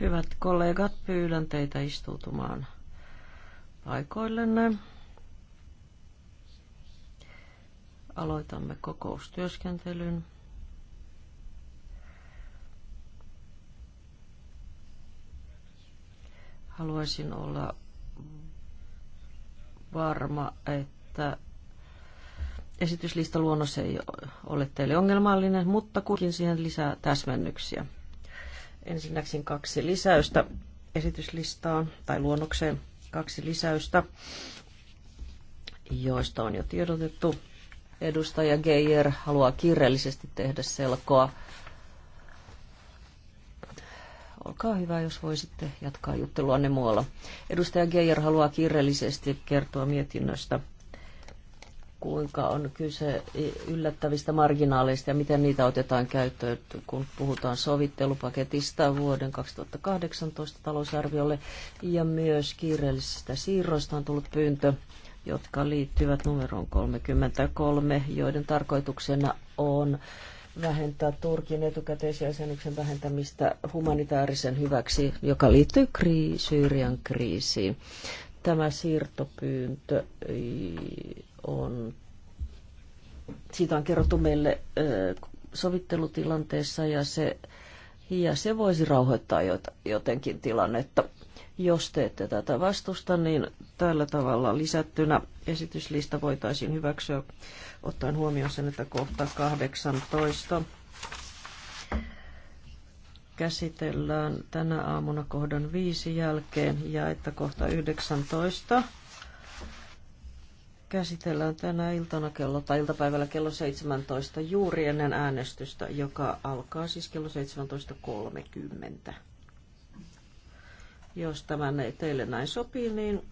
Hyvät kollegat, pyydän teitä istuutumaan paikoillenne. Aloitamme kokoustyöskentelyn. Haluaisin olla varma, että esityslista luonnos ei ole teille ongelmallinen, mutta kuitenkin siihen lisää täsmennyksiä. Ensinnäkin kaksi lisäystä esityslistaan tai luonnokseen kaksi lisäystä, joista on jo tiedotettu. Edustaja Geijer haluaa kiireellisesti tehdä selkoa. Olkaa hyvä, jos voisitte jatkaa ne muualla. Edustaja Geijer haluaa kiireellisesti kertoa mietinnöstä kuinka on kyse yllättävistä marginaaleista ja miten niitä otetaan käyttöön, kun puhutaan sovittelupaketista vuoden 2018 talousarviolle. Ja myös kiireellisistä siirroista on tullut pyyntö, jotka liittyvät numeroon 33, joiden tarkoituksena on vähentää Turkin etukäteisjäsenyksen vähentämistä humanitaarisen hyväksi, joka liittyy kriisi, Syyrian kriisiin. Tämä siirtopyyntö on, siitä on kerrottu meille sovittelutilanteessa ja se, ja se voisi rauhoittaa jotenkin tilannetta. Jos te ette tätä vastusta, niin tällä tavalla lisättynä esityslista voitaisiin hyväksyä ottaen huomioon sen, että kohta 18 käsitellään tänä aamuna kohdan 5 jälkeen ja että kohta 19 käsitellään tänä iltana kello tai iltapäivällä kello 17 juuri ennen äänestystä, joka alkaa siis kello 17.30. Jos tämä teille näin sopii, niin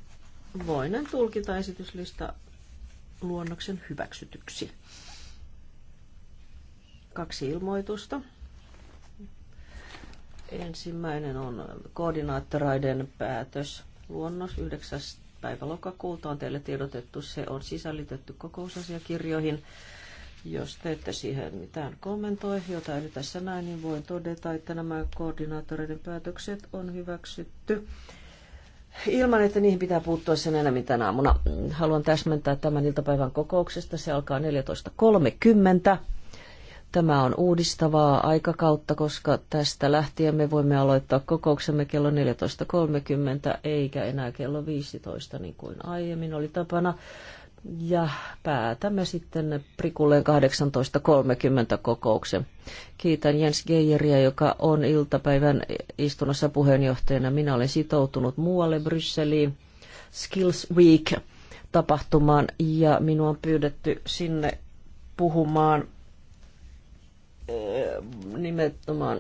voinen tulkita esityslista luonnoksen hyväksytyksi. Kaksi ilmoitusta. Ensimmäinen on koordinaattoraiden päätös luonnos 9 päivä lokakuuta on teille tiedotettu. Se on sisällytetty kokousasiakirjoihin. Jos te ette siihen mitään kommentoi, jota ei tässä näin, niin voin todeta, että nämä koordinaattoreiden päätökset on hyväksytty. Ilman, että niihin pitää puuttua sen enemmän tänä aamuna. Haluan täsmentää tämän iltapäivän kokouksesta. Se alkaa 14.30. Tämä on uudistavaa aikakautta, koska tästä lähtien me voimme aloittaa kokouksemme kello 14.30 eikä enää kello 15 niin kuin aiemmin oli tapana. Ja päätämme sitten prikulleen 18.30 kokouksen. Kiitän Jens Geijeriä, joka on iltapäivän istunnossa puheenjohtajana. Minä olen sitoutunut muualle Brysseliin Skills Week tapahtumaan ja minua on pyydetty sinne puhumaan Nimettömän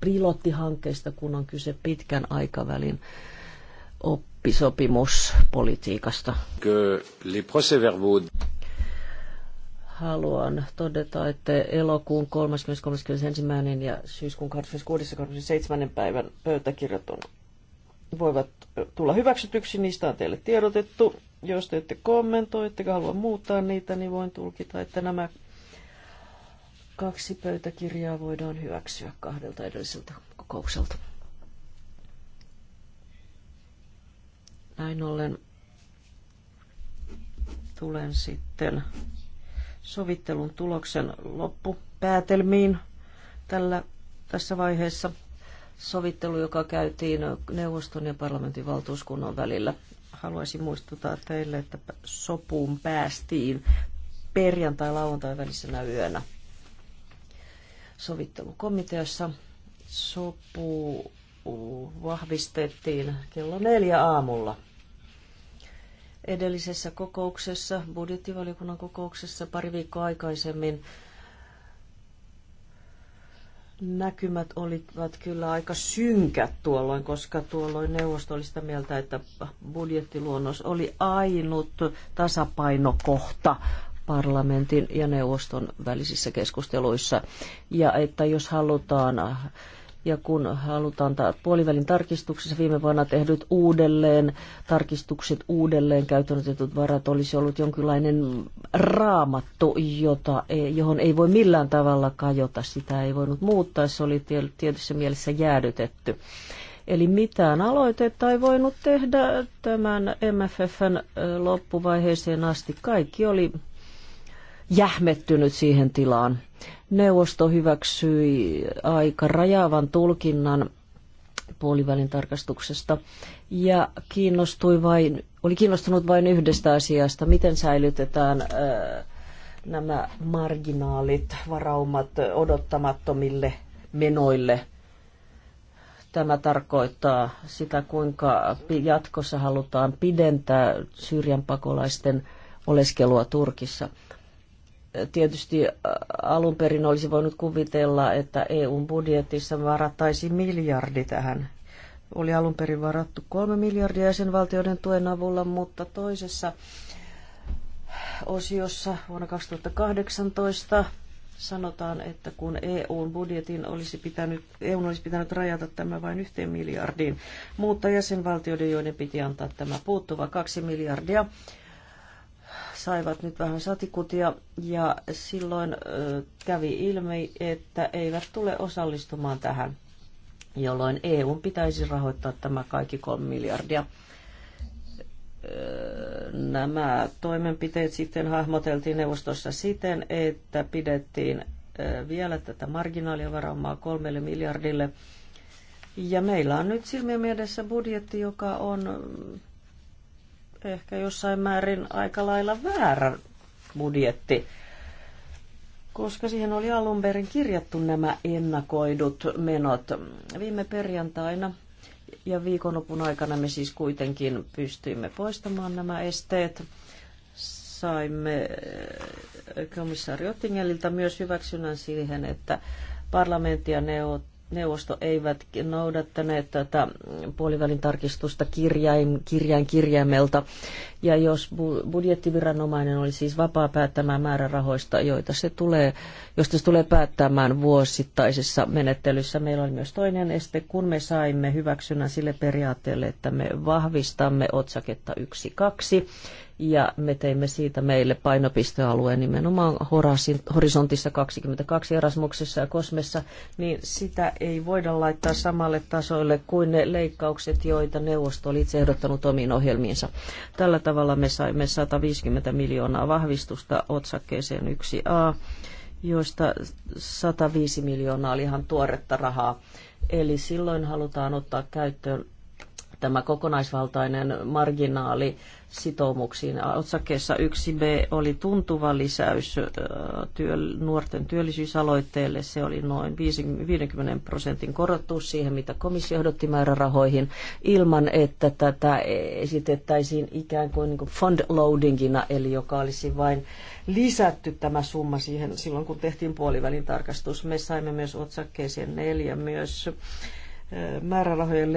pilottihankkeista, kun on kyse pitkän aikavälin oppisopimuspolitiikasta. Haluan todeta, että elokuun 30.31. ja syyskuun 26. 27. päivän pöytäkirjat on, voivat tulla hyväksytyksi. Niistä on teille tiedotettu. Jos te ette kommentoi, ettekä halua muuttaa niitä, niin voin tulkita, että nämä Kaksi pöytäkirjaa voidaan hyväksyä kahdelta edelliseltä kokoukselta. Näin ollen tulen sitten sovittelun tuloksen loppupäätelmiin tällä, tässä vaiheessa. Sovittelu, joka käytiin neuvoston ja parlamentin valtuuskunnan välillä. Haluaisin muistuttaa teille, että sopuun päästiin perjantai-lauantai välisenä yönä sovittelukomiteassa. Sopu vahvistettiin kello neljä aamulla. Edellisessä kokouksessa, budjettivaliokunnan kokouksessa pari viikkoa aikaisemmin, näkymät olivat kyllä aika synkät tuolloin, koska tuolloin neuvosto oli sitä mieltä, että budjettiluonnos oli ainut tasapainokohta parlamentin ja neuvoston välisissä keskusteluissa. Ja että jos halutaan ja kun halutaan ta- puolivälin tarkistuksessa viime vuonna tehdyt uudelleen tarkistukset, uudelleen käytännötetut varat olisi ollut jonkinlainen raamattu, jota, e- johon ei voi millään tavalla kajota. Sitä ei voinut muuttaa, se oli tietyssä mielessä jäädytetty. Eli mitään aloitetta ei voinut tehdä tämän MFFn loppuvaiheeseen asti. Kaikki oli jähmettynyt siihen tilaan. Neuvosto hyväksyi aika rajaavan tulkinnan puolivälin tarkastuksesta ja kiinnostui vain, oli kiinnostunut vain yhdestä asiasta, miten säilytetään ö, nämä marginaalit, varaumat odottamattomille menoille. Tämä tarkoittaa sitä, kuinka jatkossa halutaan pidentää syrjän pakolaisten oleskelua Turkissa – Tietysti äh, alun perin olisi voinut kuvitella, että EUn budjetissa varattaisiin miljardi tähän. Oli alun perin varattu kolme miljardia jäsenvaltioiden tuen avulla, mutta toisessa osiossa vuonna 2018 sanotaan, että kun EUn budjetin olisi pitänyt, EU olisi pitänyt rajata tämä vain yhteen miljardiin, mutta jäsenvaltioiden, joiden piti antaa tämä puuttuva kaksi miljardia, saivat nyt vähän satikutia ja silloin kävi ilmi, että eivät tule osallistumaan tähän, jolloin EU pitäisi rahoittaa tämä kaikki kolme miljardia. Nämä toimenpiteet sitten hahmoteltiin neuvostossa siten, että pidettiin vielä tätä marginaalia varaamaa kolmelle miljardille. Ja meillä on nyt silmien edessä budjetti, joka on ehkä jossain määrin aika lailla väärä budjetti, koska siihen oli alun perin kirjattu nämä ennakoidut menot. Viime perjantaina ja viikonlopun aikana me siis kuitenkin pystyimme poistamaan nämä esteet. Saimme äh, komissaari Ottingelilta myös hyväksynnän siihen, että parlamentti ja neuvot neuvosto eivät noudattaneet tätä puolivälin tarkistusta kirjain, kirjain kirjaimelta. Ja jos budjettiviranomainen oli siis vapaa päättämään määrärahoista, joita se tulee, josta se tulee päättämään vuosittaisessa menettelyssä, meillä oli myös toinen este, kun me saimme hyväksynnän sille periaatteelle, että me vahvistamme otsaketta 1.2 ja me teimme siitä meille painopistealueen nimenomaan horisontissa 22 Erasmuksessa ja Kosmessa, niin sitä ei voida laittaa samalle tasolle kuin ne leikkaukset, joita neuvosto oli itse ehdottanut omiin ohjelmiinsa. Tällä tavalla me saimme 150 miljoonaa vahvistusta otsakkeeseen 1a, joista 105 miljoonaa oli ihan tuoretta rahaa. Eli silloin halutaan ottaa käyttöön tämä kokonaisvaltainen marginaali sitoumuksiin. Otsakkeessa 1b oli tuntuva lisäys työ, nuorten työllisyysaloitteelle. Se oli noin 50 prosentin korotus siihen, mitä komissio ehdotti määrärahoihin, ilman että tätä esitettäisiin ikään kuin, niin kuin fund loadingina, eli joka olisi vain lisätty tämä summa siihen silloin, kun tehtiin puolivälin tarkastus. Me saimme myös otsakkeeseen neljä myös määrärahojen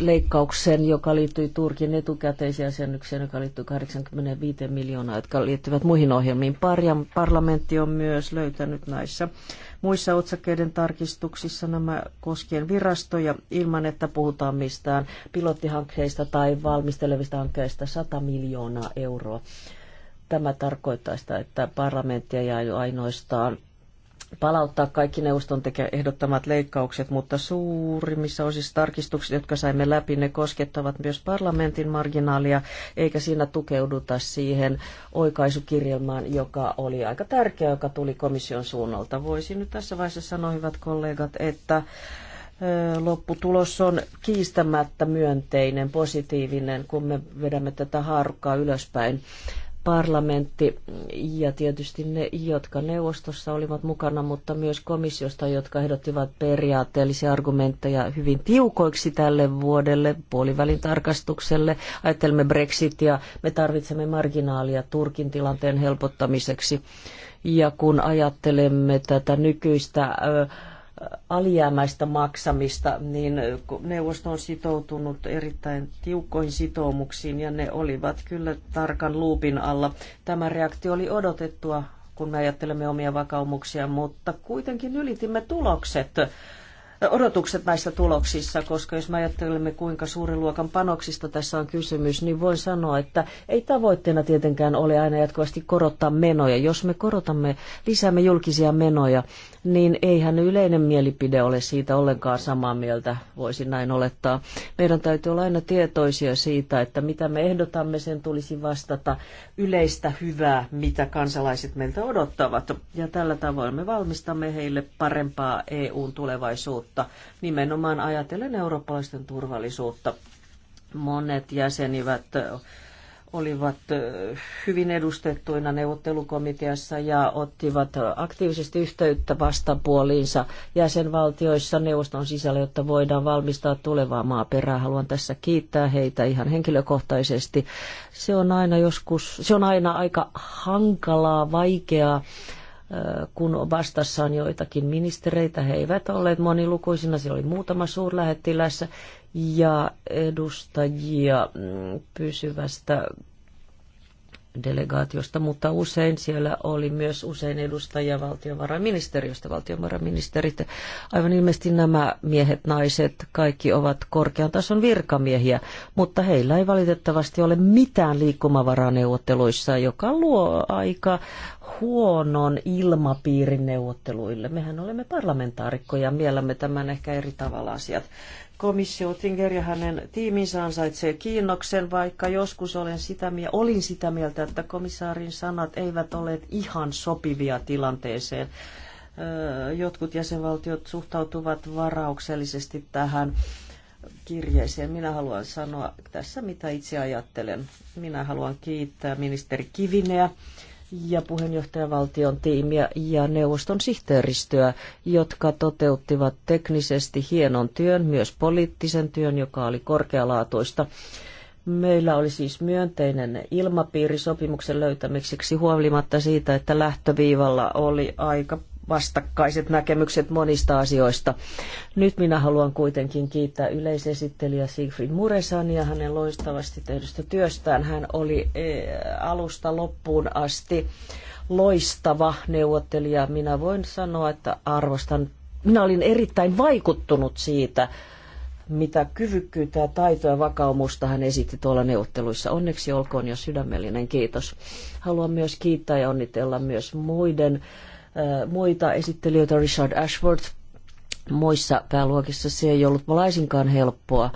leikkauksen, joka liittyi Turkin etukäteisjäsennykseen, joka liittyy 85 miljoonaa, jotka liittyvät muihin ohjelmiin. Parjan parlamentti on myös löytänyt näissä muissa otsakkeiden tarkistuksissa nämä koskien virastoja ilman, että puhutaan mistään pilottihankkeista tai valmistelevista hankkeista 100 miljoonaa euroa. Tämä tarkoittaa sitä, että parlamenttia ei ainoastaan palauttaa kaikki neuvoston tekee ehdottamat leikkaukset, mutta suurimmissa osissa tarkistukset, jotka saimme läpi, ne koskettavat myös parlamentin marginaalia, eikä siinä tukeuduta siihen oikaisukirjelmään, joka oli aika tärkeä, joka tuli komission suunnalta. Voisin nyt tässä vaiheessa sanoa, hyvät kollegat, että lopputulos on kiistämättä myönteinen, positiivinen, kun me vedämme tätä haarukkaa ylöspäin parlamentti ja tietysti ne, jotka neuvostossa olivat mukana, mutta myös komissiosta, jotka ehdottivat periaatteellisia argumentteja hyvin tiukoiksi tälle vuodelle, puolivälin tarkastukselle. Ajattelemme Brexitia, me tarvitsemme marginaalia Turkin tilanteen helpottamiseksi. Ja kun ajattelemme tätä nykyistä ö, alijäämäistä maksamista, niin neuvosto on sitoutunut erittäin tiukkoihin sitoumuksiin ja ne olivat kyllä tarkan luupin alla. Tämä reaktio oli odotettua, kun me ajattelemme omia vakaumuksia, mutta kuitenkin ylitimme tulokset odotukset näissä tuloksissa, koska jos me ajattelemme kuinka suuren luokan panoksista tässä on kysymys, niin voin sanoa, että ei tavoitteena tietenkään ole aina jatkuvasti korottaa menoja. Jos me korotamme, lisäämme julkisia menoja, niin eihän yleinen mielipide ole siitä ollenkaan samaa mieltä, voisin näin olettaa. Meidän täytyy olla aina tietoisia siitä, että mitä me ehdotamme, sen tulisi vastata yleistä hyvää, mitä kansalaiset meiltä odottavat. Ja tällä tavoin me valmistamme heille parempaa EUn tulevaisuutta, nimenomaan ajatellen eurooppalaisten turvallisuutta. Monet jäsenivät olivat hyvin edustettuina neuvottelukomiteassa ja ottivat aktiivisesti yhteyttä vastapuoliinsa jäsenvaltioissa neuvoston sisällä, jotta voidaan valmistaa tulevaa maaperää. Haluan tässä kiittää heitä ihan henkilökohtaisesti. Se on aina joskus, se on aina aika hankalaa, vaikeaa kun vastassa on joitakin ministereitä. He eivät olleet monilukuisina, siellä oli muutama suurlähettilässä ja edustajia mm, pysyvästä delegaatiosta, mutta usein siellä oli myös usein edustajia valtiovarainministeriöstä, valtiovarainministerit. Aivan ilmeisesti nämä miehet, naiset, kaikki ovat korkean tason virkamiehiä, mutta heillä ei valitettavasti ole mitään liikkumavaraa neuvotteluissa, joka luo aika huonon ilmapiirin neuvotteluille. Mehän olemme parlamentaarikkoja, miellämme tämän ehkä eri tavalla asiat komissio Oettinger ja hänen tiiminsä ansaitsee kiinnoksen, vaikka joskus olen sitä, olin sitä mieltä, että komissaarin sanat eivät ole ihan sopivia tilanteeseen. Jotkut jäsenvaltiot suhtautuvat varauksellisesti tähän kirjeeseen. Minä haluan sanoa tässä, mitä itse ajattelen. Minä haluan kiittää ministeri Kivineä ja puheenjohtajavaltion tiimiä ja neuvoston sihteeristöä, jotka toteuttivat teknisesti hienon työn, myös poliittisen työn, joka oli korkealaatuista. Meillä oli siis myönteinen ilmapiiri sopimuksen löytämiseksi huolimatta siitä, että lähtöviivalla oli aika vastakkaiset näkemykset monista asioista. Nyt minä haluan kuitenkin kiittää yleisesittelijä Siegfried Muresania hänen loistavasti tehdystä työstään. Hän oli e, alusta loppuun asti loistava neuvottelija. Minä voin sanoa, että arvostan. Minä olin erittäin vaikuttunut siitä, mitä kyvykkyyttä, taitoa ja vakaumusta hän esitti tuolla neuvotteluissa. Onneksi olkoon ja sydämellinen kiitos. Haluan myös kiittää ja onnitella myös muiden muita esittelijöitä, Richard Ashworth muissa pääluokissa se ei ollut laisinkaan helppoa,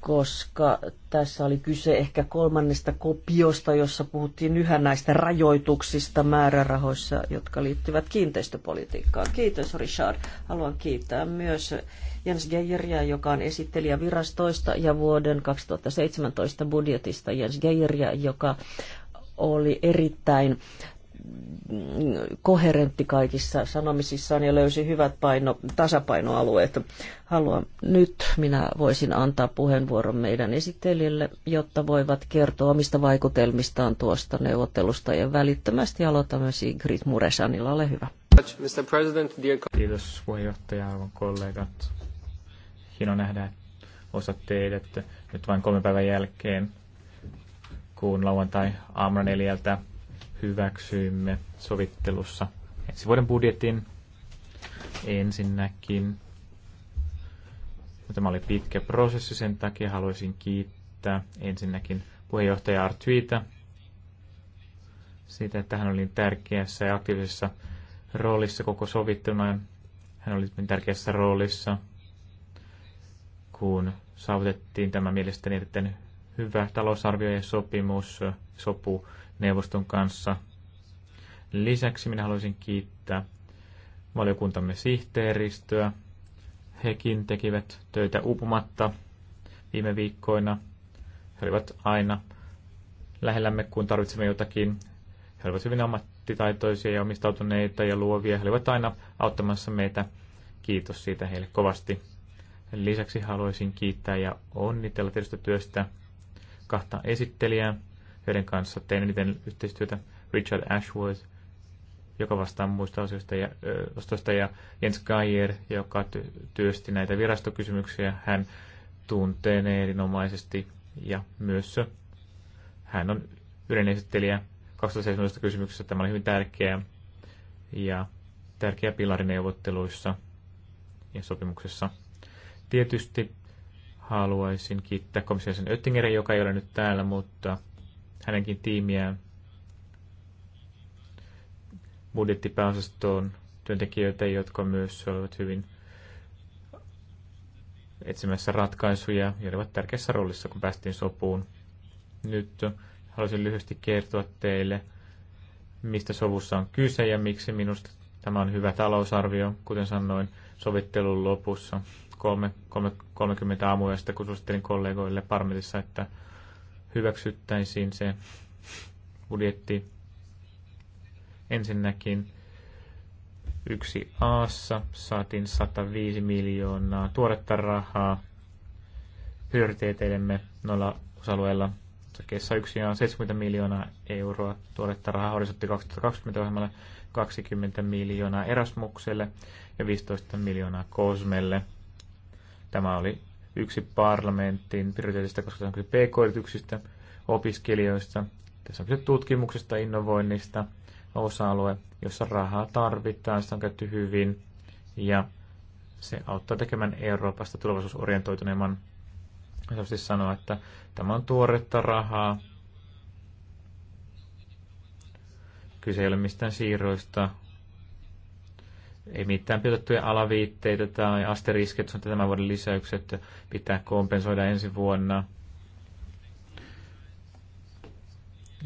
koska tässä oli kyse ehkä kolmannesta kopiosta, jossa puhuttiin yhä näistä rajoituksista määrärahoissa, jotka liittyvät kiinteistöpolitiikkaan. Kiitos Richard. Haluan kiittää myös Jens Geijeriä, joka on esittelijä virastoista ja vuoden 2017 budjetista Jens Geijeriä, joka oli erittäin koherentti kaikissa sanomisissaan ja löysi hyvät paino, tasapainoalueet. Haluan nyt, minä voisin antaa puheenvuoron meidän esittelijälle, jotta voivat kertoa omista vaikutelmistaan tuosta neuvottelusta ja välittömästi aloitamme Sigrid Muresanilla. Ole hyvä. Mr. President, dear... Kiitos puheenjohtaja, arvon kollegat. Hieno nähdä osa teidät nyt vain kolme päivän jälkeen, kun lauantai aamuna neljältä hyväksyimme sovittelussa ensi vuoden budjetin ensinnäkin. No, tämä oli pitkä prosessi, sen takia haluaisin kiittää ensinnäkin puheenjohtaja Artviitä siitä, että hän oli niin tärkeässä ja aktiivisessa roolissa koko sovittelun Hän oli niin tärkeässä roolissa, kun saavutettiin tämä mielestäni erittäin hyvä talousarvio ja sopimus, sopu neuvoston kanssa. Lisäksi minä haluaisin kiittää valiokuntamme sihteeristöä. Hekin tekivät töitä uupumatta viime viikkoina. He olivat aina lähellämme, kun tarvitsemme jotakin. He olivat hyvin ammattitaitoisia ja omistautuneita ja luovia. He olivat aina auttamassa meitä. Kiitos siitä heille kovasti. Lisäksi haluaisin kiittää ja onnitella tietystä työstä kahta esittelijää joiden kanssa tein eniten yhteistyötä, Richard Ashworth, joka vastaa muista asioista ja ö, ostosta, ja Jens Geier, joka työsti näitä virastokysymyksiä. Hän tuntee ne erinomaisesti ja myös hän on yleinen 2017 kysymyksessä. Tämä oli hyvin tärkeä ja tärkeä pilari neuvotteluissa ja sopimuksessa. Tietysti haluaisin kiittää komissiosen Oettingerin, joka ei ole nyt täällä, mutta hänenkin tiimiään budjettipääosastoon työntekijöitä, jotka myös olivat hyvin etsimässä ratkaisuja ja olivat tärkeässä roolissa, kun päästiin sopuun. Nyt haluaisin lyhyesti kertoa teille, mistä sovussa on kyse ja miksi minusta tämä on hyvä talousarvio, kuten sanoin sovittelun lopussa 330 3, 30 aamuyöstä, kun suosittelin kollegoille Parmetissa, että hyväksyttäisiin se budjetti ensinnäkin yksi Aassa saatiin 105 miljoonaa tuoretta rahaa prioriteeteillemme noilla osa-alueilla. Keessa yksi on 70 miljoonaa euroa tuoretta rahaa horisontti 2020 ohjelmalle, 20 miljoonaa Erasmukselle ja 15 miljoonaa Kosmelle. Tämä oli yksi parlamentin prioriteetista, koska se on kyse pk-yrityksistä, opiskelijoista, tässä on kyse tutkimuksesta, innovoinnista, osa-alue, jossa rahaa tarvitaan, sitä on käytetty hyvin ja se auttaa tekemään Euroopasta tulevaisuusorientoituneemman. Helposti sanoa, että tämä on tuoretta rahaa. Kyse ei ole mistään siirroista ei mitään pilotettuja alaviitteitä tai asterisket, että tämän vuoden lisäykset pitää kompensoida ensi vuonna.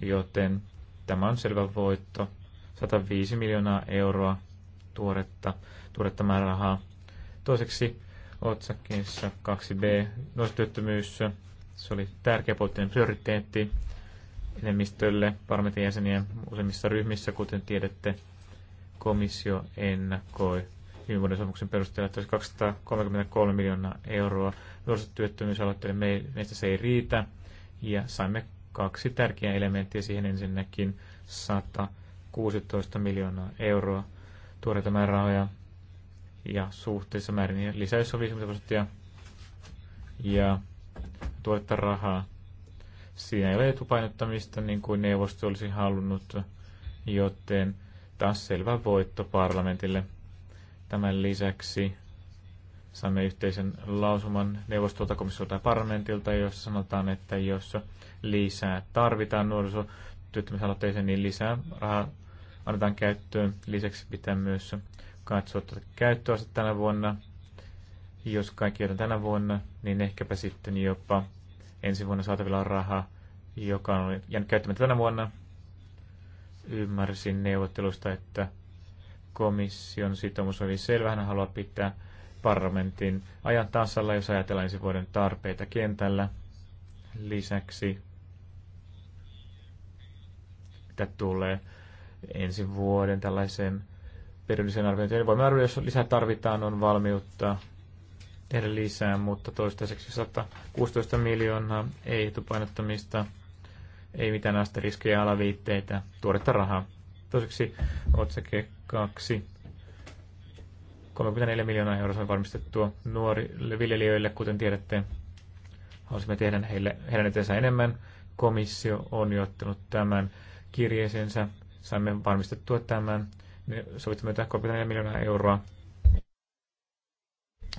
Joten tämä on selvä voitto. 105 miljoonaa euroa tuoretta, tuoretta määrärahaa. Toiseksi otsakkeessa 2b nuorisotyöttömyys. Se oli tärkeä poliittinen prioriteetti enemmistölle parlamentin jäseniä useimmissa ryhmissä, kuten tiedätte komissio ennakoi viime vuoden sopimuksen perusteella, että olisi 233 miljoonaa euroa nuorisotyöttömyysaloitteille. Meistä se ei riitä ja saimme kaksi tärkeää elementtiä siihen ensinnäkin 116 miljoonaa euroa tuoreita määrärahoja ja suhteessa määrin lisäys on 50 prosenttia ja tuoretta rahaa. Siinä ei ole etupainottamista niin kuin neuvosto olisi halunnut, joten taas selvä voitto parlamentille. Tämän lisäksi saamme yhteisen lausuman neuvostolta, komissiolta ja parlamentilta, jossa sanotaan, että jos lisää tarvitaan nuorisotyöttömyysaloitteeseen, niin lisää rahaa annetaan käyttöön. Lisäksi pitää myös katsoa tätä käyttöasetta tänä vuonna. Jos kaikki on tänä vuonna, niin ehkäpä sitten jopa ensi vuonna saatavilla on rahaa, joka on jäänyt käyttämättä tänä vuonna, ymmärsin neuvottelusta, että komission sitoumus oli selvä. Hän haluaa pitää parlamentin ajan tasalla, jos ajatellaan ensi vuoden tarpeita kentällä. Lisäksi, mitä tulee ensi vuoden tällaiseen perinnöllisen arviointiin, niin voimme arvioida, jos lisää tarvitaan, on valmiutta tehdä lisää, mutta toistaiseksi 116 miljoonaa ei etupainottamista ei mitään asteriskejä, alaviitteitä, tuoretta rahaa. Toiseksi otsake 2. 34 miljoonaa euroa on varmistettua nuorille viljelijöille, kuten tiedätte. Haluaisimme tehdä heille, heidän eteensä enemmän. Komissio on jo ottanut tämän kirjeensä. Saimme varmistettua tämän. Me sovittamme 34 miljoonaa euroa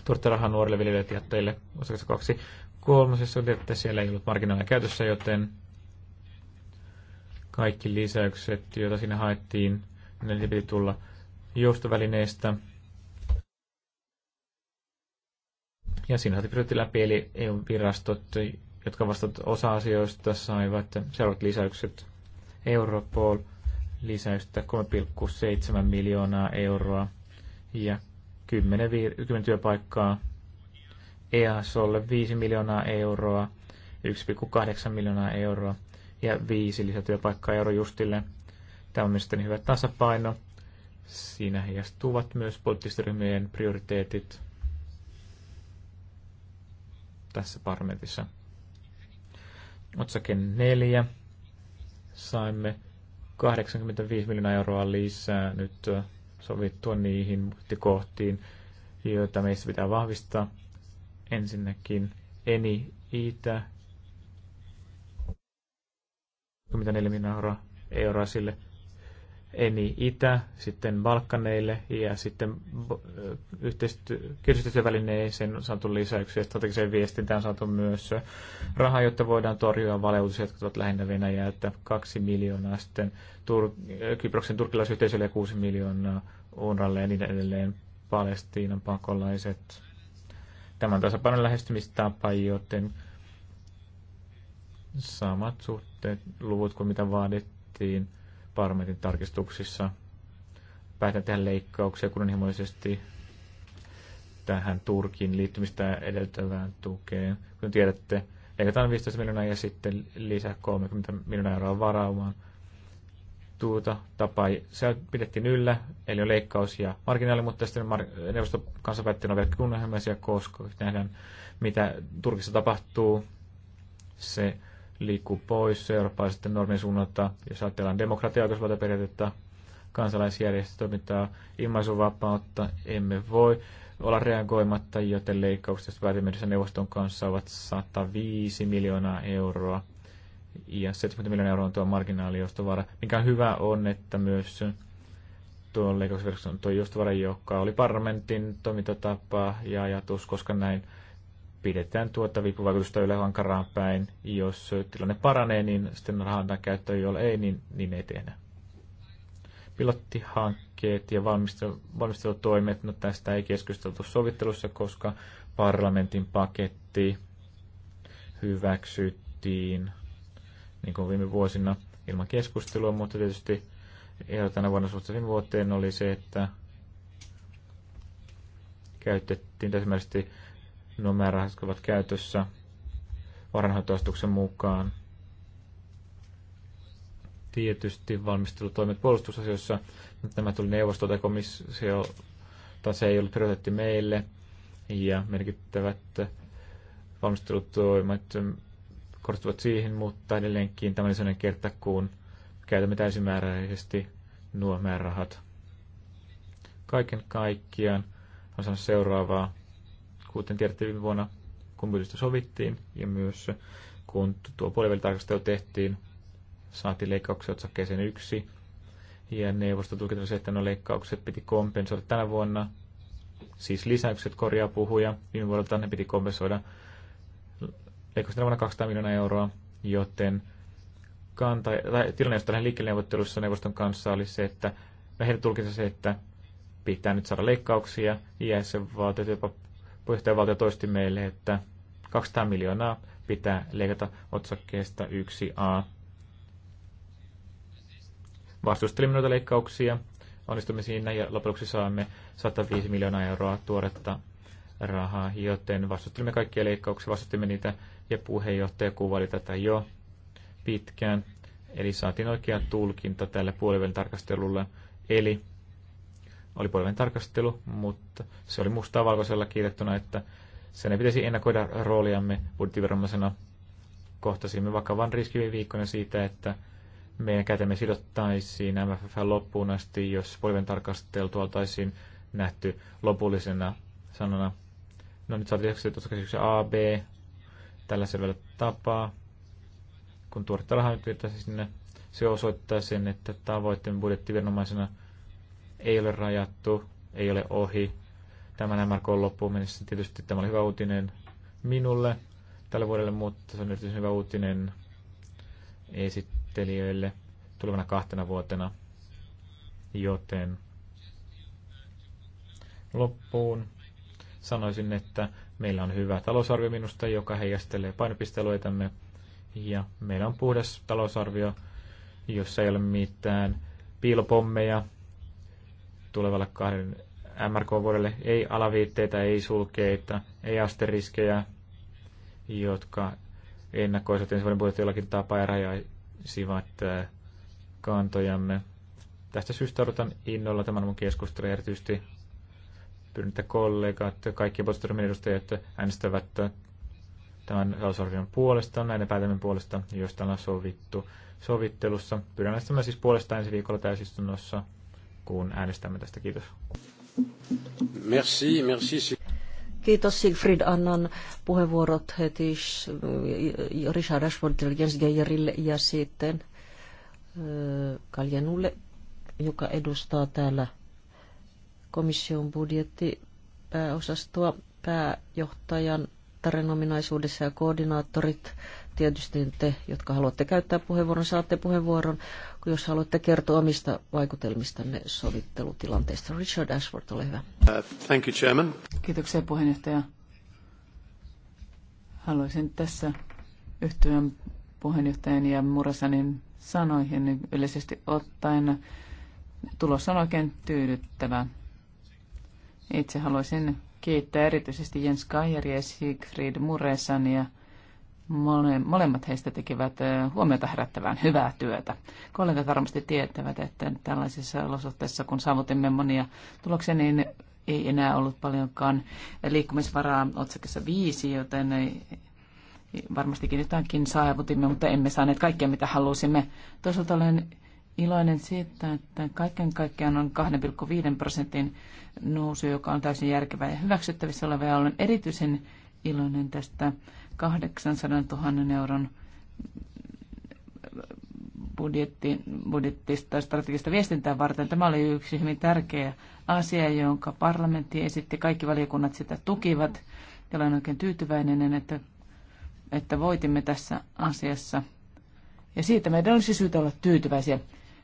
tuoretta rahaa nuorille viljelijöille ja teille osakassa kaksi. Kolmosessa on, että siellä ei ollut marginaalia käytössä, joten kaikki lisäykset, joita sinne haettiin, ne piti tulla joustovälineestä. Ja siinä saatiin pidetty läpi, eli EU-virastot, jotka vastaavat osa-asioista, saivat seuraavat lisäykset. Europol lisäystä 3,7 miljoonaa euroa ja 10, 10 työpaikkaa. EASOlle 5 miljoonaa euroa, 1,8 miljoonaa euroa ja viisi lisätyöpaikkaa justille. Tämä on mielestäni hyvä tasapaino. Siinä heijastuvat myös poliittisten ryhmien prioriteetit tässä parlamentissa. Otsake 4. Saimme 85 miljoonaa euroa lisää nyt sovittua niihin kohtiin, joita meistä pitää vahvistaa. Ensinnäkin Eni Itä 24 miljoonaa euroa, euroa sille Eni Itä, sitten Balkaneille ja sitten kehitysyhteistyövälineeseen on saatu lisäyksiä. Strategiseen viestintään on saatu myös rahaa, jotta voidaan torjua valeutuksia, jotka ovat lähinnä Venäjää, että kaksi miljoonaa sitten Tur- Kyproksen turkilaisyhteisölle ja kuusi miljoonaa UNRAlle ja niin edelleen Palestiinan pakolaiset. Tämän on tasapainon lähestymistapa, joten samat suhteet luvut kuin mitä vaadittiin parlamentin tarkistuksissa. Päätän tehdä leikkauksia kunnianhimoisesti tähän Turkin liittymistä edeltävään tukeen. Kun tiedätte, leikataan 15 miljoonaa ja sitten lisää 30 miljoonaa euroa varaumaan. Tuota tapaa se pidettiin yllä, eli on leikkaus ja marginaali, mutta sitten mar- neuvosto kanssa päättiin vielä kunnianhimoisia, koska nähdään, mitä Turkissa tapahtuu. Se liikkuu pois se Eurooppa sitten normin suunnalta, jos ajatellaan demokratiaa, periaatetta, kansalaisjärjestö kansalaisjärjestötoimintaa, ilmaisuvapautta, emme voi olla reagoimatta, joten leikkaukset, joista päätimme neuvoston kanssa, ovat 105 miljoonaa euroa ja 70 miljoonaa euroa on tuo marginaaliostovara, mikä on hyvä on, että myös tuon leikkausverkoston tuo joka oli parlamentin toimintatapa ja ajatus, koska näin pidetään tuota vipuvaikutusta yle hankaraan päin. Jos tilanne paranee, niin sitten rahan käyttö, jolla ei, niin, niin ei tehdä. Pilottihankkeet ja valmistelutoimet, no tästä ei keskusteltu sovittelussa, koska parlamentin paketti hyväksyttiin niin kuin viime vuosina ilman keskustelua, mutta tietysti tänä vuonna suhteellisen vuoteen oli se, että käytettiin täsmällisesti nuo määrärahat ovat käytössä varanhoitoistuksen mukaan. Tietysti valmistelutoimet puolustusasioissa, mutta nämä tuli neuvostolta komissio, tai se ei ollut prioriteetti meille. Ja merkittävät valmistelutoimet korostuvat siihen, mutta edelleenkin tämä on kerta, kun käytämme täysimääräisesti nuo määrärahat. Kaiken kaikkiaan on seuraavaa kuten tiedätte viime vuonna, kun budjetista sovittiin ja myös kun tuo puolivälitarkastelu tehtiin, saatiin leikkauksia otsakkeeseen yksi. Ja neuvosto tulkitsi se, että nuo leikkaukset piti kompensoida tänä vuonna. Siis lisäykset korjaa puhuja. Viime vuodelta ne piti kompensoida leikkausten vuonna 200 miljoonaa euroa, joten kanta, tai tilanne, josta lähden liikkeelle neuvoston kanssa, oli se, että no lähinnä tulkitsi se, että pitää nyt saada leikkauksia, ja se vaatii jopa Puheenjohtajavaltio toisti meille, että 200 miljoonaa pitää leikata otsakkeesta 1a. Vastustelimme noita leikkauksia, onnistumme siinä ja lopuksi saamme 105 miljoonaa euroa tuoretta rahaa, joten vastustelimme kaikkia leikkauksia, vastustimme niitä ja puheenjohtaja kuvaili tätä jo pitkään. Eli saatiin oikea tulkinta tälle puolivälin tarkastelulle. Eli oli polven tarkastelu, mutta se oli mustaa valkoisella kirjattuna, että sen ei pitäisi ennakoida rooliamme budjettiviranomaisena. Kohtasimme vakavan riskin viikkona siitä, että meidän kätemme sidottaisiin MFF loppuun asti, jos polven tarkasteltu oltaisiin nähty lopullisena sanana. No nyt saatiin A, B tällä selvällä tapaa. Kun tuoretta rahaa nyt sinne, se osoittaa sen, että tavoitteen budjettiviranomaisena – ei ole rajattu, ei ole ohi. Tämän MRK loppuun mennessä tietysti tämä oli hyvä uutinen minulle tälle vuodelle, mutta se on erityisen hyvä uutinen esittelijöille tulevana kahtena vuotena. Joten loppuun sanoisin, että meillä on hyvä talousarvio minusta, joka heijastelee painopistealueitamme. Ja meillä on puhdas talousarvio, jossa ei ole mitään piilopommeja, tulevalle kahden MRK-vuodelle. Ei alaviitteitä, ei sulkeita, ei asteriskejä, jotka ennakoisivat ensi vuoden budjetti jollakin tapaa ja rajaisivat äh, kantojamme. Tästä syystä odotan innolla tämän mun keskustelun erityisesti pyydän, että kollegat, kaikki puolustusryhmien edustajat äänestävät tämän talousarvion puolesta, näiden päätelmien puolesta, joista on sovittu sovittelussa. Pyydän äänestämään siis puolesta ensi viikolla täysistunnossa kun äänestämme tästä. Kiitos. Merci, merci. Kiitos Sigfrid. Annan puheenvuorot heti äh, Richard Ashfordille, Jens Geijerille ja sitten äh, Kaljenulle, joka edustaa täällä komission budjettipääosastoa pääjohtajan tarinominaisuudessa ja koordinaattorit Tietysti te, jotka haluatte käyttää puheenvuoron, saatte puheenvuoron, kun jos haluatte kertoa omista vaikutelmistanne sovittelutilanteesta. Richard Ashford, ole hyvä. Uh, thank you, Chairman. Kiitoksia puheenjohtaja. Haluaisin tässä yhtyä puheenjohtajan ja Murasanin sanoihin niin yleisesti ottaen tulos on oikein tyydyttävä. Itse haluaisin kiittää erityisesti Jens Kajer ja Siegfried Muresania – molemmat heistä tekevät huomiota herättävän hyvää työtä. Kollegat varmasti tietävät, että tällaisissa olosuhteissa, kun saavutimme monia tuloksia, niin ei enää ollut paljonkaan liikkumisvaraa otsakessa viisi, joten ei, varmastikin jotakin saavutimme, mutta emme saaneet kaikkea, mitä halusimme. Toisaalta olen iloinen siitä, että kaiken kaikkiaan on 2,5 prosentin nousu, joka on täysin järkevää ja hyväksyttävissä oleva. Ja olen erityisen iloinen tästä 800 000 euron budjetti, budjettista strategista viestintää varten. Tämä oli yksi hyvin tärkeä asia, jonka parlamentti esitti. Kaikki valiokunnat sitä tukivat. Ja olen oikein tyytyväinen, että, että voitimme tässä asiassa. Ja siitä meidän olisi syytä olla tyytyväisiä.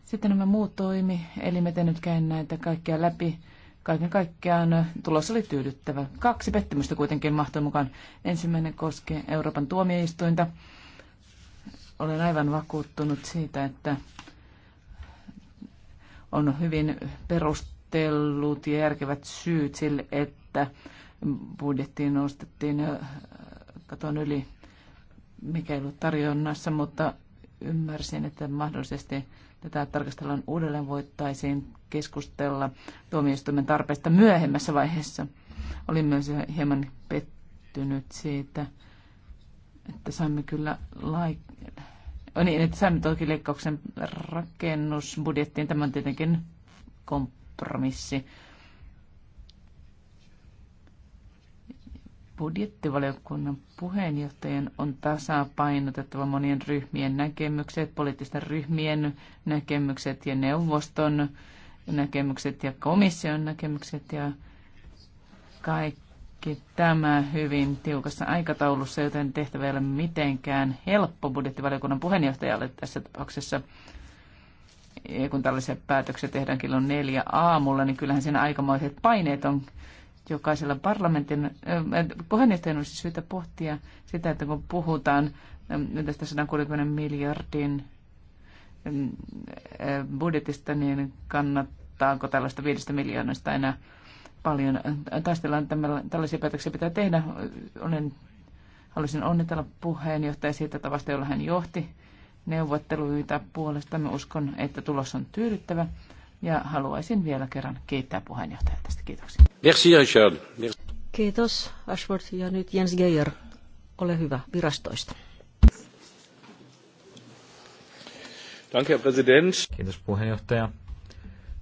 Sitten nämä muut toimi, eli me nyt käyn näitä kaikkia läpi. Kaiken kaikkiaan tulos oli tyydyttävä. Kaksi pettymystä kuitenkin mahtui mukaan. Ensimmäinen koskee Euroopan tuomioistuinta. Olen aivan vakuuttunut siitä, että on hyvin perustellut ja järkevät syyt sille, että budjettiin nostettiin katon yli mikä ei ollut tarjonnassa, mutta ymmärsin, että mahdollisesti tätä tarkastellaan uudelleen, voittaisiin keskustella tuomioistuimen tarpeesta myöhemmässä vaiheessa. Olin myös hieman pettynyt siitä, että saimme kyllä laik- oh niin, että saimme toki leikkauksen rakennusbudjettiin. Tämä on tietenkin kompromissi Budjettivaliokunnan puheenjohtajan on tasapainotettava monien ryhmien näkemykset, poliittisten ryhmien näkemykset ja neuvoston näkemykset ja komission näkemykset ja kaikki tämä hyvin tiukassa aikataulussa, joten tehtävä ei ole mitenkään helppo budjettivaliokunnan puheenjohtajalle tässä tapauksessa. Ja kun tällaisia päätöksiä tehdään kello neljä aamulla, niin kyllähän siinä aikamoiset paineet on jokaisella parlamentin puheenjohtajan olisi syytä pohtia sitä, että kun puhutaan tästä 160 miljardin budjetista, niin kannattaako tällaista 5 miljoonasta enää paljon taistellaan. Tällaisia päätöksiä pitää tehdä. Olen, haluaisin onnitella puheenjohtaja siitä tavasta, jolla hän johti neuvotteluita puolesta. Me uskon, että tulos on tyydyttävä. Ja haluaisin vielä kerran kiittää puheenjohtajaa tästä. Kiitoksia. Merci Richard. Merci. Kiitos Ashford ja nyt Jens Geijer. Ole hyvä virastoista. Danke, Herr Präsident. Kiitos puheenjohtaja.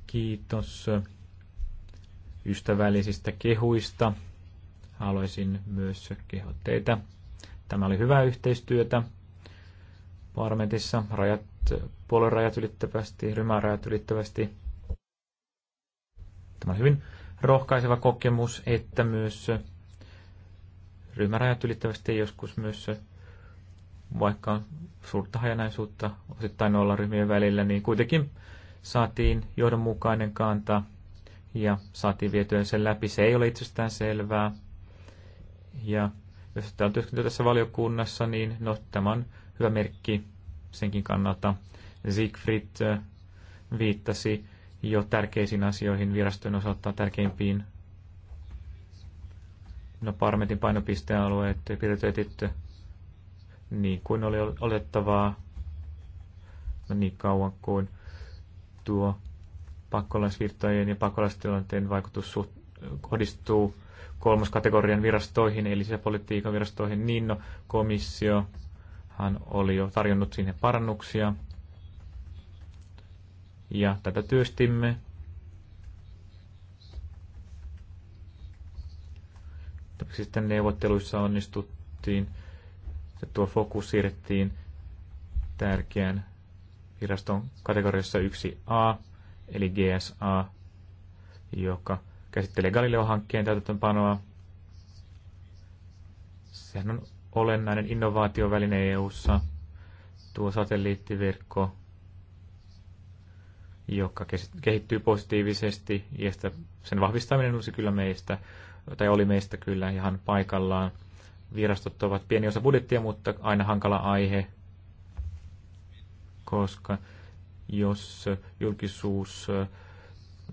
Kiitos äh, ystävällisistä kehuista. Haluaisin myös teitä. Tämä oli hyvää yhteistyötä parlamentissa rajat, rajat ylittävästi, ryhmärajat ylittävästi Tämä on hyvin rohkaiseva kokemus, että myös ryhmärajat ylittävästi joskus myös, vaikka on suurta hajanaisuutta osittain olla ryhmien välillä, niin kuitenkin saatiin johdonmukainen kanta ja saatiin vietyä sen läpi. Se ei ole itsestään selvää. Ja jos on työskentely tässä valiokunnassa, niin no, tämä on hyvä merkki senkin kannalta. Siegfried äh, viittasi jo tärkeisiin asioihin virastojen osalta tärkeimpiin. No Parmetin alueet ja prioriteetit, niin kuin oli olettavaa, no niin kauan kuin tuo pakolaisvirtojen ja pakolaistilanteen vaikutus suht, kohdistuu kolmoskategorian virastoihin, eli sisäpolitiikan virastoihin, niin no, komissiohan oli jo tarjonnut sinne parannuksia ja tätä työstimme. Sitten neuvotteluissa onnistuttiin, että tuo fokus siirrettiin tärkeän viraston kategoriassa 1A, eli GSA, joka käsittelee Galileo-hankkeen täytäntöönpanoa. Sehän on olennainen innovaatioväline EU-ssa, tuo satelliittiverkko, joka kehittyy positiivisesti ja sitä, sen vahvistaminen olisi kyllä meistä, tai oli meistä kyllä ihan paikallaan. Virastot ovat pieni osa budjettia, mutta aina hankala aihe, koska jos julkisuus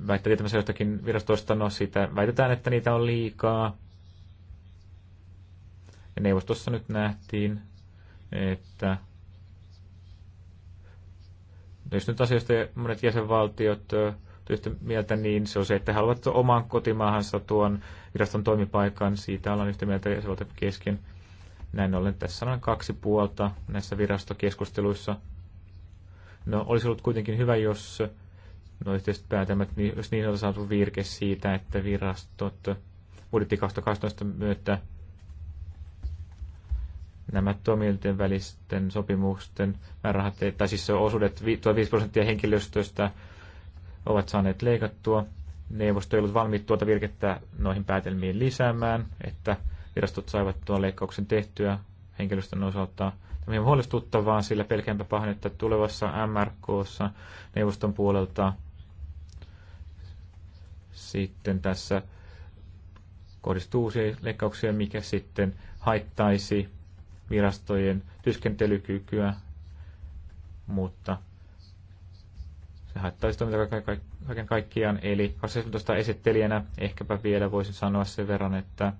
väittää tietämässä jostakin virastoista, no sitä väitetään, että niitä on liikaa. Ja neuvostossa nyt nähtiin, että jos nyt asioista monet jäsenvaltiot yhtä mieltä, niin se on se, että haluavat oman kotimaahansa tuon viraston toimipaikan. Siitä ollaan yhtä mieltä jäsenvaltiot kesken. Näin ollen tässä on kaksi puolta näissä virastokeskusteluissa. No, olisi ollut kuitenkin hyvä, jos no yhteiset päätelmät, niin jos niin on saatu virke siitä, että virastot budjetti 2012 myötä nämä toimijoiden välisten sopimusten määrärahat, tai siis osuudet, tuo 5 prosenttia henkilöstöstä ovat saaneet leikattua. Neuvosto ei ollut valmiit tuota virkettä noihin päätelmiin lisäämään, että virastot saivat tuon leikkauksen tehtyä henkilöstön osalta. Tämä on huolestuttavaa, sillä pelkäänpä pahan, että tulevassa MRKssa neuvoston puolelta sitten tässä kohdistuu uusia leikkauksia, mikä sitten haittaisi virastojen työskentelykykyä, mutta se haittaisi toiminta kaiken kaikkiaan. Eli 2017 esittelijänä ehkäpä vielä voisin sanoa sen verran, että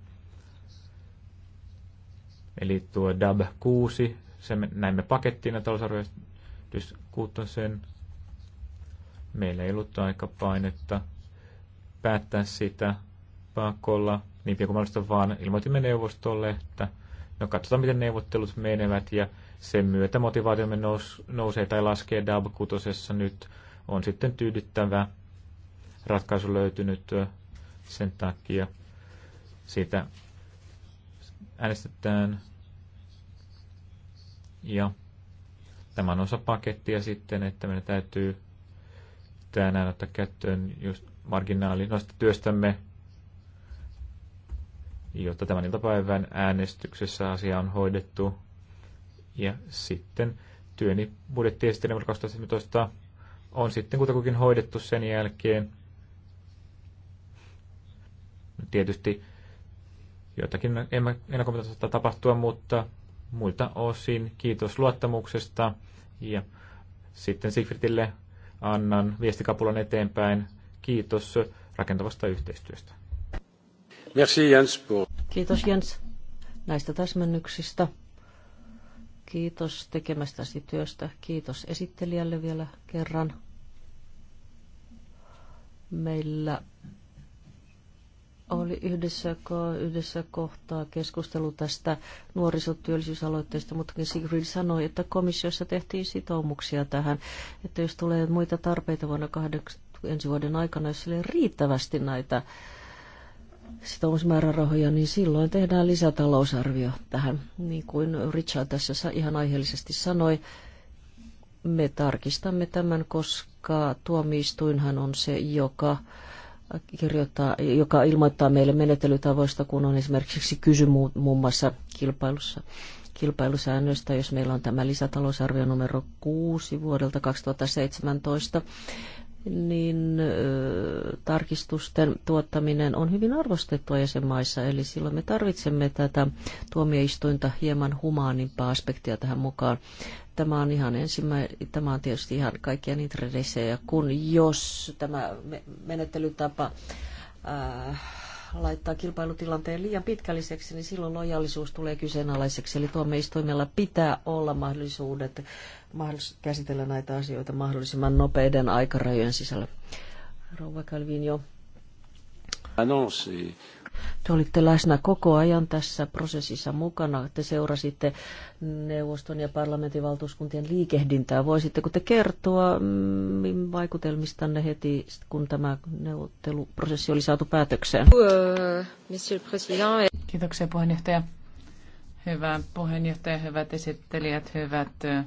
eli tuo DAB 6, se me näimme pakettina talousarvioesitys sen. Meillä ei ollut painetta päättää sitä pakolla niin pian kuin mahdollista, vaan ilmoitimme neuvostolle, että – No katsotaan, miten neuvottelut menevät ja sen myötä motivaatiomme nous, nousee tai laskee DAB 6 nyt on sitten tyydyttävä ratkaisu löytynyt sen takia. Siitä äänestetään ja tämä on osa pakettia sitten, että meidän täytyy tänään ottaa käyttöön just marginaali. Noista työstämme jotta tämän iltapäivän äänestyksessä asia on hoidettu. Ja sitten työni budjetti vuonna 2017 on sitten kutakuinkin hoidettu sen jälkeen. Tietysti joitakin ennakoimatonta tapahtua, mutta muilta osin kiitos luottamuksesta ja sitten Sigfridille annan viestikapulan eteenpäin. Kiitos rakentavasta yhteistyöstä. Merci Jens. Kiitos Jens näistä täsmennyksistä. Kiitos tekemästäsi työstä. Kiitos esittelijälle vielä kerran. Meillä oli yhdessä, yhdessä kohtaa keskustelu tästä nuorisotyöllisyysaloitteesta, mutta Sigrid sanoi, että komissiossa tehtiin sitoumuksia tähän, että jos tulee muita tarpeita vuonna kahdeksan, ensi vuoden aikana, jos ei riittävästi näitä sitoumusmäärärahoja, niin silloin tehdään lisätalousarvio tähän. Niin kuin Richard tässä ihan aiheellisesti sanoi, me tarkistamme tämän, koska tuomioistuinhan on se, joka kirjoittaa, joka ilmoittaa meille menettelytavoista, kun on esimerkiksi kysy muun muassa kilpailussa kilpailusäännöstä, jos meillä on tämä lisätalousarvio numero 6 vuodelta 2017 niin tarkistusten tuottaminen on hyvin arvostettua jäsenmaissa, eli silloin me tarvitsemme tätä tuomioistuinta hieman humaanimpaa aspektia tähän mukaan. Tämä on, ihan ensimmä, tämä on tietysti ihan kaikkien intressejä, kun jos tämä menettelytapa äh, laittaa kilpailutilanteen liian pitkälliseksi, niin silloin lojallisuus tulee kyseenalaiseksi. Eli tuomioistuimella pitää olla mahdollisuudet käsitellä näitä asioita mahdollisimman nopeiden aikarajojen sisällä. Rouva Calvin jo. Ah non, te olitte läsnä koko ajan tässä prosessissa mukana. Te seurasitte neuvoston ja parlamentin valtuuskuntien liikehdintää. Voisitteko te kertoa mm, vaikutelmistanne heti, kun tämä neuvotteluprosessi oli saatu päätökseen? Euh, Kiitoksia puheenjohtaja. Hyvä puheenjohtaja, hyvät esittelijät, hyvät äh,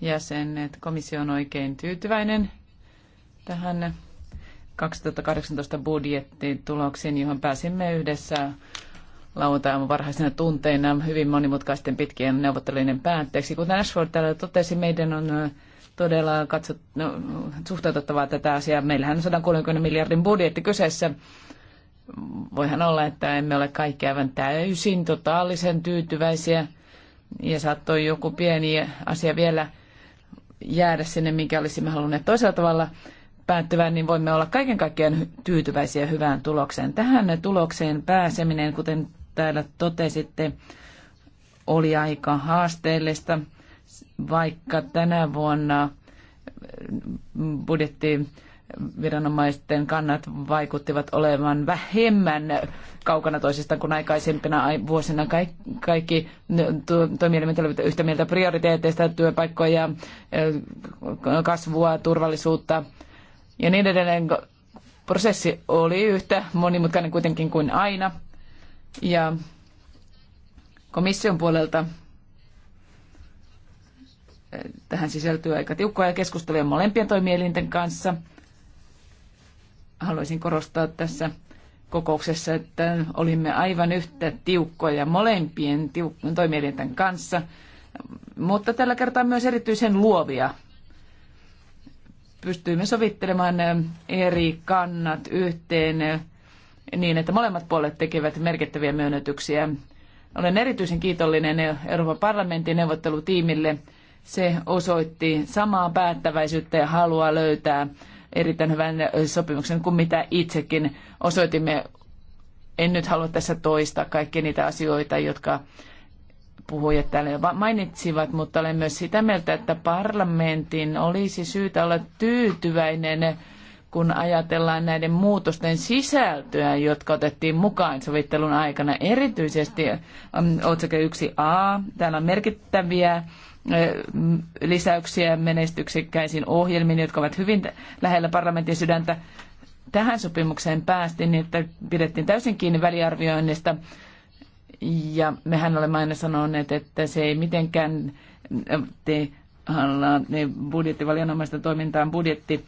jäsenet. Komissio on oikein tyytyväinen tähän 2018 budjettiin tuloksiin, johon pääsimme yhdessä lauantai varhaisena tunteina hyvin monimutkaisten pitkien neuvottelujen päätteeksi. Kuten Ashford täällä totesi, meidän on todella katsot, no, suhteutettavaa tätä asiaa. Meillähän on 160 miljardin budjetti kyseessä. Voihan olla, että emme ole kaikki aivan täysin totaalisen tyytyväisiä. Ja saattoi joku pieni asia vielä jäädä sinne, minkä olisimme halunneet toisella tavalla – päättyvän, niin voimme olla kaiken kaikkiaan tyytyväisiä hyvään tulokseen. Tähän tulokseen pääseminen, kuten täällä totesitte, oli aika haasteellista, vaikka tänä vuonna mm, budjetti viranomaisten kannat vaikuttivat olevan vähemmän kaukana toisistaan kuin aikaisempina vuosina. Kaikki toimielimet olivat yhtä mieltä prioriteeteista, työpaikkoja, kasvua, turvallisuutta ja niin edelleen. Prosessi oli yhtä monimutkainen kuitenkin kuin aina. Ja komission puolelta eh, tähän sisältyy aika tiukkoja keskusteluja molempien toimielinten kanssa. Haluaisin korostaa tässä kokouksessa, että olimme aivan yhtä tiukkoja molempien tiuk- toimielinten kanssa, mutta tällä kertaa myös erityisen luovia pystyimme sovittelemaan eri kannat yhteen niin, että molemmat puolet tekevät merkittäviä myönnytyksiä. Olen erityisen kiitollinen Euroopan parlamentin neuvottelutiimille. Se osoitti samaa päättäväisyyttä ja halua löytää erittäin hyvän sopimuksen kuin mitä itsekin osoitimme. En nyt halua tässä toistaa kaikkia niitä asioita, jotka puhujat täällä jo mainitsivat, mutta olen myös sitä mieltä, että parlamentin olisi syytä olla tyytyväinen, kun ajatellaan näiden muutosten sisältöä, jotka otettiin mukaan sovittelun aikana. Erityisesti ähm, otsake 1a, täällä on merkittäviä äh, lisäyksiä menestyksekkäisiin ohjelmiin, jotka ovat hyvin lähellä parlamentin sydäntä. Tähän sopimukseen päästiin, niin että pidettiin täysin kiinni väliarvioinnista ja mehän olemme aina sanoneet, että se ei mitenkään te budjettivalionomaista toimintaan budjetti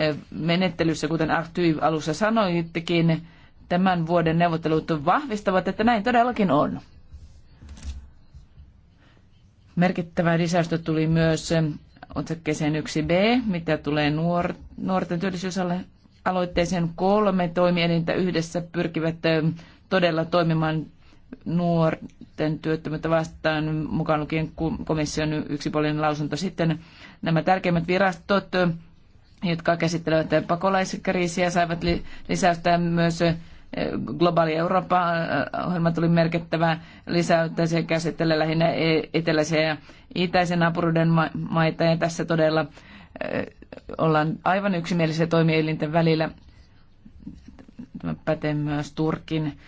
eh, menettelyssä, kuten Arthur alussa sanoittekin, tämän vuoden neuvottelut vahvistavat, että näin todellakin on. Merkittävää lisäystä tuli myös eh, otsakkeeseen 1b, mitä tulee nuor- nuorten työllisyysaloitteeseen. Kolme toimielintä yhdessä pyrkivät eh, todella toimimaan nuorten työttömyyttä vastaan, mukaan lukien komission yksipuolinen lausunto. Sitten nämä tärkeimmät virastot, jotka käsittelevät pakolaiskriisiä, saivat lisäystä myös eh, Globaali Eurooppa-ohjelma tuli merkittävä lisäyttä. Se käsittelee lähinnä e- eteläisen ja itäisen apuruden maita ja tässä todella eh, ollaan aivan yksimielisiä toimielinten välillä päten myös Turkin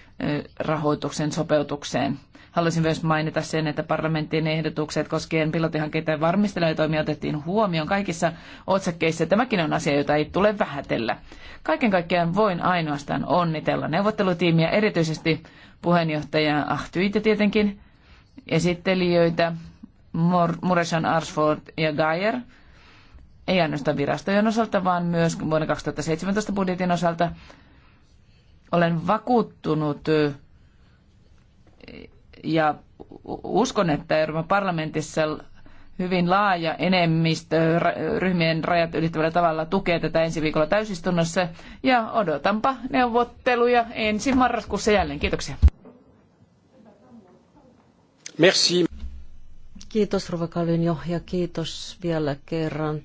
rahoituksen sopeutukseen. Haluaisin myös mainita sen, että parlamentin ehdotukset koskien pilottihankkeita ja varmistelujatoimia otettiin huomioon kaikissa otsakkeissa. Tämäkin on asia, jota ei tule vähätellä. Kaiken kaikkiaan voin ainoastaan onnitella neuvottelutiimiä, erityisesti puheenjohtajaa Ahtyitä tietenkin, esittelijöitä Mur- Mureshan Arsford ja Geyer, ei ainoastaan virastojen osalta, vaan myös vuoden 2017 budjetin osalta olen vakuuttunut ja uskon, että Euroopan parlamentissa hyvin laaja enemmistö ryhmien rajat ylittävällä tavalla tukee tätä ensi viikolla täysistunnossa ja odotanpa neuvotteluja ensi marraskuussa jälleen. Kiitoksia. Merci. Kiitos Ruva jo ja kiitos vielä kerran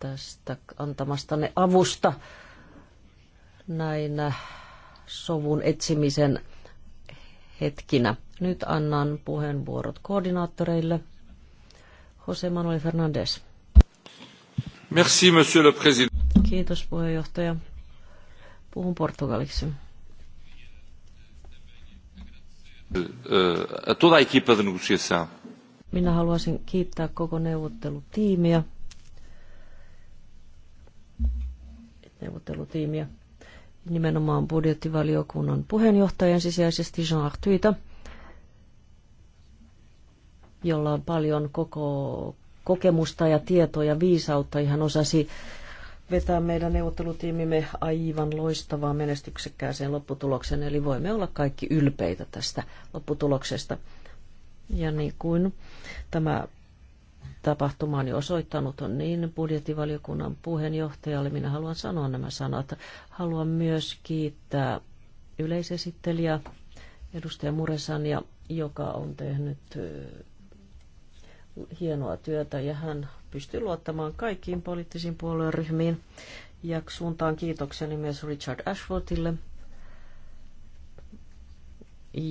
tästä antamastanne avusta näinä äh, sovun etsimisen hetkinä. Nyt annan puheenvuorot koordinaattoreille. Jose Manuel Fernandez. Merci, monsieur le président. Kiitos puheenjohtaja. Puhun portugaliksi. Eh, a toda a equipa de negociação. Minä haluaisin kiittää koko neuvottelutiimiä. Neuvottelutiimiä nimenomaan budjettivaliokunnan puheenjohtaja ensisijaisesti Jean Artuita, jolla on paljon koko kokemusta ja tietoa ja viisautta. Ihan osasi vetää meidän neuvottelutiimimme aivan loistavaan menestyksekkääseen lopputulokseen, eli voimme olla kaikki ylpeitä tästä lopputuloksesta. Ja niin kuin tämä Tapahtumaani osoittanut, on niin budjettivaliokunnan puheenjohtajalle. Minä haluan sanoa nämä sanat. Haluan myös kiittää yleisesittelijä edustaja Muresania, joka on tehnyt hienoa työtä ja hän pystyy luottamaan kaikkiin poliittisiin puolueryhmiin. Ja suuntaan kiitokseni myös Richard Ashfordille,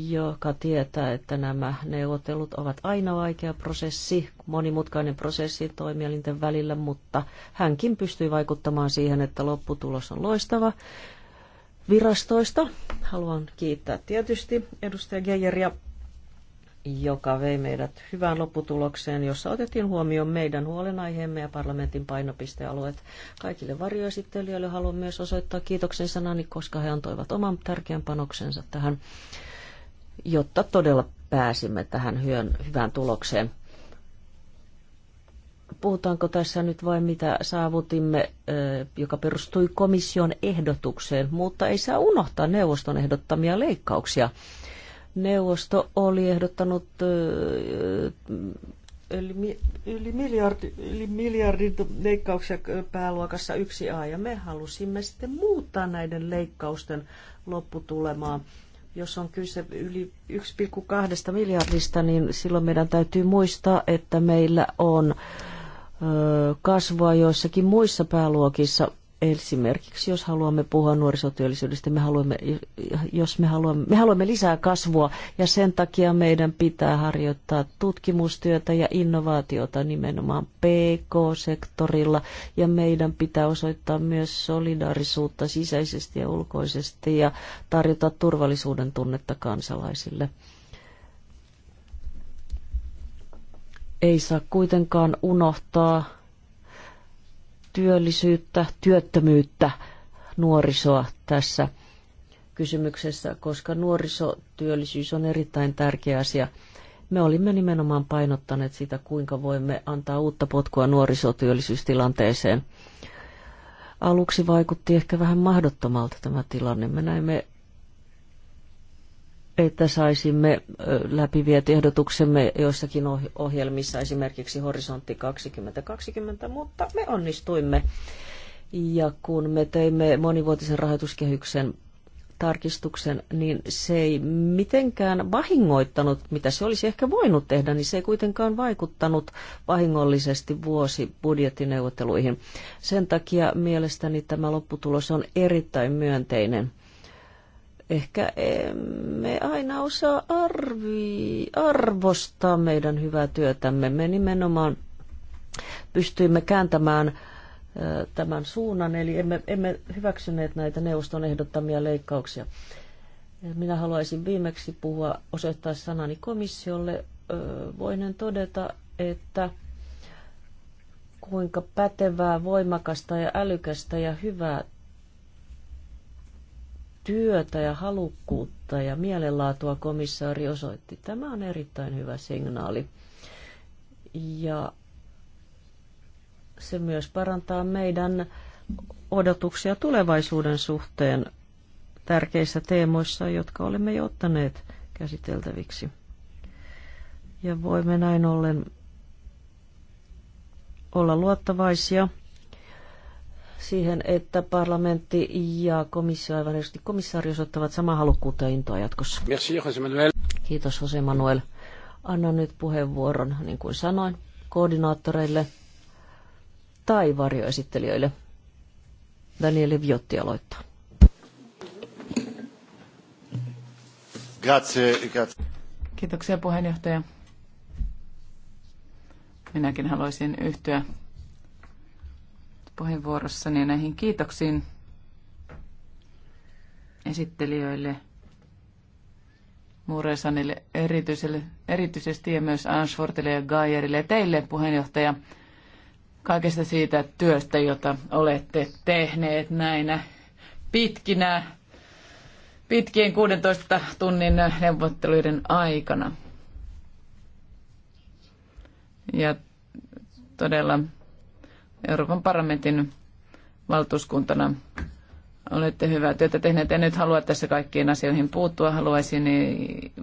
joka tietää, että nämä neuvottelut ovat aina vaikea prosessi, monimutkainen prosessi toimielinten välillä, mutta hänkin pystyy vaikuttamaan siihen, että lopputulos on loistava. Virastoista haluan kiittää tietysti edustaja Geijeria, joka vei meidät hyvään lopputulokseen, jossa otettiin huomioon meidän huolenaiheemme ja parlamentin painopistealueet. Kaikille varjoesittelijöille haluan myös osoittaa kiitoksen sanani, koska he antoivat oman tärkeän panoksensa tähän jotta todella pääsimme tähän hyön, hyvään tulokseen. Puhutaanko tässä nyt vain mitä saavutimme, joka perustui komission ehdotukseen, mutta ei saa unohtaa neuvoston ehdottamia leikkauksia. Neuvosto oli ehdottanut yli, yli, miljardi, yli miljardin leikkauksia pääluokassa 1A ja me halusimme sitten muuttaa näiden leikkausten lopputulemaa jos on kyse yli 1,2 miljardista, niin silloin meidän täytyy muistaa, että meillä on kasvua joissakin muissa pääluokissa Esimerkiksi jos haluamme puhua nuorisotyöllisyydestä, me haluamme, jos me haluamme, me haluamme lisää kasvua ja sen takia meidän pitää harjoittaa tutkimustyötä ja innovaatiota nimenomaan PK-sektorilla ja meidän pitää osoittaa myös solidaarisuutta sisäisesti ja ulkoisesti ja tarjota turvallisuuden tunnetta kansalaisille. Ei saa kuitenkaan unohtaa työllisyyttä, työttömyyttä, nuorisoa tässä kysymyksessä, koska nuorisotyöllisyys on erittäin tärkeä asia. Me olimme nimenomaan painottaneet sitä, kuinka voimme antaa uutta potkua nuorisotyöllisyystilanteeseen. Aluksi vaikutti ehkä vähän mahdottomalta tämä tilanne. Me näimme että saisimme läpiviet ehdotuksemme joissakin ohjelmissa, esimerkiksi Horisontti 2020, mutta me onnistuimme. Ja kun me teimme monivuotisen rahoituskehyksen tarkistuksen, niin se ei mitenkään vahingoittanut, mitä se olisi ehkä voinut tehdä, niin se ei kuitenkaan vaikuttanut vahingollisesti vuosi budjettineuvotteluihin. Sen takia mielestäni tämä lopputulos on erittäin myönteinen. Ehkä emme aina osaa arvi, arvostaa meidän hyvää työtämme. Me nimenomaan pystyimme kääntämään tämän suunnan, eli emme, emme hyväksyneet näitä neuvoston ehdottamia leikkauksia. Minä haluaisin viimeksi puhua, osoittaa sanani komissiolle. Voinen todeta, että kuinka pätevää, voimakasta ja älykästä ja hyvää työtä ja halukkuutta ja mielenlaatua komissaari osoitti. Tämä on erittäin hyvä signaali. Ja se myös parantaa meidän odotuksia tulevaisuuden suhteen tärkeissä teemoissa, jotka olemme jo ottaneet käsiteltäviksi. Ja voimme näin ollen olla luottavaisia siihen, että parlamentti ja komissio, aivan erityisesti komissaari, osoittavat samaa halukkuutta ja intoa jatkossa. Merci, José Manuel. Kiitos, Jose Manuel. Annan nyt puheenvuoron, niin kuin sanoin, koordinaattoreille tai varjoesittelijöille. Daniele Viotti aloittaa. Grazie, grazie. Kiitoksia puheenjohtaja. Minäkin haluaisin yhtyä puheenvuorossani näihin kiitoksiin esittelijöille, Muresanille erityisesti ja myös Ansfortille ja Gaierille ja teille puheenjohtaja kaikesta siitä työstä, jota olette tehneet näinä pitkinä, pitkien 16 tunnin neuvotteluiden aikana. Ja todella Euroopan parlamentin valtuuskuntana olette hyvää työtä tehneet. En nyt halua tässä kaikkiin asioihin puuttua, haluaisin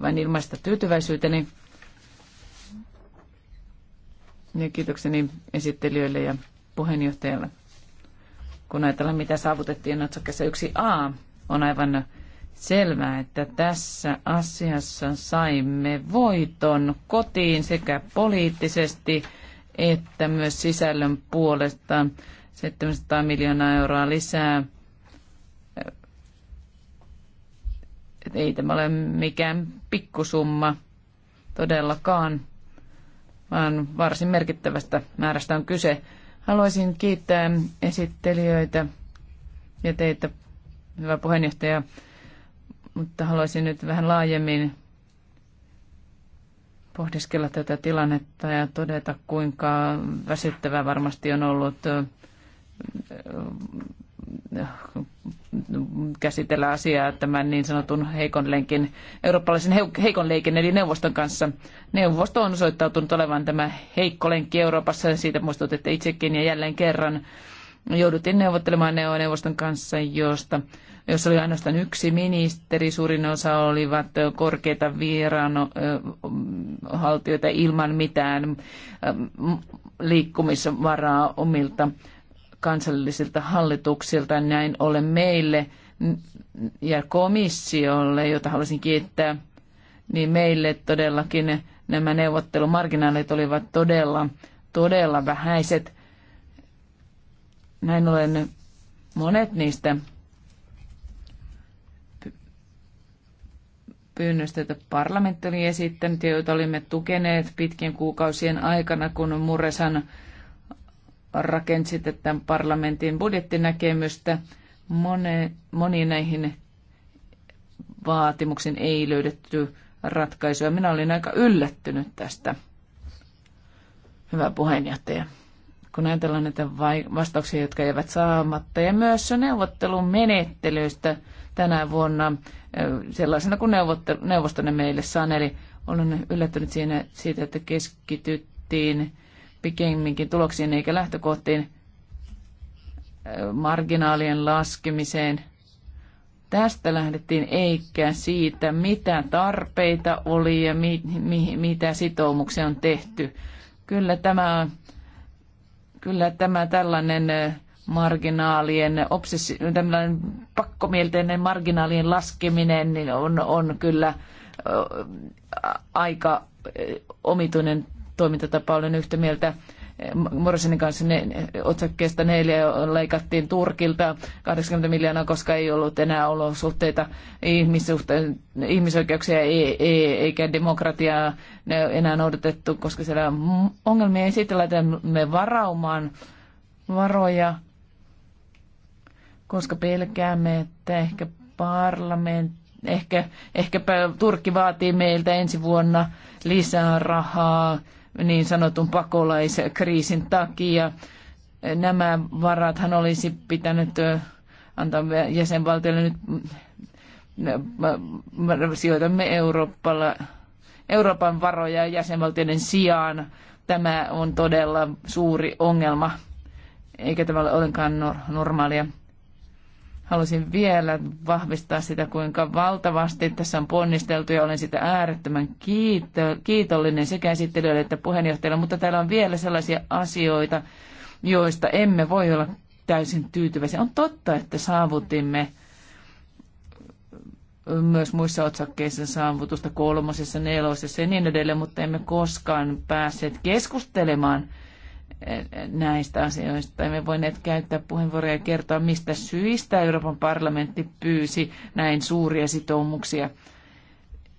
vain ilmaista tyytyväisyyteni ja kiitokseni esittelijöille ja puheenjohtajalle. Kun ajatellaan, mitä saavutettiin otsakkeessa 1a, on aivan selvää, että tässä asiassa saimme voiton kotiin sekä poliittisesti että myös sisällön puolesta 700 miljoonaa euroa lisää. Et ei tämä ole mikään pikkusumma todellakaan, vaan varsin merkittävästä määrästä on kyse. Haluaisin kiittää esittelijöitä ja teitä, hyvä puheenjohtaja, mutta haluaisin nyt vähän laajemmin pohdiskella tätä tilannetta ja todeta, kuinka väsyttävää varmasti on ollut käsitellä asiaa tämän niin sanotun heikon lenkin, eurooppalaisen heikon leikin eli neuvoston kanssa. Neuvosto on osoittautunut olevan tämä heikko lenkki Euroopassa ja siitä muistutitte itsekin ja jälleen kerran jouduttiin neuvottelemaan neuvoston kanssa, josta, jossa oli ainoastaan yksi ministeri. Suurin osa olivat korkeita viranhaltijoita ilman mitään liikkumisvaraa omilta kansallisilta hallituksilta. Näin ole meille ja komissiolle, jota haluaisin kiittää, niin meille todellakin nämä neuvottelumarginaalit olivat todella, todella vähäiset näin ollen monet niistä pyynnöstä, joita parlamentti oli esittänyt ja joita olimme tukeneet pitkien kuukausien aikana, kun Muresan rakensi tämän parlamentin budjettinäkemystä. Moni moniin näihin vaatimuksiin ei löydetty ratkaisua. Minä olin aika yllättynyt tästä, hyvä puheenjohtaja kun ajatellaan näitä vastauksia, jotka eivät saamatta, ja myös neuvottelun menettelyistä tänä vuonna sellaisena kuin neuvosto ne meille saneli. Olen yllättynyt siinä, siitä, että keskityttiin pikemminkin tuloksiin eikä lähtökohtiin marginaalien laskemiseen. Tästä lähdettiin eikä siitä, mitä tarpeita oli ja mi, mi, mitä sitoumuksia on tehty. Kyllä tämä Kyllä tämä tällainen eh, marginaalien, obsessi- tällainen pakkomielteinen marginaalien laskeminen niin on, on kyllä eh, aika eh, omituinen toimintatapa. Olen yhtä mieltä Morrisonin kanssa ne, otsakkeesta neljä leikattiin Turkilta 80 miljoonaa, koska ei ollut enää olosuhteita, ihmisoikeuksia ei, ei, eikä demokratiaa enää noudatettu, koska siellä ongelmia Ja sitten laitamme varaumaan varoja, koska pelkäämme, että ehkä parlamentti ehkä, ehkäpä Turkki vaatii meiltä ensi vuonna lisää rahaa niin sanotun pakolaiskriisin takia. Nämä varathan olisi pitänyt antaa jäsenvaltioille nyt sijoitamme Euroopalla, Euroopan varoja jäsenvaltioiden sijaan. Tämä on todella suuri ongelma, eikä tämä ole ollenkaan normaalia. Haluaisin vielä vahvistaa sitä, kuinka valtavasti tässä on ponnisteltu ja olen sitä äärettömän kiito- kiitollinen sekä esittelijöille että puheenjohtajalle, mutta täällä on vielä sellaisia asioita, joista emme voi olla täysin tyytyväisiä. On totta, että saavutimme myös muissa otsakkeissa saavutusta kolmosessa, nelosessa ja niin edelleen, mutta emme koskaan päässeet keskustelemaan – näistä asioista. Emme voineet käyttää puheenvuoroja ja kertoa, mistä syistä Euroopan parlamentti pyysi näin suuria sitoumuksia.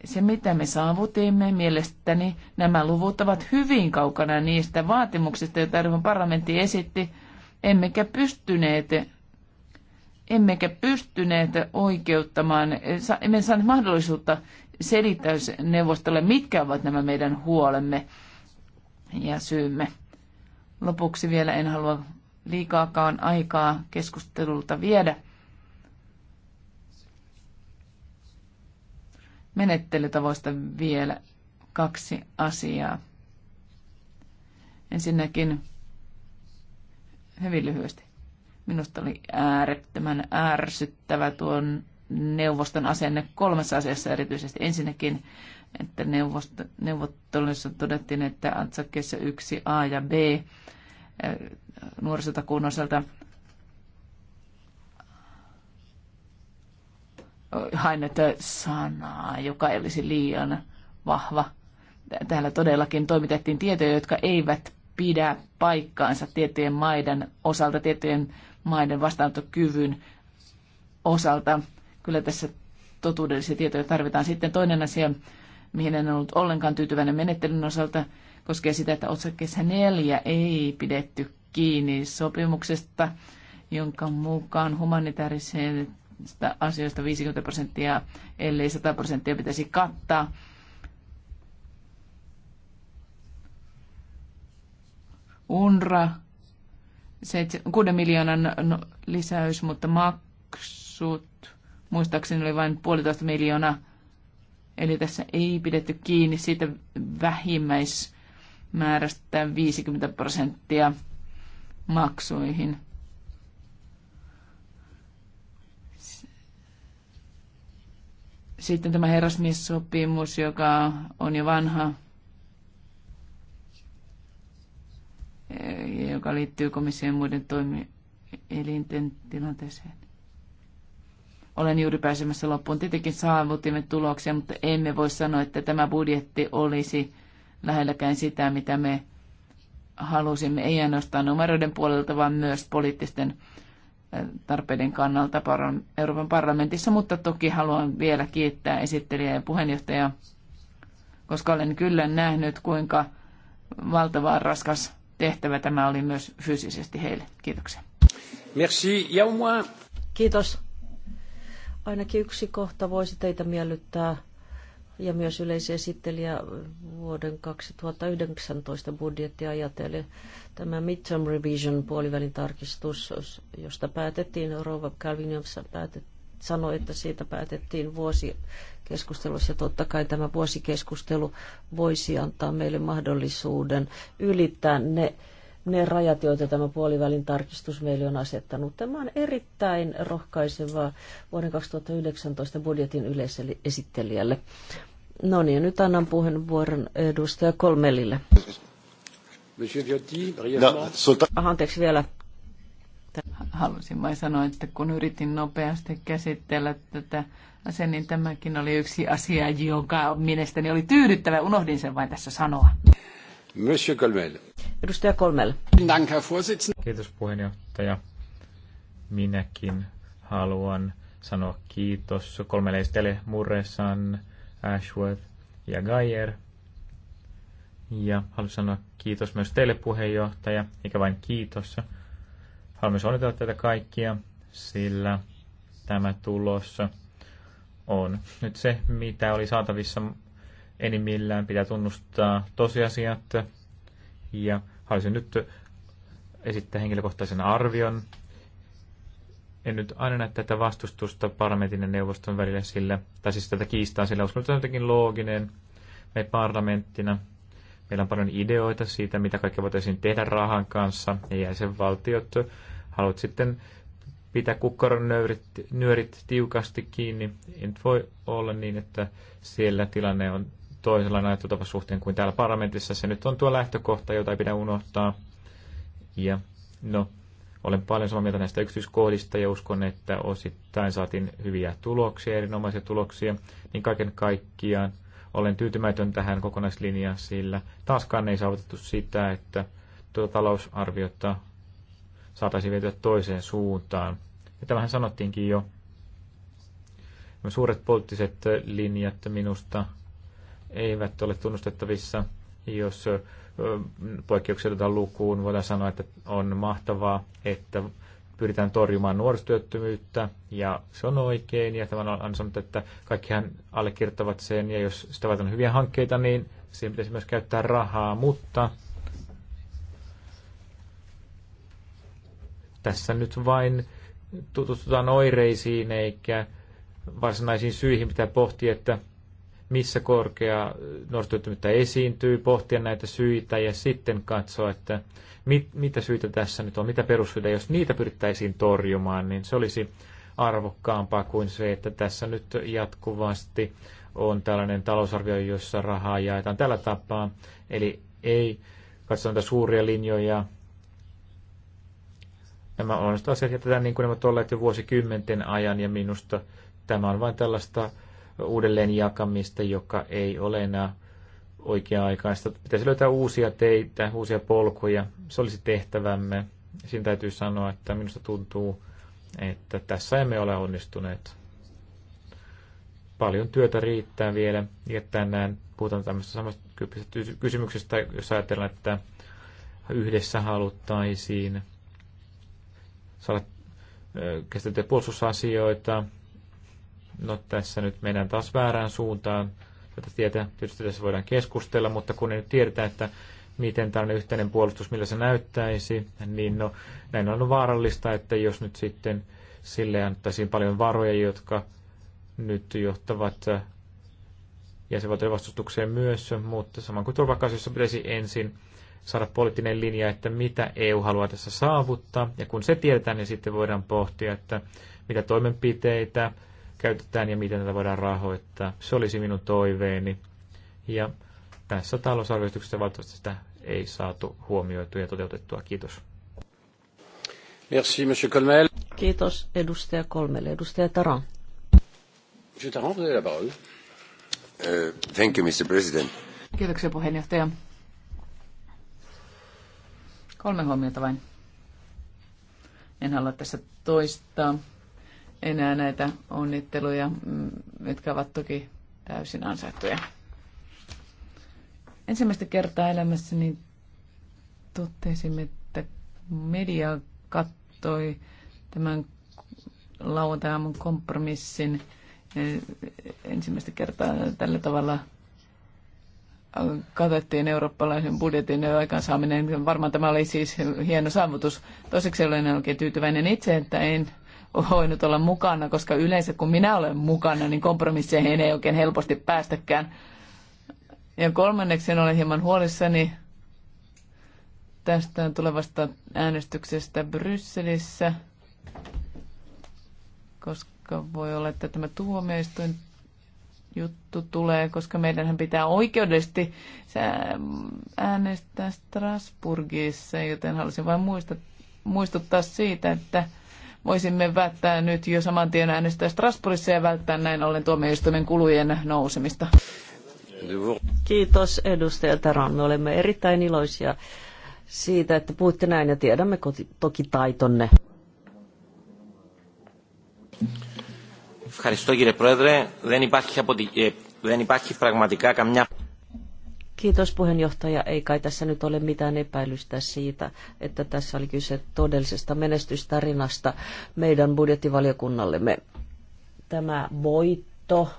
Se, mitä me saavutimme, mielestäni nämä luvut ovat hyvin kaukana niistä vaatimuksista, joita Euroopan parlamentti esitti, emmekä pystyneet emmekä pystyneet oikeuttamaan, emme saaneet mahdollisuutta selittää neuvostolle, mitkä ovat nämä meidän huolemme ja syymme. Lopuksi vielä en halua liikaakaan aikaa keskustelulta viedä. Menettelytavoista vielä kaksi asiaa. Ensinnäkin hyvin lyhyesti. Minusta oli äärettömän ärsyttävä tuon neuvoston asenne kolmessa asiassa erityisesti. Ensinnäkin että neuvosto, neuvotteluissa todettiin, että atsakkeessa 1a ja b eh, nuorisotakuun osalta hain sanaa, joka ei olisi liian vahva. Täällä todellakin toimitettiin tietoja, jotka eivät pidä paikkaansa tiettyjen maiden osalta, tiettyjen maiden vastaanottokyvyn osalta. Kyllä tässä totuudellisia tietoja tarvitaan. Sitten toinen asia mihin en ollut ollenkaan tyytyväinen menettelyn osalta, koskee sitä, että otsakkeessa neljä ei pidetty kiinni sopimuksesta, jonka mukaan humanitaarisista asioista 50 prosenttia, ellei 100 prosenttia pitäisi kattaa. UNRA, 6 miljoonan no, lisäys, mutta maksut, muistaakseni oli vain puolitoista miljoonaa Eli tässä ei pidetty kiinni siitä vähimmäismäärästä 50 prosenttia maksuihin. Sitten tämä herrasmissopimus, joka on jo vanha, joka liittyy komission muiden toimielinten tilanteeseen olen juuri pääsemässä loppuun. Tietenkin saavutimme tuloksia, mutta emme voi sanoa, että tämä budjetti olisi lähelläkään sitä, mitä me halusimme, ei ainoastaan numeroiden puolelta, vaan myös poliittisten tarpeiden kannalta Euroopan parlamentissa, mutta toki haluan vielä kiittää esittelijä ja puheenjohtajaa, koska olen kyllä nähnyt, kuinka valtavaa raskas tehtävä tämä oli myös fyysisesti heille. Kiitoksia. Merci. Ja Kiitos. Ainakin yksi kohta voisi teitä miellyttää ja myös yleisesittelijä vuoden 2019 budjettia ajatellen. Tämä midterm revision puolivälin tarkistus, josta päätettiin, Rova Calvin päätettiin sanoi, että siitä päätettiin vuosikeskustelussa. Totta kai tämä vuosikeskustelu voisi antaa meille mahdollisuuden ylittää ne ne rajat, joita tämä puolivälin tarkistus meille on asettanut. Tämä on erittäin rohkaisevaa vuoden 2019 budjetin yleiselle esittelijälle. No niin, nyt annan puheenvuoron edustaja Kolmelille. No, sulta... Ah, anteeksi vielä. Halusin vain sanoa, että kun yritin nopeasti käsitellä tätä asiaa, niin tämäkin oli yksi asia, joka mielestäni oli tyydyttävä. Unohdin sen vain tässä sanoa. Monsieur Colmel. Edustaja Kolmel. Kiitos puheenjohtaja. Minäkin haluan sanoa kiitos kolmelle Murresan, Ashworth ja Geyer. Ja haluan sanoa kiitos myös teille puheenjohtaja, eikä vain kiitos. Haluan myös onnitella teitä kaikkia, sillä tämä tulos on nyt se, mitä oli saatavissa enimmillään pitää tunnustaa tosiasiat. Ja haluaisin nyt esittää henkilökohtaisen arvion. En nyt aina näe tätä vastustusta parlamentin ja neuvoston välillä sillä, tai siis tätä kiistaa sillä, uskon, että on jotenkin looginen. Me parlamenttina, meillä on paljon ideoita siitä, mitä kaikkea voitaisiin tehdä rahan kanssa, ja jäsenvaltiot haluat sitten pitää kukkaron nöyrit, nyörit tiukasti kiinni. Ei nyt voi olla niin, että siellä tilanne on toisenlainen ajattelutavan suhteen kuin täällä parlamentissa. Se nyt on tuo lähtökohta, jota ei pidä unohtaa. Ja no, olen paljon samaa mieltä näistä yksityiskohdista ja uskon, että osittain saatiin hyviä tuloksia, erinomaisia tuloksia. Niin kaiken kaikkiaan olen tyytymätön tähän kokonaislinjaan, sillä taaskaan ei saavutettu sitä, että tuota talousarviota saataisiin vietyä toiseen suuntaan. Ja tämähän sanottiinkin jo. Nämä suuret poliittiset linjat minusta eivät ole tunnustettavissa. Jos poikkeuksia otetaan lukuun, voidaan sanoa, että on mahtavaa, että pyritään torjumaan nuorisotyöttömyyttä, ja se on oikein, ja tämän on sanonut, että kaikkihan allekirjoittavat sen, ja jos sitä on hyviä hankkeita, niin siihen pitäisi myös käyttää rahaa, mutta tässä nyt vain tutustutaan oireisiin eikä varsinaisiin syihin pitää pohtia, että missä korkea nuorisotyöttömyyttä esiintyy, pohtia näitä syitä ja sitten katsoa, että mit, mitä syitä tässä nyt on, mitä perussyitä, jos niitä pyrittäisiin torjumaan, niin se olisi arvokkaampaa kuin se, että tässä nyt jatkuvasti on tällainen talousarvio, jossa rahaa jaetaan tällä tapaa. Eli ei katsota näitä suuria linjoja. Nämä on asiat jätetään niin kuin ne ovat olleet jo vuosikymmenten ajan ja minusta tämä on vain tällaista uudelleenjakamista, joka ei ole enää oikea-aikaista. Pitäisi löytää uusia teitä, uusia polkuja. Se olisi tehtävämme. Siinä täytyy sanoa, että minusta tuntuu, että tässä emme ole onnistuneet. Paljon työtä riittää vielä. Ja tänään puhutaan tämmöistä samasta kysymyksestä, jos ajatellaan, että yhdessä haluttaisiin saada käsiteltyä puolustusasioita, No tässä nyt mennään taas väärään suuntaan. Tätä tietä tietysti tässä voidaan keskustella, mutta kun ei nyt tiedetä, että miten tällainen yhteinen puolustus, millä se näyttäisi, niin no, näin on vaarallista, että jos nyt sitten sille annettaisiin paljon varoja, jotka nyt johtavat äh, jäsenvaltojen vastustukseen myös, mutta saman kuin turvakasiossa pitäisi ensin saada poliittinen linja, että mitä EU haluaa tässä saavuttaa, ja kun se tiedetään, niin sitten voidaan pohtia, että mitä toimenpiteitä käytetään ja miten tätä voidaan rahoittaa. Se olisi minun toiveeni. Ja tässä talousarvioistuksessa valitettavasti sitä ei saatu huomioitua ja toteutettua. Kiitos. Merci, monsieur Colmel. Kiitos edustaja Kolmelle. Edustaja Taran. Monsieur Taran, vous avez la parole. Uh, thank you, Mr. President. Kiitoksia puheenjohtaja. Kolme huomiota vain. En halua tässä toistaa enää näitä onnitteluja, jotka mm, ovat toki täysin ansaittuja. Ensimmäistä kertaa elämässäni niin totesimme, että media kattoi tämän lauantai-aamun kompromissin ensimmäistä kertaa tällä tavalla katettiin eurooppalaisen budjetin aikaansaaminen. Varmaan tämä oli siis hieno saavutus. Toiseksi olen oikein tyytyväinen itse, että en voinut olla mukana, koska yleensä kun minä olen mukana, niin kompromisseihin ei oikein helposti päästäkään. Ja kolmanneksi olen hieman huolissani tästä tulevasta äänestyksestä Brysselissä, koska voi olla, että tämä tuomioistuin juttu tulee, koska meidänhän pitää oikeudellisesti äänestää Strasburgissa, joten halusin vain muistuttaa siitä, että voisimme välttää nyt jo saman tien äänestää Strasbourgissa ja välttää näin ollen tuomioistuimen kulujen nousemista. Kiitos edustaja Taran. Me olemme erittäin iloisia siitä, että puhutte näin ja tiedämme toki taitonne. Ευχαριστώ κύριε Πρόεδρε. Δεν υπάρχει, δεν υπάρχει πραγματικά καμιά... Kiitos puheenjohtaja. Ei kai tässä nyt ole mitään epäilystä siitä, että tässä oli kyse todellisesta menestystarinasta meidän budjettivaliokunnallemme. Tämä voitto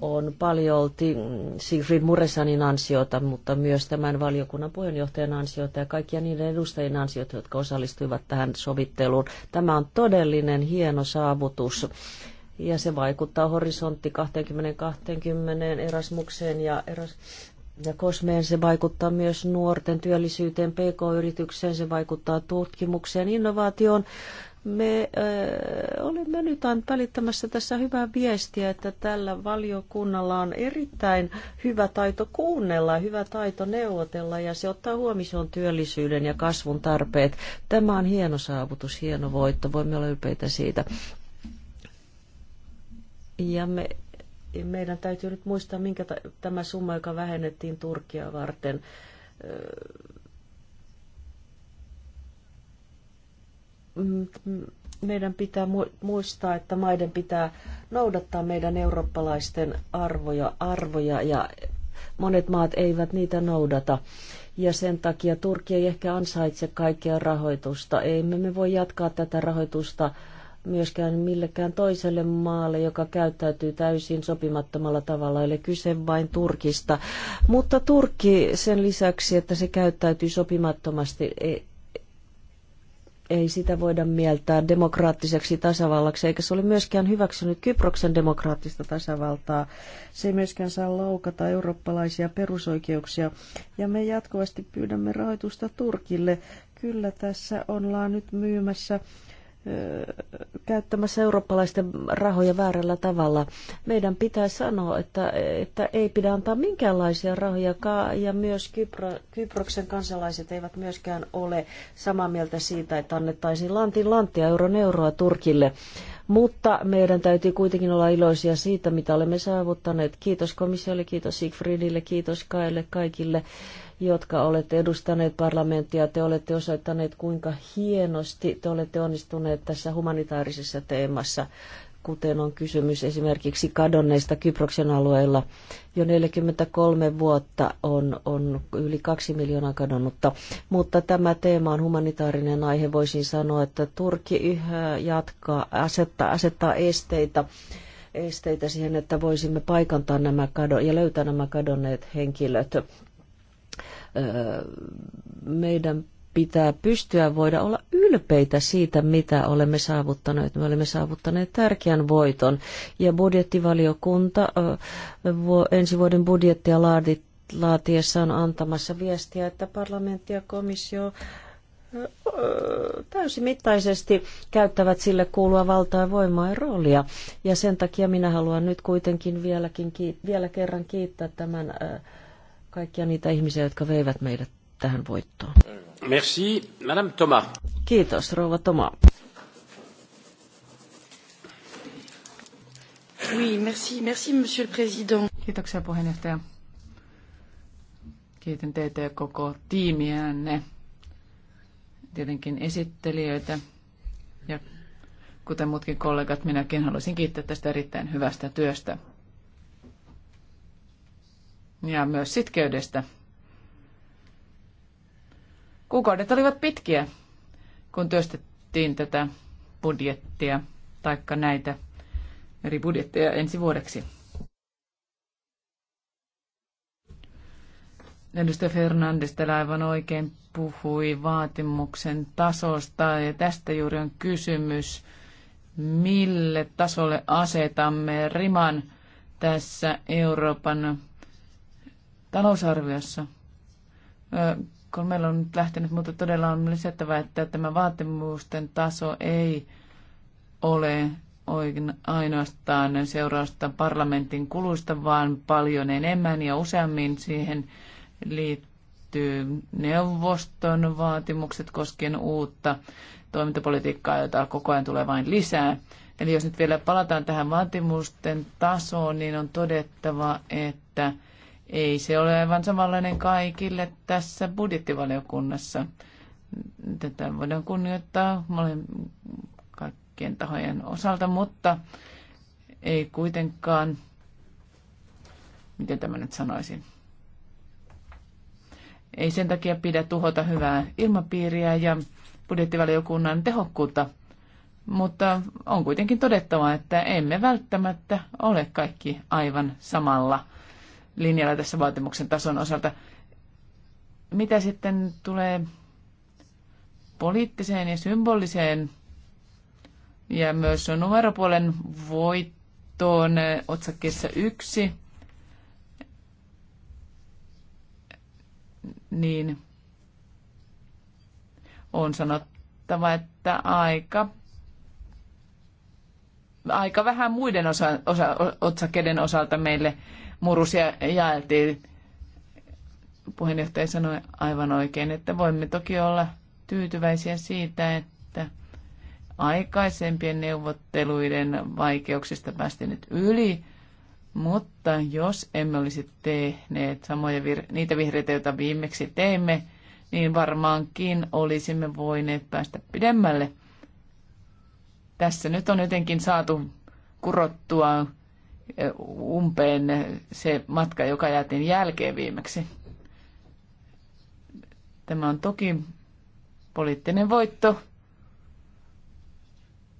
on paljolti Sigrid Muresanin ansiota, mutta myös tämän valiokunnan puheenjohtajan ansiota ja kaikkia niiden edustajien ansiota, jotka osallistuivat tähän sovitteluun. Tämä on todellinen hieno saavutus ja se vaikuttaa horisontti 20-20 erasmukseen ja, eras, ja kosmeen. Se vaikuttaa myös nuorten työllisyyteen, pk-yritykseen, se vaikuttaa tutkimukseen, innovaatioon. Me ö, äh, olemme nyt välittämässä tässä hyvää viestiä, että tällä valiokunnalla on erittäin hyvä taito kuunnella, hyvä taito neuvotella ja se ottaa huomioon työllisyyden ja kasvun tarpeet. Tämä on hieno saavutus, hieno voitto, voimme olla ylpeitä siitä. Ja me, meidän täytyy nyt muistaa, minkä tämä summa, joka vähennettiin Turkia varten, öö, meidän pitää muistaa, että maiden pitää noudattaa meidän eurooppalaisten arvoja, arvoja ja monet maat eivät niitä noudata. Ja sen takia Turkki ei ehkä ansaitse kaikkea rahoitusta. Ei, me voi jatkaa tätä rahoitusta äh, myöskään millekään toiselle maalle, joka käyttäytyy täysin sopimattomalla tavalla, eli kyse vain Turkista. Mutta Turkki sen lisäksi, että se käyttäytyy sopimattomasti, e- ei sitä voida mieltää demokraattiseksi tasavallaksi, eikä se ole myöskään hyväksynyt Kyproksen demokraattista tasavaltaa. Se ei myöskään saa loukata eurooppalaisia perusoikeuksia, ja me jatkuvasti pyydämme rahoitusta Turkille. Kyllä tässä ollaan nyt myymässä käyttämässä eurooppalaisten rahoja väärällä tavalla. Meidän pitää sanoa, että, että ei pidä antaa minkäänlaisia rahoja, ja myös Kypro, Kyproksen kansalaiset eivät myöskään ole samaa mieltä siitä, että annettaisiin lantin lanttia euron euroa Turkille. Mutta meidän täytyy kuitenkin olla iloisia siitä, mitä olemme saavuttaneet. Kiitos komissiolle, kiitos Sigfridille, kiitos Kaille, kaikille jotka olette edustaneet parlamenttia. Te olette osoittaneet, kuinka hienosti te olette onnistuneet tässä humanitaarisessa teemassa, kuten on kysymys esimerkiksi kadonneista Kyproksen alueilla. Jo 43 vuotta on, on yli kaksi miljoonaa kadonnutta, mutta tämä teema on humanitaarinen aihe. Voisin sanoa, että Turkki yhä jatkaa, asettaa, asettaa esteitä esteitä siihen, että voisimme paikantaa nämä kadon ja löytää nämä kadonneet henkilöt meidän pitää pystyä voida olla ylpeitä siitä, mitä olemme saavuttaneet. Me olemme saavuttaneet tärkeän voiton. Ja budjettivaliokunta ensi vuoden budjettia laatiessa on antamassa viestiä, että parlamentti ja komissio täysimittaisesti käyttävät sille kuulua valtaa ja voimaa ja roolia. Ja sen takia minä haluan nyt kuitenkin vieläkin, vielä kerran kiittää tämän äh, kaikkia niitä ihmisiä, jotka veivät meidät tähän voittoon. Merci, Madame Thomas. Kiitos, rouva Toma. Oui, merci, merci, monsieur le président. Kiitoksia puheenjohtaja. Kiitän teitä ja koko tiimiänne, tietenkin esittelijöitä ja kuten muutkin kollegat, minäkin haluaisin kiittää tästä erittäin hyvästä työstä ja myös sitkeydestä. Kuukaudet olivat pitkiä, kun työstettiin tätä budjettia, taikka näitä eri budjetteja ensi vuodeksi. Edustaja Fernandes täällä aivan oikein puhui vaatimuksen tasosta ja tästä juuri on kysymys, mille tasolle asetamme riman tässä Euroopan talousarviossa, kun meillä on nyt lähtenyt, mutta todella on lisättävä, että tämä vaatimusten taso ei ole ainoastaan seurausta parlamentin kuluista, vaan paljon enemmän ja useammin siihen liittyy neuvoston vaatimukset koskien uutta toimintapolitiikkaa, jota koko ajan tulee vain lisää. Eli jos nyt vielä palataan tähän vaatimusten tasoon, niin on todettava, että ei se ole aivan samanlainen kaikille tässä budjettivaliokunnassa. Tätä voidaan kunnioittaa kaikkien tahojen osalta, mutta ei kuitenkaan, miten tämä nyt sanoisin, ei sen takia pidä tuhota hyvää ilmapiiriä ja budjettivaliokunnan tehokkuutta, mutta on kuitenkin todettava, että emme välttämättä ole kaikki aivan samalla linjalla tässä vaatimuksen tason osalta. Mitä sitten tulee poliittiseen ja symboliseen ja myös numeropuolen voittoon otsakkeessa yksi, niin on sanottava, että aika aika vähän muiden osa, osa, otsakkeiden osalta meille murus ja jaeltiin. Puheenjohtaja sanoi aivan oikein, että voimme toki olla tyytyväisiä siitä, että aikaisempien neuvotteluiden vaikeuksista päästiin nyt yli, mutta jos emme olisi tehneet samoja vir- niitä vihreitä, joita viimeksi teimme, niin varmaankin olisimme voineet päästä pidemmälle. Tässä nyt on jotenkin saatu kurottua umpeen se matka, joka jäätiin jälkeen viimeksi. Tämä on toki poliittinen voitto,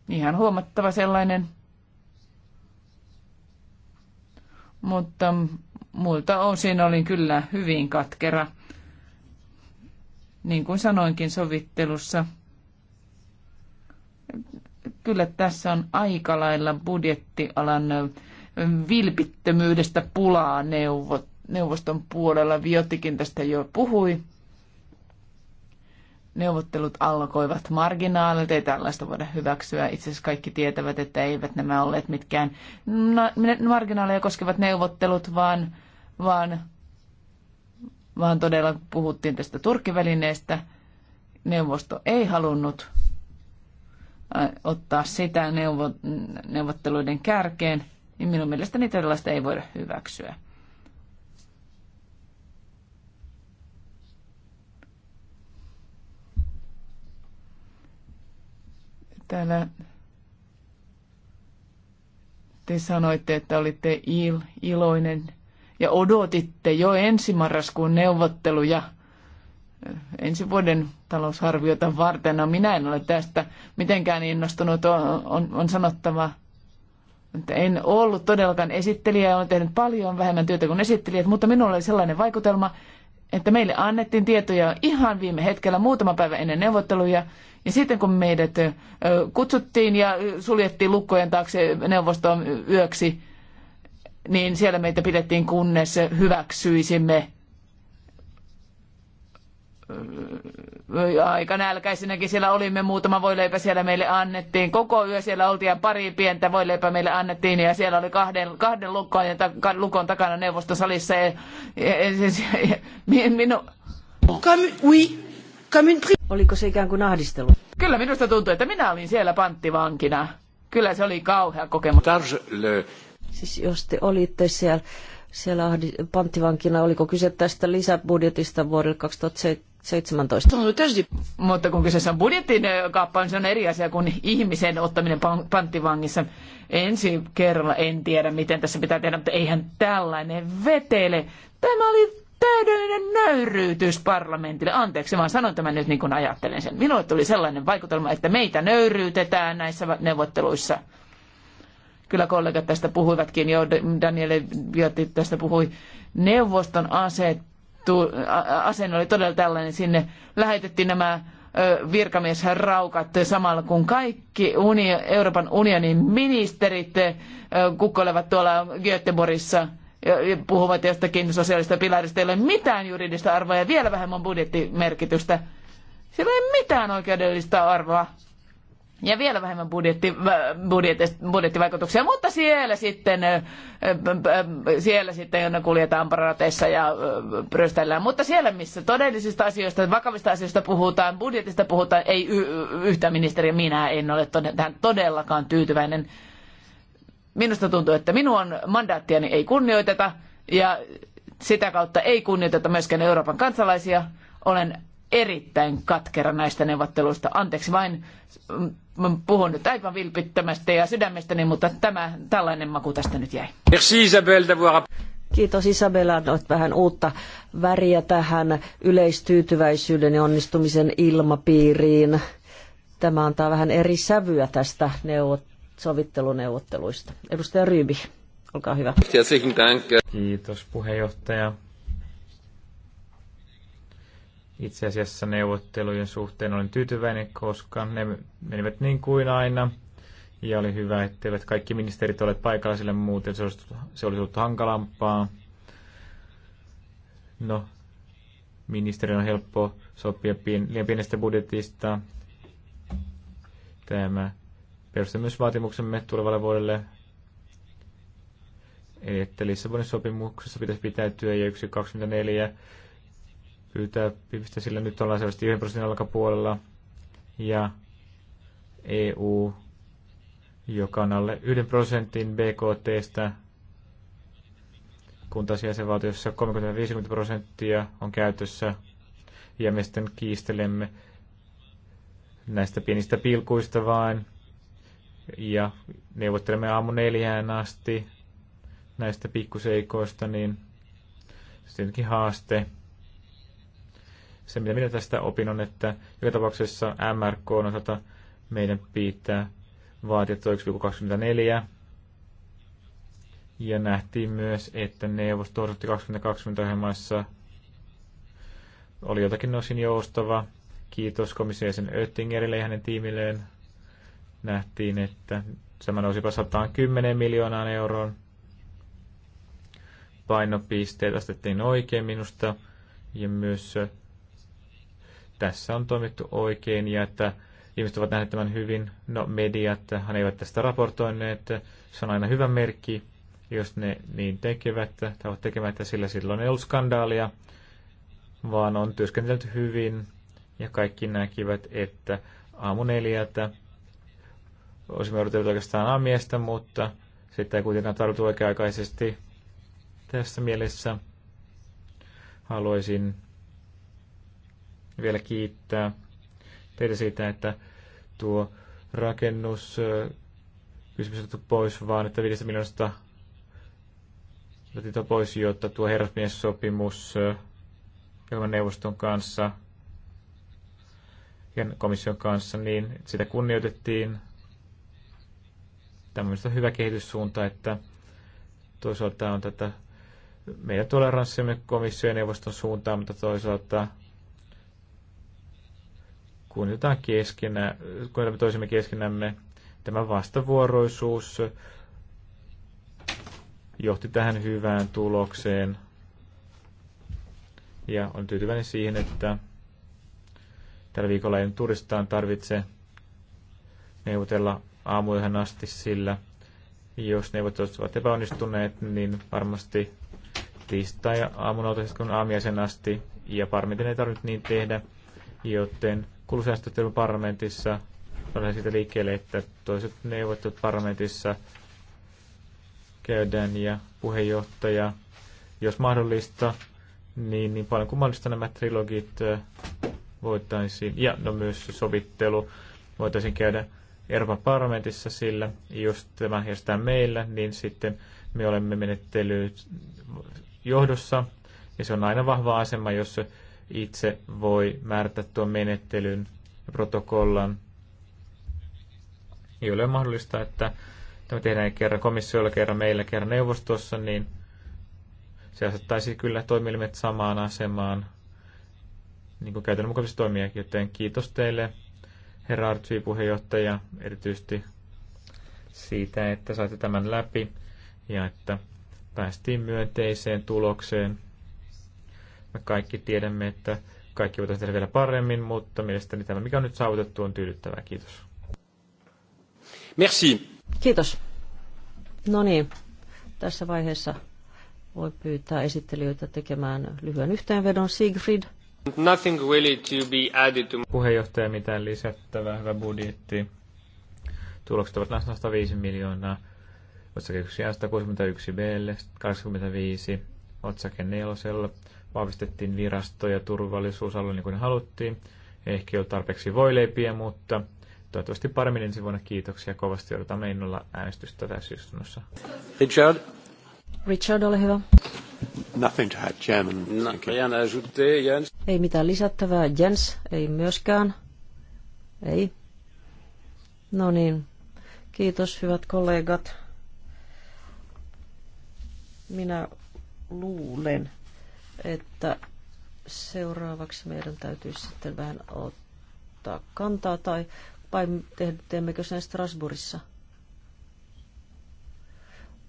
ihan huomattava sellainen, mutta muilta osin olin kyllä hyvin katkera. Niin kuin sanoinkin sovittelussa, kyllä tässä on aika lailla budjettialan vilpittömyydestä pulaa neuvoston puolella. Viottikin tästä jo puhui. Neuvottelut alkoivat marginaalit ei tällaista voida hyväksyä. Itse asiassa kaikki tietävät, että eivät nämä olleet mitkään marginaaleja koskevat neuvottelut, vaan, vaan, vaan todella puhuttiin tästä turkkivälineestä. Neuvosto ei halunnut ottaa sitä neuvo, neuvotteluiden kärkeen niin minun mielestäni tällaista ei voida hyväksyä. Täällä te sanoitte, että olitte il, iloinen ja odotitte jo ensi marraskuun neuvotteluja eh, ensi vuoden talousarviota varten. No minä en ole tästä mitenkään innostunut. On, on, on sanottava, että en ollut todellakaan esittelijä, olen tehnyt paljon vähemmän työtä kuin esittelijät, mutta minulla oli sellainen vaikutelma, että meille annettiin tietoja ihan viime hetkellä, muutama päivä ennen neuvotteluja, ja sitten kun meidät kutsuttiin ja suljettiin lukkojen taakse neuvostoon yöksi, niin siellä meitä pidettiin kunnes hyväksyisimme aika nälkäisenäkin siellä olimme, muutama voileipä siellä meille annettiin. Koko yö siellä oltiin ja pari pientä voileipä meille annettiin ja siellä oli kahden, kahden lukon, ja ta, lukon takana neuvostosalissa. Ja, ja, ja, siis, ja, minu... Comme, oui. Comme pri... Oliko se ikään kuin ahdistelu? Kyllä minusta tuntui, että minä olin siellä panttivankina. Kyllä se oli kauhea kokemus. Le... Siis jos te olitte siellä, siellä panttivankina, oliko kyse tästä lisäbudjetista vuodelle 2007? 17. Mutta kun kyseessä on budjetin kaappaus, niin se on eri asia kuin ihmisen ottaminen panttivangissa. Ensi kerralla en tiedä, miten tässä pitää tehdä, mutta eihän tällainen vetele. Tämä oli täydellinen nöyryytys parlamentille. Anteeksi, vaan sanon tämän nyt niin kuin ajattelen sen. Minulle tuli sellainen vaikutelma, että meitä nöyryytetään näissä neuvotteluissa. Kyllä kollegat tästä puhuivatkin jo, Daniele Viotti tästä puhui. Neuvoston aset asenne oli todella tällainen. Sinne lähetettiin nämä virkamiesraukat samalla kun kaikki uni- Euroopan unionin ministerit kukkoilevat tuolla Göteborgissa ja puhuvat jostakin sosiaalista pilarista, ei ole mitään juridista arvoa ja vielä vähemmän budjettimerkitystä. Sillä ei ole mitään oikeudellista arvoa ja vielä vähemmän budjetti, budjetti, budjettivaikutuksia, mutta siellä sitten, siellä sitten kuljetaan parateissa ja pröstellään. Mutta siellä, missä todellisista asioista, vakavista asioista puhutaan, budjetista puhutaan, ei y- yhtä ministeriä, minä en ole tähän todellakaan tyytyväinen. Minusta tuntuu, että minun mandaattiani ei kunnioiteta ja sitä kautta ei kunnioiteta myöskään Euroopan kansalaisia. Olen erittäin katkera näistä neuvotteluista. Anteeksi vain, mm, mm, puhun nyt aivan vilpittömästi ja sydämestäni, mutta tämä, tällainen maku tästä nyt jäi. Merci Isabelle Kiitos Isabella, annoit vähän uutta väriä tähän yleistyytyväisyyden ja onnistumisen ilmapiiriin. Tämä antaa vähän eri sävyä tästä neuvot- sovitteluneuvotteluista. Edustaja Ryby, olkaa hyvä. Kiitos puheenjohtaja. Itse asiassa neuvottelujen suhteen olen tyytyväinen, koska ne menivät niin kuin aina. Ja oli hyvä, etteivät kaikki ministerit ole paikalla, sillä muuten se olisi, se olisi ollut hankalampaa. No, ministerin on helppo sopia pien, liian pienestä budjetista. Tämä perustuu myös vaatimuksemme tulevalle vuodelle. Eli että Lissabonin sopimuksessa pitäisi pitäytyä ja 1.24 pyytää pipistä, sillä nyt ollaan selvästi 1 prosentin alkapuolella ja EU, joka on alle 1 prosentin BKTstä, kun taas jäsenvaltiossa 30-50 prosenttia on käytössä ja me sitten kiistelemme näistä pienistä pilkuista vain ja neuvottelemme aamu neljään asti näistä pikkuseikoista, niin sittenkin haaste se, mitä minä tästä opin, on, että joka tapauksessa MRK on osalta meidän pitää vaatia 1,24. Ja nähtiin myös, että neuvosto 2020 ohjelmassa oli jotakin osin joustava. Kiitos komissiojäsen Oettingerille ja hänen tiimilleen. Nähtiin, että tämä nousi 110 miljoonaan euroon. Painopisteet astettiin oikein minusta. Ja myös tässä on toimittu oikein ja että ihmiset ovat nähneet tämän hyvin. No, hän eivät tästä raportoineet. Se on aina hyvä merkki, jos ne niin tekevät tai ovat tekemättä, sillä silloin ei ollut skandaalia, vaan on työskentelty hyvin ja kaikki näkivät, että aamu neljältä olisimme odotelleet oikeastaan aamiesta, mutta sitä ei kuitenkaan tarvittu oikea-aikaisesti tässä mielessä haluaisin vielä kiittää teitä siitä, että tuo rakennus kysymys otettu pois, vaan että 5 miljoonasta otettiin pois, jotta tuo herrasmies-sopimus Euroopan neuvoston kanssa ja komission kanssa, niin sitä kunnioitettiin. Tämä on hyvä kehityssuunta, että toisaalta on tätä meidän toleranssimme komission ja neuvoston suuntaan, mutta toisaalta kun kunnioitetaan keskenä, kunnioitamme toisimme keskenämme. Tämä vastavuoroisuus johti tähän hyvään tulokseen. Ja on tyytyväinen siihen, että tällä viikolla ei turistaan tarvitse neuvotella aamuyöhön asti, sillä jos neuvottelut ovat epäonnistuneet, niin varmasti tiistai aamun kun aamiaisen asti, ja parmiten ei tarvitse niin tehdä, joten kulusäästöttelyn parlamentissa. Olen siitä liikkeelle, että toiset neuvottelut parlamentissa käydään ja puheenjohtaja, jos mahdollista, niin, niin paljon kuin mahdollista nämä trilogit voitaisiin, ja no myös sovittelu voitaisiin käydä Euroopan parlamentissa, sillä jos tämä järjestää meillä, niin sitten me olemme menettelyt johdossa, ja se on aina vahva asema, jos itse voi määrätä tuon menettelyn ja protokollan. Ei ole mahdollista, että tämä tehdään kerran komissiolla, kerran meillä, kerran neuvostossa, niin se asettaisi kyllä toimielimet samaan asemaan, niin kuin käytännön mukavissa toimia. Joten kiitos teille, herra Artsvi, puheenjohtaja, erityisesti siitä, että saitte tämän läpi ja että päästiin myönteiseen tulokseen. Me kaikki tiedämme, että kaikki voitaisiin tehdä vielä paremmin, mutta mielestäni tämä, mikä on nyt saavutettu, on tyydyttävää. Kiitos. Merci. Kiitos. No niin, tässä vaiheessa voi pyytää esittelijöitä tekemään lyhyen yhteenvedon. Siegfried. Nothing really to be added to... Puheenjohtaja, mitään lisättävää, hyvä budjetti. Tulokset ovat lähes 105 miljoonaa. Otsake 1 161 B, 85, otsake 4 vahvistettiin virastoja turvallisuusalueella niin kuin haluttiin. Ehkä ei ole tarpeeksi voileipiä, mutta toivottavasti paremmin ensi vuonna. Kiitoksia kovasti. Odotamme innolla äänestystä istunnossa. Richard? Richard, ole hyvä. Nothing to add, Chairman. Jens. Ei mitään lisättävää. Jens, ei myöskään. Ei. No niin. Kiitos, hyvät kollegat. Minä luulen, että seuraavaksi meidän täytyy sitten vähän ottaa kantaa tai vai teemmekö sen Strasbourgissa?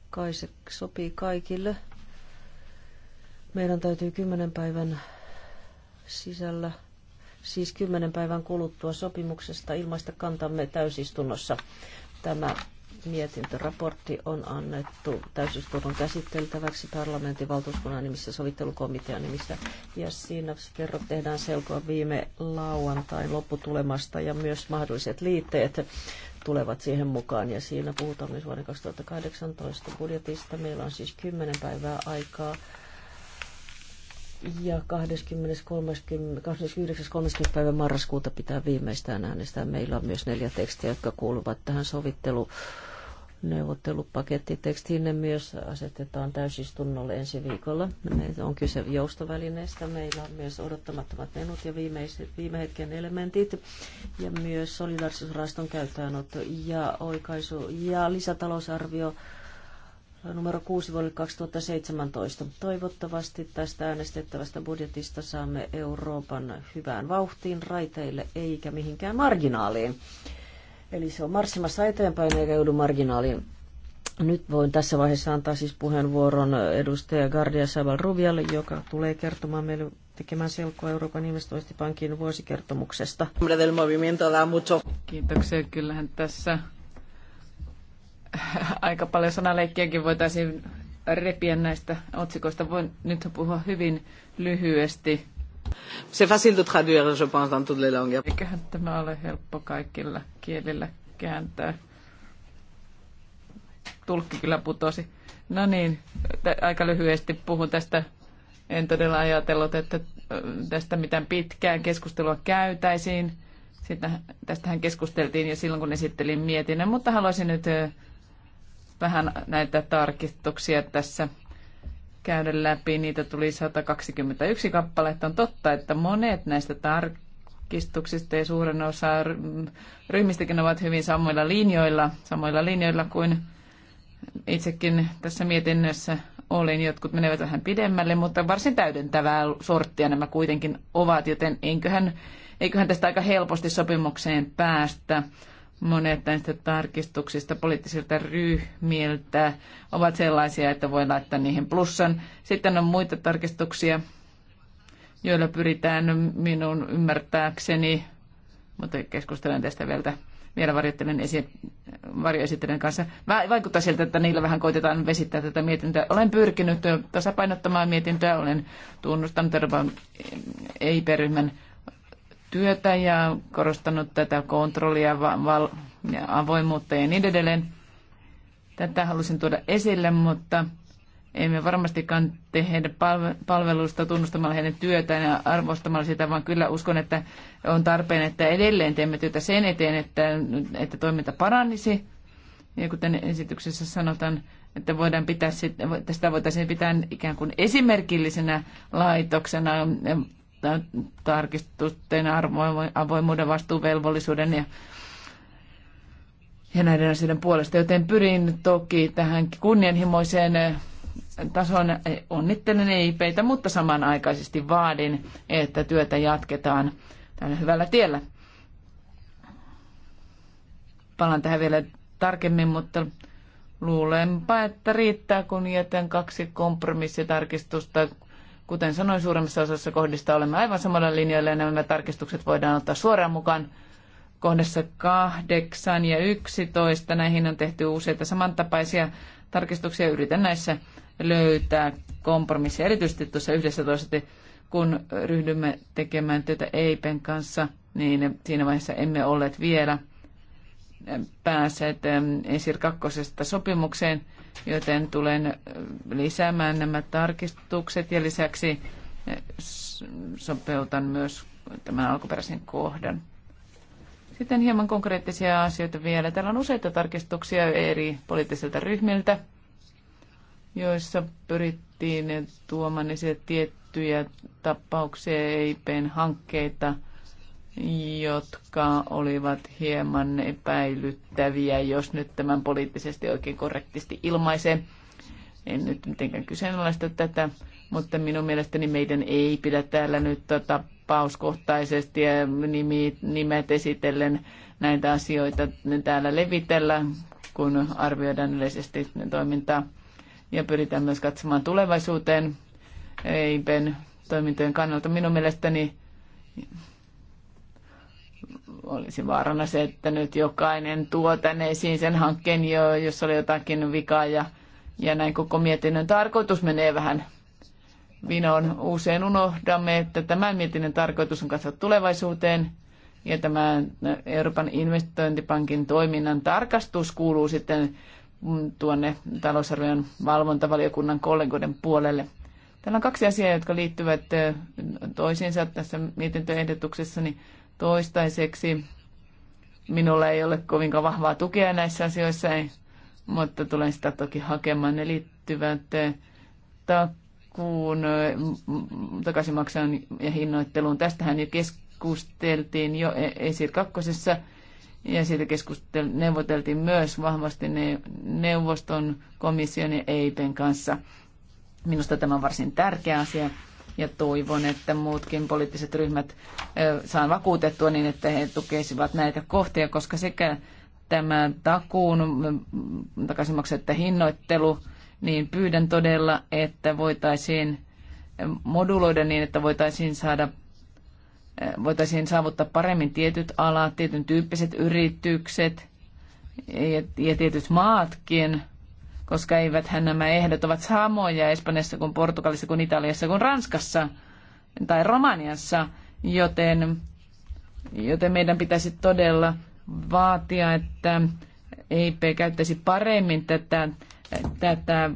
Kai se sopii kaikille. Meidän täytyy kymmenen päivän sisällä, siis kymmenen päivän kuluttua sopimuksesta ilmaista kantamme täysistunnossa. Tämä mietintöraportti on annettu täysistunnon käsiteltäväksi parlamentin valtuuskunnan nimissä sovittelukomitean nimissä. Ja siinä kerro, tehdään selkoa viime lauantain lopputulemasta ja myös mahdolliset liitteet tulevat siihen mukaan. Ja siinä puhutaan myös vuoden 2018 budjetista. Meillä on siis 10 päivää aikaa ja 29.30. 29. päivä marraskuuta pitää viimeistään äänestää. Meillä on myös neljä tekstiä, jotka kuuluvat tähän sovittelu neuvottelupakettitekstiinne myös asetetaan täysistunnolle ensi viikolla. Meillä on kyse joustovälineistä. Meillä on myös odottamattomat menut ja viimeiset, viime hetken elementit ja myös solidarisuusraston käyttöönotto ja oikaisu ja lisätalousarvio numero 6 vuodelle 2017. Toivottavasti tästä äänestettävästä budjetista saamme Euroopan hyvään vauhtiin, raiteille eikä mihinkään marginaaliin. Eli se on marssimassa eteenpäin eikä joudu marginaaliin. Nyt voin tässä vaiheessa antaa siis puheenvuoron edustaja Gardia Saval Rubialle, joka tulee kertomaan meille tekemään selkoa Euroopan investointipankin vuosikertomuksesta. Kiitoksia. Kyllähän tässä aika paljon sanaleikkiäkin voitaisiin repiä näistä otsikoista. Voin nyt puhua hyvin lyhyesti. C'est facile de traduire, je pense, dans toutes les langues. Eiköhän tämä ole helppo kaikilla kielillä kääntää. Tulkki kyllä putosi. No niin, aika lyhyesti puhun tästä. En todella ajatellut, että tästä mitään pitkään keskustelua käytäisiin. Sitä, tästähän keskusteltiin jo silloin, kun esittelin mietinnön, mutta haluaisin nyt vähän näitä tarkistuksia tässä käydä läpi. Niitä tuli 121 kappaletta. On totta, että monet näistä tarkistuksista ja suurin osa ryhmistäkin ovat hyvin samoilla linjoilla, samoilla linjoilla kuin itsekin tässä mietinnössä olin. Jotkut menevät vähän pidemmälle, mutta varsin täydentävää sorttia nämä kuitenkin ovat, joten eiköhän, eiköhän tästä aika helposti sopimukseen päästä. Monet näistä tarkistuksista poliittisilta ryhmiltä ovat sellaisia, että voi laittaa niihin plussan. Sitten on muita tarkistuksia, joilla pyritään minun ymmärtääkseni, mutta keskustelen tästä vielä vielä varjoittelen esi- varjoesittelijän kanssa. Vaikuttaa siltä, että niillä vähän koitetaan vesittää tätä mietintöä. Olen pyrkinyt tasapainottamaan mietintöä, olen tunnustanut Euroopan EIP-ryhmän e työtä ja korostanut tätä kontrollia, val- ja avoimuutta ja niin edelleen. Tätä halusin tuoda esille, mutta emme varmastikaan tee heidän palvelusta tunnustamalla heidän työtään ja arvostamalla sitä, vaan kyllä uskon, että on tarpeen, että edelleen teemme työtä sen eteen, että, että toiminta parannisi. Ja kuten esityksessä sanotaan, että voidaan pitää sit, sitä voitaisiin pitää ikään kuin esimerkillisenä laitoksena tarkistusten avoimuuden vastuuvelvollisuuden ja, ja näiden asioiden puolesta, joten pyrin toki tähän kunnianhimoiseen eh, tason eh, onnittelen EIPitä, mutta samanaikaisesti vaadin, että työtä jatketaan tällä hyvällä tiellä. Palaan tähän vielä tarkemmin, mutta luulenpa, että riittää, kun jätän kaksi kompromissitarkistusta Kuten sanoin, suurimmassa osassa kohdista olemme aivan samalla linjalla ja nämä tarkistukset voidaan ottaa suoraan mukaan kohdassa 8 ja 11. Näihin on tehty useita samantapaisia tarkistuksia. Yritän näissä löytää kompromissia, erityisesti tuossa 11, kun ryhdymme tekemään työtä EIPen kanssa, niin siinä vaiheessa emme olleet vielä päässeet ESIR 2 sopimukseen joten tulen lisäämään nämä tarkistukset ja lisäksi eh, sopeutan myös tämän alkuperäisen kohdan. Sitten hieman konkreettisia asioita vielä. Täällä on useita tarkistuksia eri poliittisilta ryhmiltä, joissa pyrittiin tuomaan esille tiettyjä tapauksia, EIPn hankkeita – jotka olivat hieman epäilyttäviä, jos nyt tämän poliittisesti oikein korrektisti ilmaisee. En nyt mitenkään kyseenalaista tätä, mutta minun mielestäni meidän ei pidä täällä nyt tota tapauskohtaisesti ja nimet esitellen näitä asioita täällä levitellä, kun arvioidaan yleisesti toimintaa ja pyritään myös katsomaan tulevaisuuteen EIPen toimintojen kannalta. Minun mielestäni olisi vaarana se, että nyt jokainen tuo tänne esiin sen hankkeen, jo, jos oli jotakin vikaa ja, ja näin koko mietinnön tarkoitus menee vähän vinoon. Usein unohdamme, että tämä mietinnön tarkoitus on katsoa tulevaisuuteen ja tämä Euroopan investointipankin toiminnan tarkastus kuuluu sitten tuonne talousarvion valvontavaliokunnan kollegoiden puolelle. Täällä on kaksi asiaa, jotka liittyvät toisiinsa tässä mietintöehdotuksessa, niin Toistaiseksi minulla ei ole kovin vahvaa tukea näissä asioissa, mutta tulen sitä toki hakemaan. Ne liittyvät eh, takuun eh, takaisinmaksan ja hinnoitteluun. Tästähän jo keskusteltiin jo e-, ESIR kakkosessa Ja siitä keskustel- neuvoteltiin myös vahvasti ne- neuvoston, komission ja EIPen kanssa. Minusta tämä on varsin tärkeä asia ja toivon, että muutkin poliittiset ryhmät saan vakuutettua niin, että he tukisivat näitä kohtia, koska sekä tämä takuun takaisinmaksu että hinnoittelu, niin pyydän todella, että voitaisiin moduloida niin, että voitaisiin saada voitaisiin saavuttaa paremmin tietyt alat, tietyn tyyppiset yritykset ja, ja tietyt maatkin – koska eiväthän nämä ehdot ovat samoja Espanjassa kuin Portugalissa kuin Italiassa kuin Ranskassa tai Romaniassa, joten, joten meidän pitäisi todella vaatia, että EIP käyttäisi paremmin tätä, tätä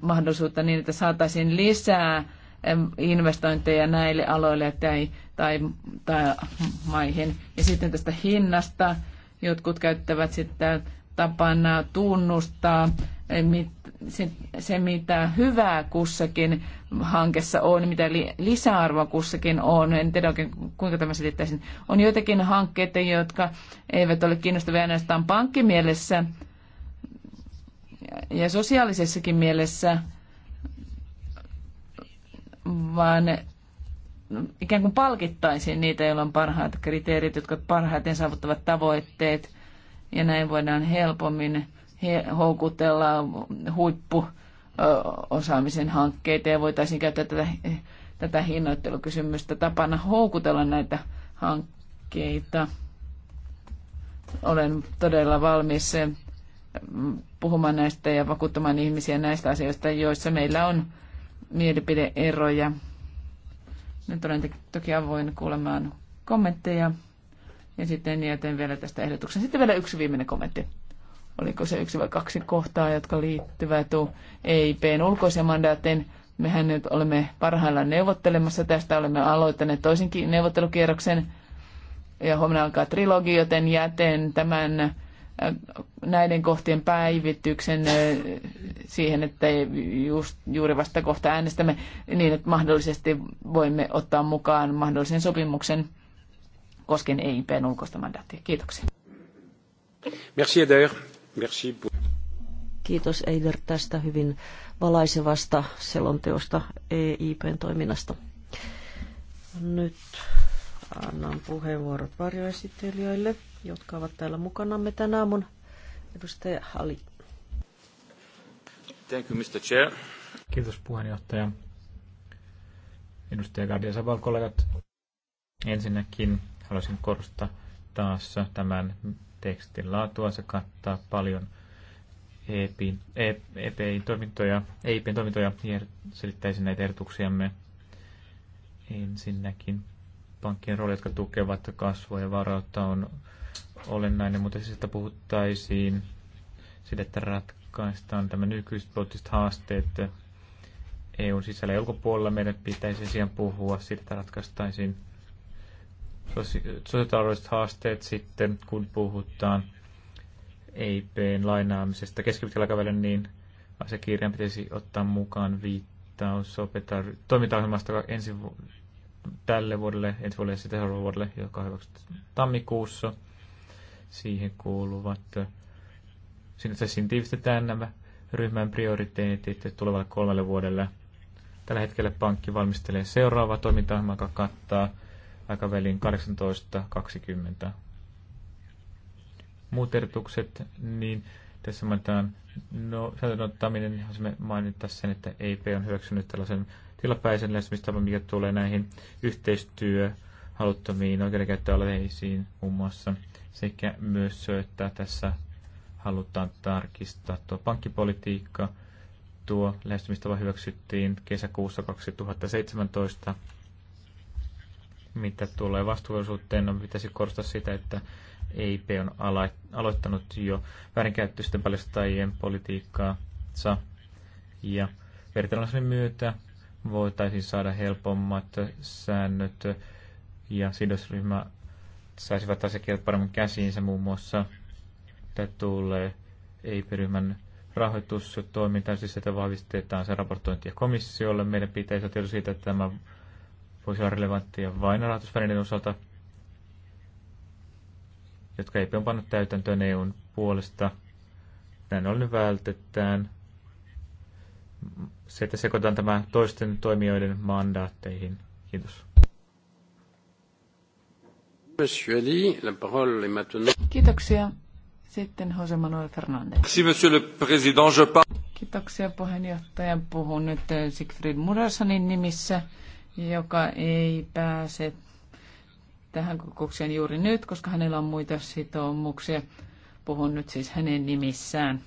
mahdollisuutta niin, että saataisiin lisää investointeja näille aloille tai, tai, tai maihin. Ja sitten tästä hinnasta jotkut käyttävät sitten tapana tunnustaa se, mitä hyvää kussakin hankessa on, mitä lisäarvoa kussakin on. En tiedä oikein, kuinka tämä selittäisin. On joitakin hankkeita, jotka eivät ole kiinnostavia ainoastaan pankkimielessä ja sosiaalisessakin mielessä, vaan ikään kuin palkittaisiin niitä, joilla on parhaat kriteerit, jotka parhaiten saavuttavat tavoitteet, ja näin voidaan helpommin houkutella huippuosaamisen hankkeita ja voitaisiin käyttää tätä, tätä hinnoittelukysymystä tapana houkutella näitä hankkeita. Olen todella valmis puhumaan näistä ja vakuuttamaan ihmisiä näistä asioista, joissa meillä on mielipideeroja. Nyt olen toki avoin kuulemaan kommentteja ja sitten jätän vielä tästä ehdotuksen. Sitten vielä yksi viimeinen kommentti oliko se yksi vai kaksi kohtaa, jotka liittyvät EIPn ulkoisen mandaatin. Mehän nyt olemme parhaillaan neuvottelemassa tästä, olemme aloittaneet toisenkin neuvottelukierroksen ja huomenna alkaa trilogi, joten jätän tämän äh, näiden kohtien päivityksen äh, siihen, että just, juuri vasta kohta äänestämme niin, että mahdollisesti voimme ottaa mukaan mahdollisen sopimuksen koskien EIPn ulkoista mandaattia. Kiitoksia. Merci Merci. Kiitos Eider tästä hyvin valaisevasta selonteosta EIPn toiminnasta. Nyt annan puheenvuorot varjoesittelijöille, jotka ovat täällä mukanamme tänä aamun. Edustaja Halli. Thank you, Mr. Chair. Kiitos puheenjohtaja. Edustaja Gardia Sabal, kollegat. Ensinnäkin haluaisin korostaa taas tämän tekstin laatua. Se kattaa paljon epi EPin e toimintoja, EIPin toimintoja ja selittäisin näitä ehdotuksiamme ensinnäkin. Pankkien rooli, jotka tukevat kasvua ja varautta on olennainen, mutta siis, että puhuttaisiin sitä, että ratkaistaan tämä nykyiset poliittiset haasteet EUn sisällä ja ulkopuolella. Meidän pitäisi siihen puhua siitä, että ratkaistaisiin sosiaaliset haasteet sitten, kun puhutaan EIPn lainaamisesta keskipitkällä aikavälillä, niin asiakirjan pitäisi ottaa mukaan viittaus toimintaohjelmasta ensi vu- tälle vuodelle, ensi vuodelle ja sitten seuraavalle vuodelle, joka on tammikuussa. Siihen kuuluvat, sinne siinä tiivistetään nämä ryhmän prioriteetit tulevalle kolmelle vuodelle. Tällä hetkellä pankki valmistelee seuraavaa toimintaohjelmaa, joka kattaa aikavälin 18-20. Muut erotukset, niin tässä mainitaan, no, ottaminen, jos me mainita sen, että EIP on hyväksynyt tällaisen tilapäisen lähestymistavan, mikä tulee näihin yhteistyö haluttomiin oikeudenkäyttöalueisiin muun muassa, sekä myös se, että tässä halutaan tarkistaa tuo pankkipolitiikka. Tuo lähestymistapa hyväksyttiin kesäkuussa 2017 mitä tulee vastuullisuuteen, no pitäisi korostaa sitä, että EIP on ala, aloittanut jo väärinkäyttöisten paljastajien politiikkaa. ja vertailullisen myötä voitaisiin saada helpommat säännöt ja sidosryhmä saisivat asiakirjat paremmin käsiinsä muun muassa. Tämä tulee EIP-ryhmän rahoitustoimintaan, siis sitä vahvistetaan se raportointia komissiolle. Meidän pitäisi olla siitä, että tämä voisi olla relevanttia vain rahoitusvälineiden osalta, jotka ei on pannut täytäntöön EUn puolesta. Näin ollen vältetään se, että sekoitetaan tämä toisten toimijoiden mandaatteihin. Kiitos. Monsieur Ali, la parole est maintenant. Kiitoksia. Sitten Jose Manuel Fernandez. Merci, monsieur le président. Je parle... Kiitoksia puheenjohtaja. Puhun nyt äh, Sigfrid Murasanin nimissä joka ei pääse tähän kokoukseen juuri nyt, koska hänellä on muita sitoumuksia. Puhun nyt siis hänen nimissään.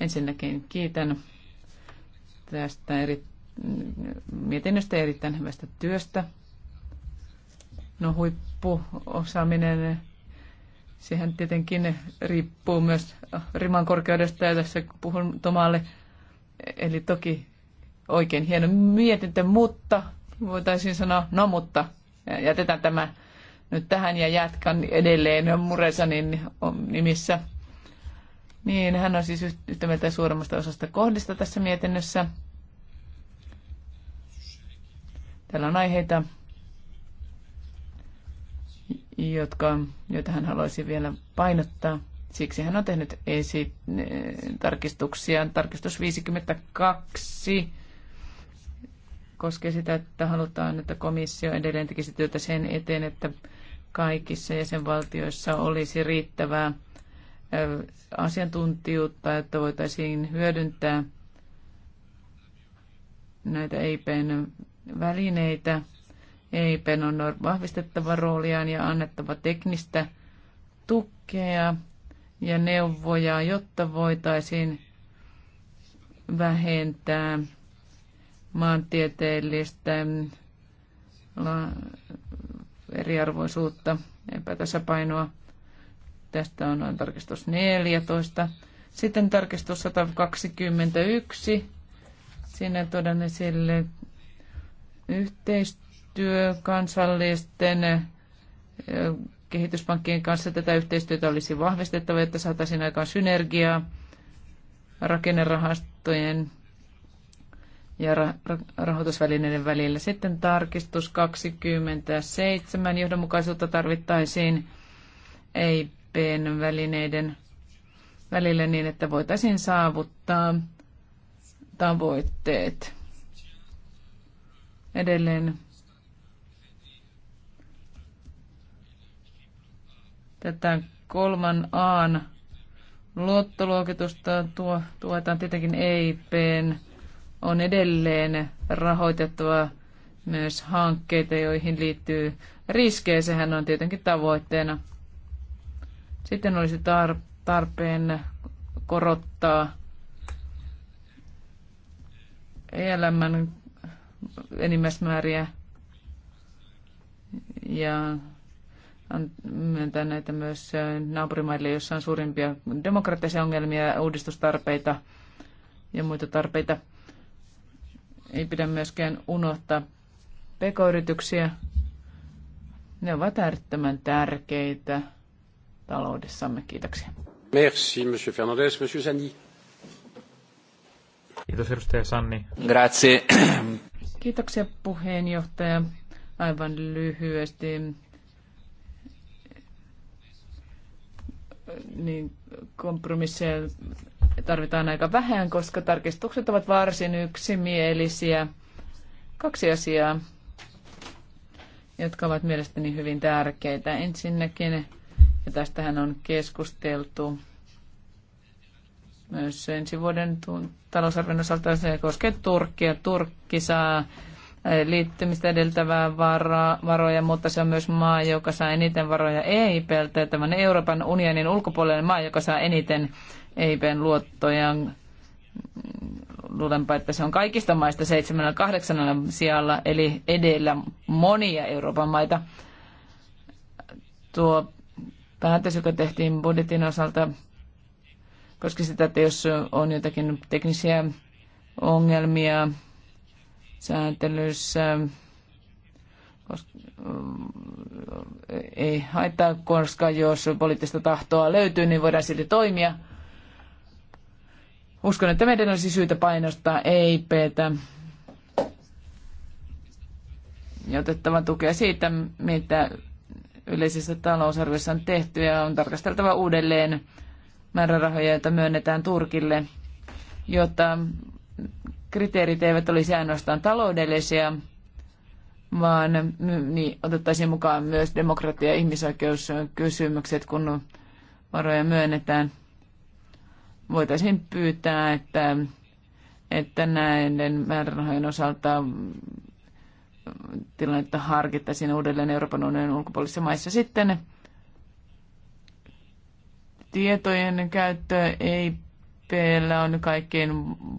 Ensinnäkin kiitän tästä eri, mietinnöstä erittäin hyvästä työstä. No huippuosaaminen, sehän tietenkin riippuu myös riman korkeudesta ja tässä puhun Tomalle. Eli toki oikein hieno mietintö, mutta voitaisiin sanoa, no mutta jätetään tämä nyt tähän ja jatkan edelleen Muresanin nimissä. Niin, hän on siis yhtä mieltä suuremmasta osasta kohdista tässä mietinnössä. Täällä on aiheita, jotka, joita hän haluaisi vielä painottaa. Siksi hän on tehnyt esi- tarkistuksia. Tarkistus 52 koskee sitä, että halutaan, että komissio edelleen tekisi työtä sen eteen, että kaikissa jäsenvaltioissa olisi riittävää asiantuntijuutta, että voitaisiin hyödyntää näitä EIPn välineitä. EIPn on vahvistettava rooliaan ja annettava teknistä tukea ja neuvoja, jotta voitaisiin vähentää maantieteellistä eriarvoisuutta, epätasapainoa. Tästä on noin tarkistus 14. Sitten tarkistus 121. Siinä tuodaan esille yhteistyö kansallisten kehityspankkien kanssa. Tätä yhteistyötä olisi vahvistettava, että saataisiin aikaan synergiaa rakennerahastojen ja rahoitusvälineiden välillä. Sitten tarkistus 27. Johdonmukaisuutta tarvittaisiin EIPn välineiden välillä niin, että voitaisiin saavuttaa tavoitteet. Edelleen tätä kolman aan luottoluokitusta tuo, tuetaan tietenkin EIPn on edelleen rahoitettava myös hankkeita, joihin liittyy riskejä. Sehän on tietenkin tavoitteena. Sitten olisi tarpeen korottaa elämän enimmäismääriä ja myöntää näitä myös naapurimaille, joissa on suurimpia demokraattisia ongelmia, uudistustarpeita ja muita tarpeita. Ei pidä myöskään unohtaa pekoyrityksiä. Ne ovat äärettömän tärkeitä taloudessamme. Kiitoksia. Merci, Monsieur Fernandez. Monsieur Sanni. Kiitos, edustaja Sanni. Grazie. Kiitoksia, puheenjohtaja. Aivan lyhyesti. Niin, kompromisseja tarvitaan aika vähän, koska tarkistukset ovat varsin yksimielisiä. Kaksi asiaa, jotka ovat mielestäni hyvin tärkeitä. Ensinnäkin, ja tästähän on keskusteltu myös ensi vuoden talousarvion osalta, se koskee Turkkia. Turkki saa liittymistä edeltävää vara, varoja, mutta se on myös maa, joka saa eniten varoja EIPltä. Tämän Euroopan unionin ulkopuolinen maa, joka saa eniten EIPn luottoja. Luulenpa, että se on kaikista maista 7-8 sijalla, eli edellä monia Euroopan maita. Tuo päätös, joka tehtiin budjetin osalta, koski sitä, että jos on jotakin teknisiä ongelmia sääntelyssä eh, ei haittaa, koska jos poliittista tahtoa löytyy, niin voidaan silti toimia. Uskon, että meidän olisi syytä painostaa EIPtä ja otettava tukea siitä, mitä yleisessä talousarviossa on tehty ja on tarkasteltava uudelleen määrärahoja, joita myönnetään Turkille, jotta kriteerit eivät olisi ainoastaan taloudellisia, vaan niin otettaisiin mukaan myös demokratia- ja ihmisoikeuskysymykset, kun varoja myönnetään. Voitaisiin pyytää, että, että näiden määrärahojen osalta tilannetta harkittaisiin uudelleen Euroopan unionin ulkopuolisissa maissa. Sitten tietojen käyttö ei EPllä on kaikkein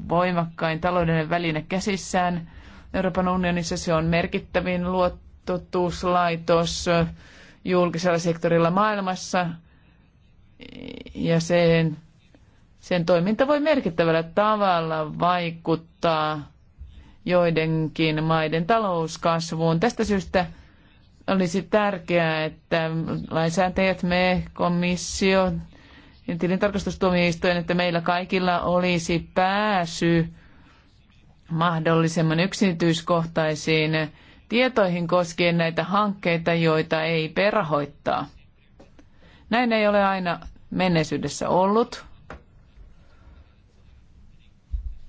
voimakkain taloudellinen väline käsissään. Euroopan unionissa se on merkittävin luottotuslaitos julkisella sektorilla maailmassa ja sen, sen toiminta voi merkittävällä tavalla vaikuttaa joidenkin maiden talouskasvuun. Tästä syystä olisi tärkeää, että lainsäätäjät, me, komissio, niin tilintarkastustuomioistuin, että meillä kaikilla olisi pääsy mahdollisimman yksityiskohtaisiin tietoihin koskien näitä hankkeita, joita ei perahoittaa. Näin ei ole aina menneisyydessä ollut.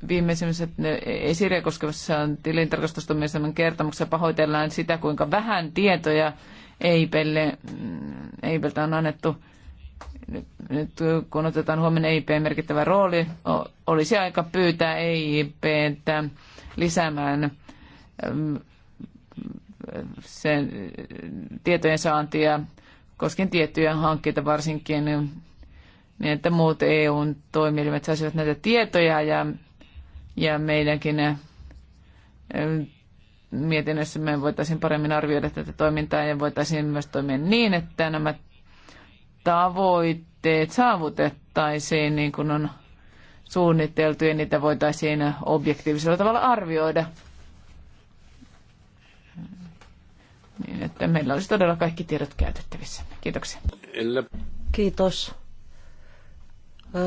Viimeisimmässä esiriä koskevassa tilintarkastustoimijan kertomuksessa pahoitellaan sitä, kuinka vähän tietoja Eipelle, Eipeltä on annettu nyt kun otetaan huomioon EIP merkittävä rooli, olisi aika pyytää EIP lisäämään sen äh, tietojen saantia koskien tiettyjä hankkeita varsinkin, niin että muut eu toimielimet saisivat näitä tietoja ja, ja meidänkin äh, mietinnössä me voitaisiin paremmin arvioida tätä toimintaa ja voitaisiin myös toimia niin, että nämä tavoitteet saavutettaisiin niin kuin on suunniteltu ja niitä voitaisiin objektiivisella tavalla arvioida. Niin, että meillä olisi todella kaikki tiedot käytettävissä. Kiitoksia. Kiitos.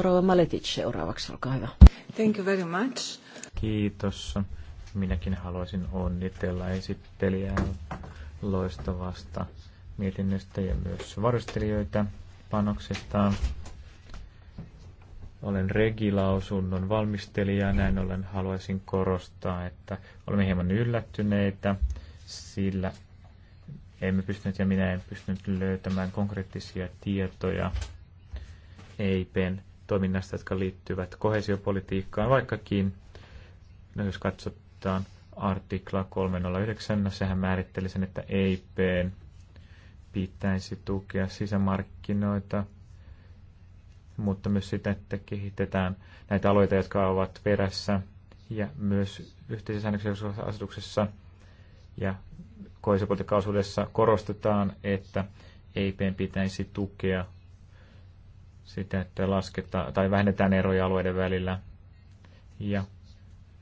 Rova Maletic seuraavaksi, olkaa hyvä. Thank you very much. Kiitos. Minäkin haluaisin onnitella esittelijää loistavasta mietinnöstä ja myös varustelijoita panoksestaan. Olen regilausunnon valmistelija ja näin ollen haluaisin korostaa, että olemme hieman yllättyneitä, sillä emme pystyneet ja minä en pystynyt löytämään konkreettisia tietoja EIPn toiminnasta, jotka liittyvät kohesiopolitiikkaan, vaikkakin, no jos katsotaan artikla 309, no sehän määritteli sen, että EIPn pitäisi tukea sisämarkkinoita, mutta myös sitä, että kehitetään näitä alueita, jotka ovat perässä ja myös yhteisessä asetuksessa ja koisopolitiikkaosuudessa korostetaan, että EIP pitäisi tukea sitä, että lasketaan tai vähennetään eroja alueiden välillä. Ja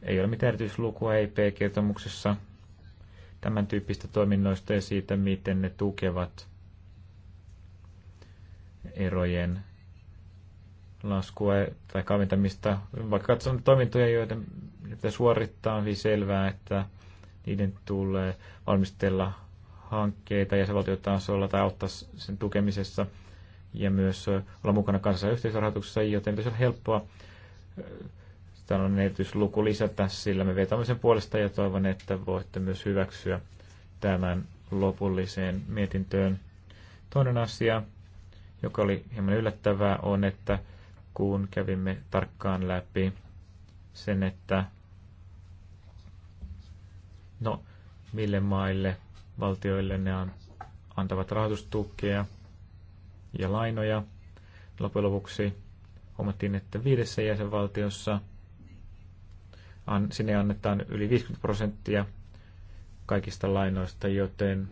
ei ole mitään erityislukua EIP-kertomuksessa, tämän tyyppistä toiminnoista ja siitä, miten ne tukevat erojen laskua tai kaventamista. Vaikka katson toimintoja, joita pitää suorittaa, on niin selvää, että niiden tulee valmistella hankkeita ja se valtiotasolla tai auttaa sen tukemisessa ja myös olla mukana kansainvälisessä yhteisrahoituksessa, joten pitäisi olla helppoa tällainen erityisluku lisätä, sillä me vetämme sen puolesta ja toivon, että voitte myös hyväksyä tämän lopulliseen mietintöön. Toinen asia, joka oli hieman yllättävää, on, että kun kävimme tarkkaan läpi sen, että no, mille maille, valtioille ne antavat rahoitustukea ja lainoja. Loppujen lopuksi huomattiin, että viidessä jäsenvaltiossa – sinne annetaan yli 50 prosenttia kaikista lainoista, joten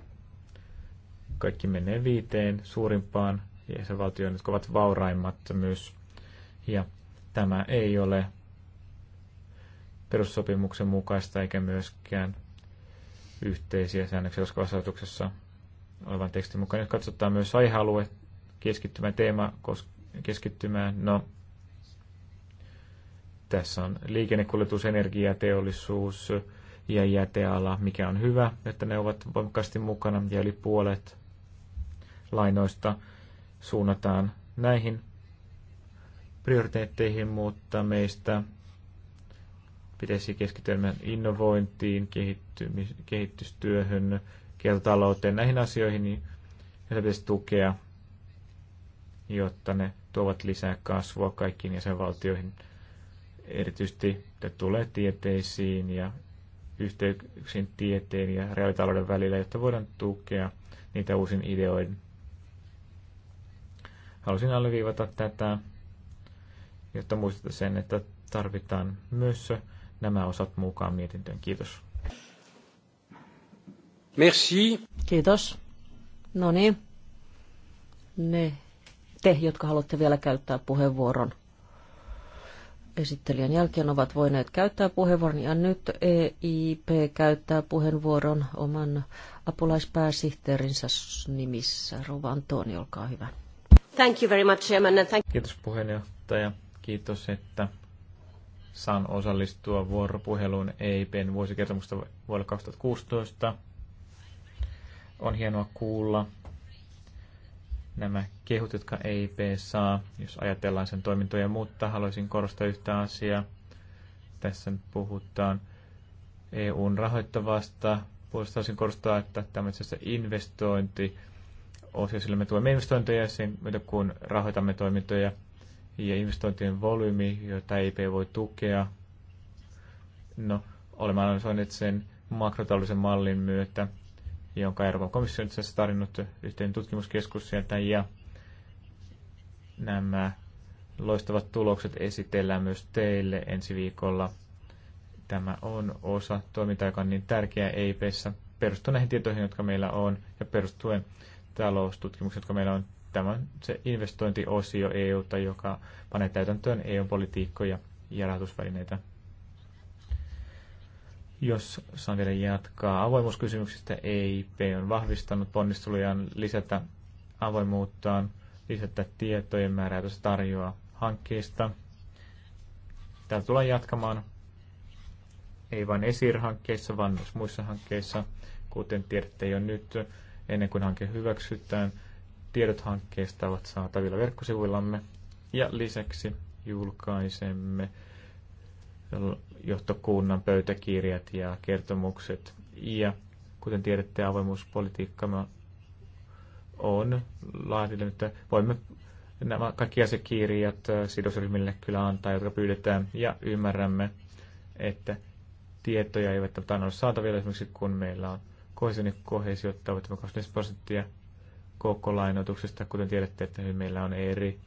kaikki menee viiteen suurimpaan jäsenvaltioon, jotka ovat vauraimmat myös. Ja tämä ei ole perussopimuksen mukaista eikä myöskään yhteisiä säännöksiä koskevassa olevan tekstin mukaan. Jos katsotaan myös aihealue keskittymä teema keskittymään, no tässä on liikennekuljetus, energia, teollisuus ja jäteala, mikä on hyvä, että ne ovat voimakkaasti mukana ja yli puolet lainoista suunnataan näihin prioriteetteihin, mutta meistä pitäisi keskittyä innovointiin, kehitystyöhön, kiertotalouteen, näihin asioihin, niin niitä pitäisi tukea, jotta ne tuovat lisää kasvua kaikkiin jäsenvaltioihin erityisesti mitä tulee tieteisiin ja yhteyksiin tieteen ja reaalitalouden välillä, jotta voidaan tukea niitä uusin ideoin. Halusin alleviivata tätä, jotta muistatte sen, että tarvitaan myös nämä osat mukaan mietintöön. Kiitos. Merci. Kiitos. No niin. Ne, te, jotka haluatte vielä käyttää puheenvuoron, esittelijän jälkeen ovat voineet käyttää puheenvuoron ja nyt EIP käyttää puheenvuoron oman apulaispääsihteerinsä nimissä. Rova Antoni, olkaa hyvä. Thank you very much, Chairman. Thank... Kiitos puheenjohtaja. Kiitos, että saan osallistua vuoropuheluun EIPn vuosikertomusta vuodelle 2016. On hienoa kuulla, nämä kehut, jotka EIP saa, jos ajatellaan sen toimintoja, mutta haluaisin korostaa yhtä asiaa. Tässä puhutaan EUn rahoittavasta. Puolestaan korostaa, että tämä itse investointi osio, sillä me tuemme investointeja sen myötä, kun rahoitamme toimintoja ja investointien volyymi, jota EIP voi tukea. No, olemme analysoineet sen makrotaloudellisen mallin myötä, jonka Euroopan komissio on itse asiassa tarjonnut yhteen tutkimuskeskus sieltä, ja nämä loistavat tulokset esitellään myös teille ensi viikolla. Tämä on osa toimintaa, joka on niin tärkeä EIPssä, perustuen näihin tietoihin, jotka meillä on, ja perustuen taloustutkimuksiin, jotka meillä on. Tämä on se investointiosio EUta, joka panee täytäntöön EU-politiikkoja ja rahoitusvälineitä. Jos saan vielä jatkaa avoimuuskysymyksistä, EIP on vahvistanut ponnistelujaan lisätä avoimuuttaan, lisätä tietojen määrää, jos tarjoaa hankkeista. Täällä tullaan jatkamaan ei vain ESIR-hankkeissa, vaan myös muissa hankkeissa, kuten tiedätte jo nyt, ennen kuin hanke hyväksytään. Tiedot hankkeesta ovat saatavilla verkkosivuillamme ja lisäksi julkaisemme johtokunnan pöytäkirjat ja kertomukset. Ja kuten tiedätte, avoimuuspolitiikkamme on laadille, että voimme nämä kaikki asiakirjat äh, sidosryhmille kyllä antaa, jotka pyydetään, ja ymmärrämme, että tietoja ei välttämättä aina ole saatavilla, esimerkiksi kun meillä on kohesion ja kohesio 25 prosenttia koko lainoituksesta, kuten tiedätte, että meillä on eri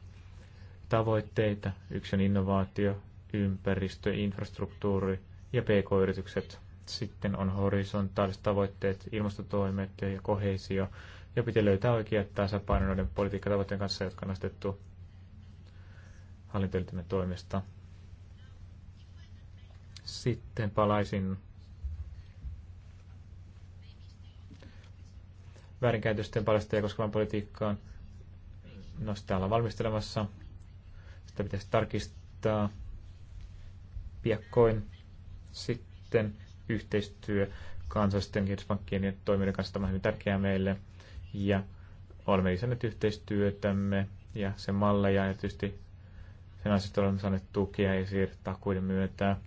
tavoitteita. Yksi on innovaatio, ympäristö, infrastruktuuri ja pk-yritykset. Sitten on horisontaaliset tavoitteet, ilmastotoimet ja kohesio, ja pitää löytää oikeat tasapaino noiden politiikkatavoitteen kanssa, jotka on asetettu hallintoelinten toimesta. Sitten palaisin väärinkäytösten paljastajia koskevan politiikkaan. No, sitä ollaan valmistelemassa. Sitä pitäisi tarkistaa piakkoin sitten yhteistyö kansallisten kehityspankkien ja toimijoiden kanssa tämä on hyvin tärkeää meille. Ja olemme lisänneet yhteistyötämme ja sen malleja ja tietysti sen asioista olemme saaneet tukea ja kuiden myötä.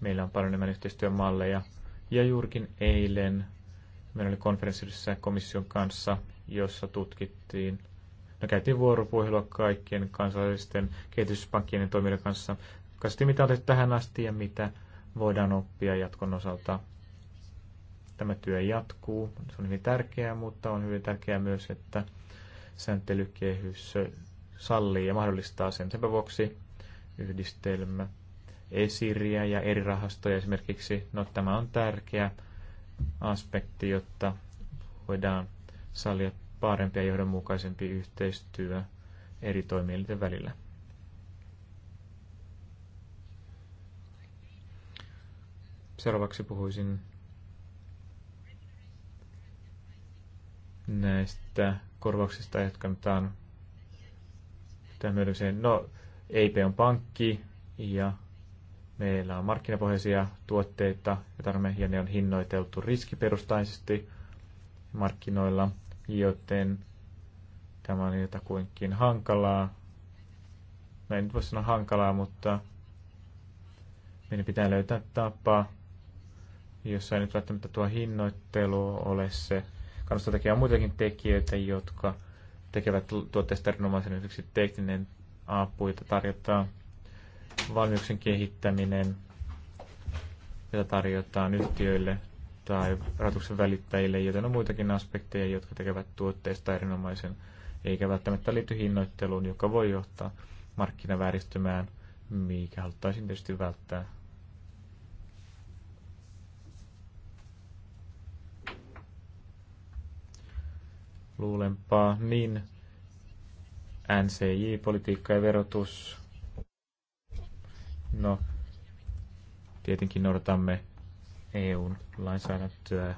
Meillä on paljon enemmän yhteistyömalleja. Ja juurikin eilen meillä oli konferenssissa komission kanssa, jossa tutkittiin No käytiin vuoropuhelua kaikkien kansallisten kehityspankkien ja toimijoiden kanssa tarkasti, mitä olet tähän asti ja mitä voidaan oppia jatkon osalta. Tämä työ jatkuu, se on hyvin tärkeää, mutta on hyvin tärkeää myös, että sääntelykehys sallii ja mahdollistaa sen. Sen vuoksi yhdistelmä esiriä ja eri rahastoja esimerkiksi, no tämä on tärkeä aspekti, jotta voidaan sallia parempi ja johdonmukaisempi yhteistyö eri toimielinten välillä. Seuraavaksi puhuisin näistä korvauksista, jotka on tämmöiseen. No, EIP on pankki ja meillä on markkinapohjaisia tuotteita, ja me, ja ne on hinnoiteltu riskiperustaisesti markkinoilla, joten tämä on jotakuinkin hankalaa. Mä en nyt voi sanoa hankalaa, mutta meidän pitää löytää tapaa jossa ei nyt välttämättä tuo hinnoittelu ole se kannustatekijä. On muitakin tekijöitä, jotka tekevät tuotteesta erinomaisen yksi tekninen apu, jota tarjotaan valmiuksen kehittäminen, jota tarjotaan yhtiöille tai rahoituksen välittäjille, joten on muitakin aspekteja, jotka tekevät tuotteesta erinomaisen, eikä välttämättä liity hinnoitteluun, joka voi johtaa markkinavääristymään, mikä haluttaisiin tietysti välttää. luulenpa, niin NCJ-politiikka ja verotus. No, tietenkin noudatamme EUn lainsäädäntöä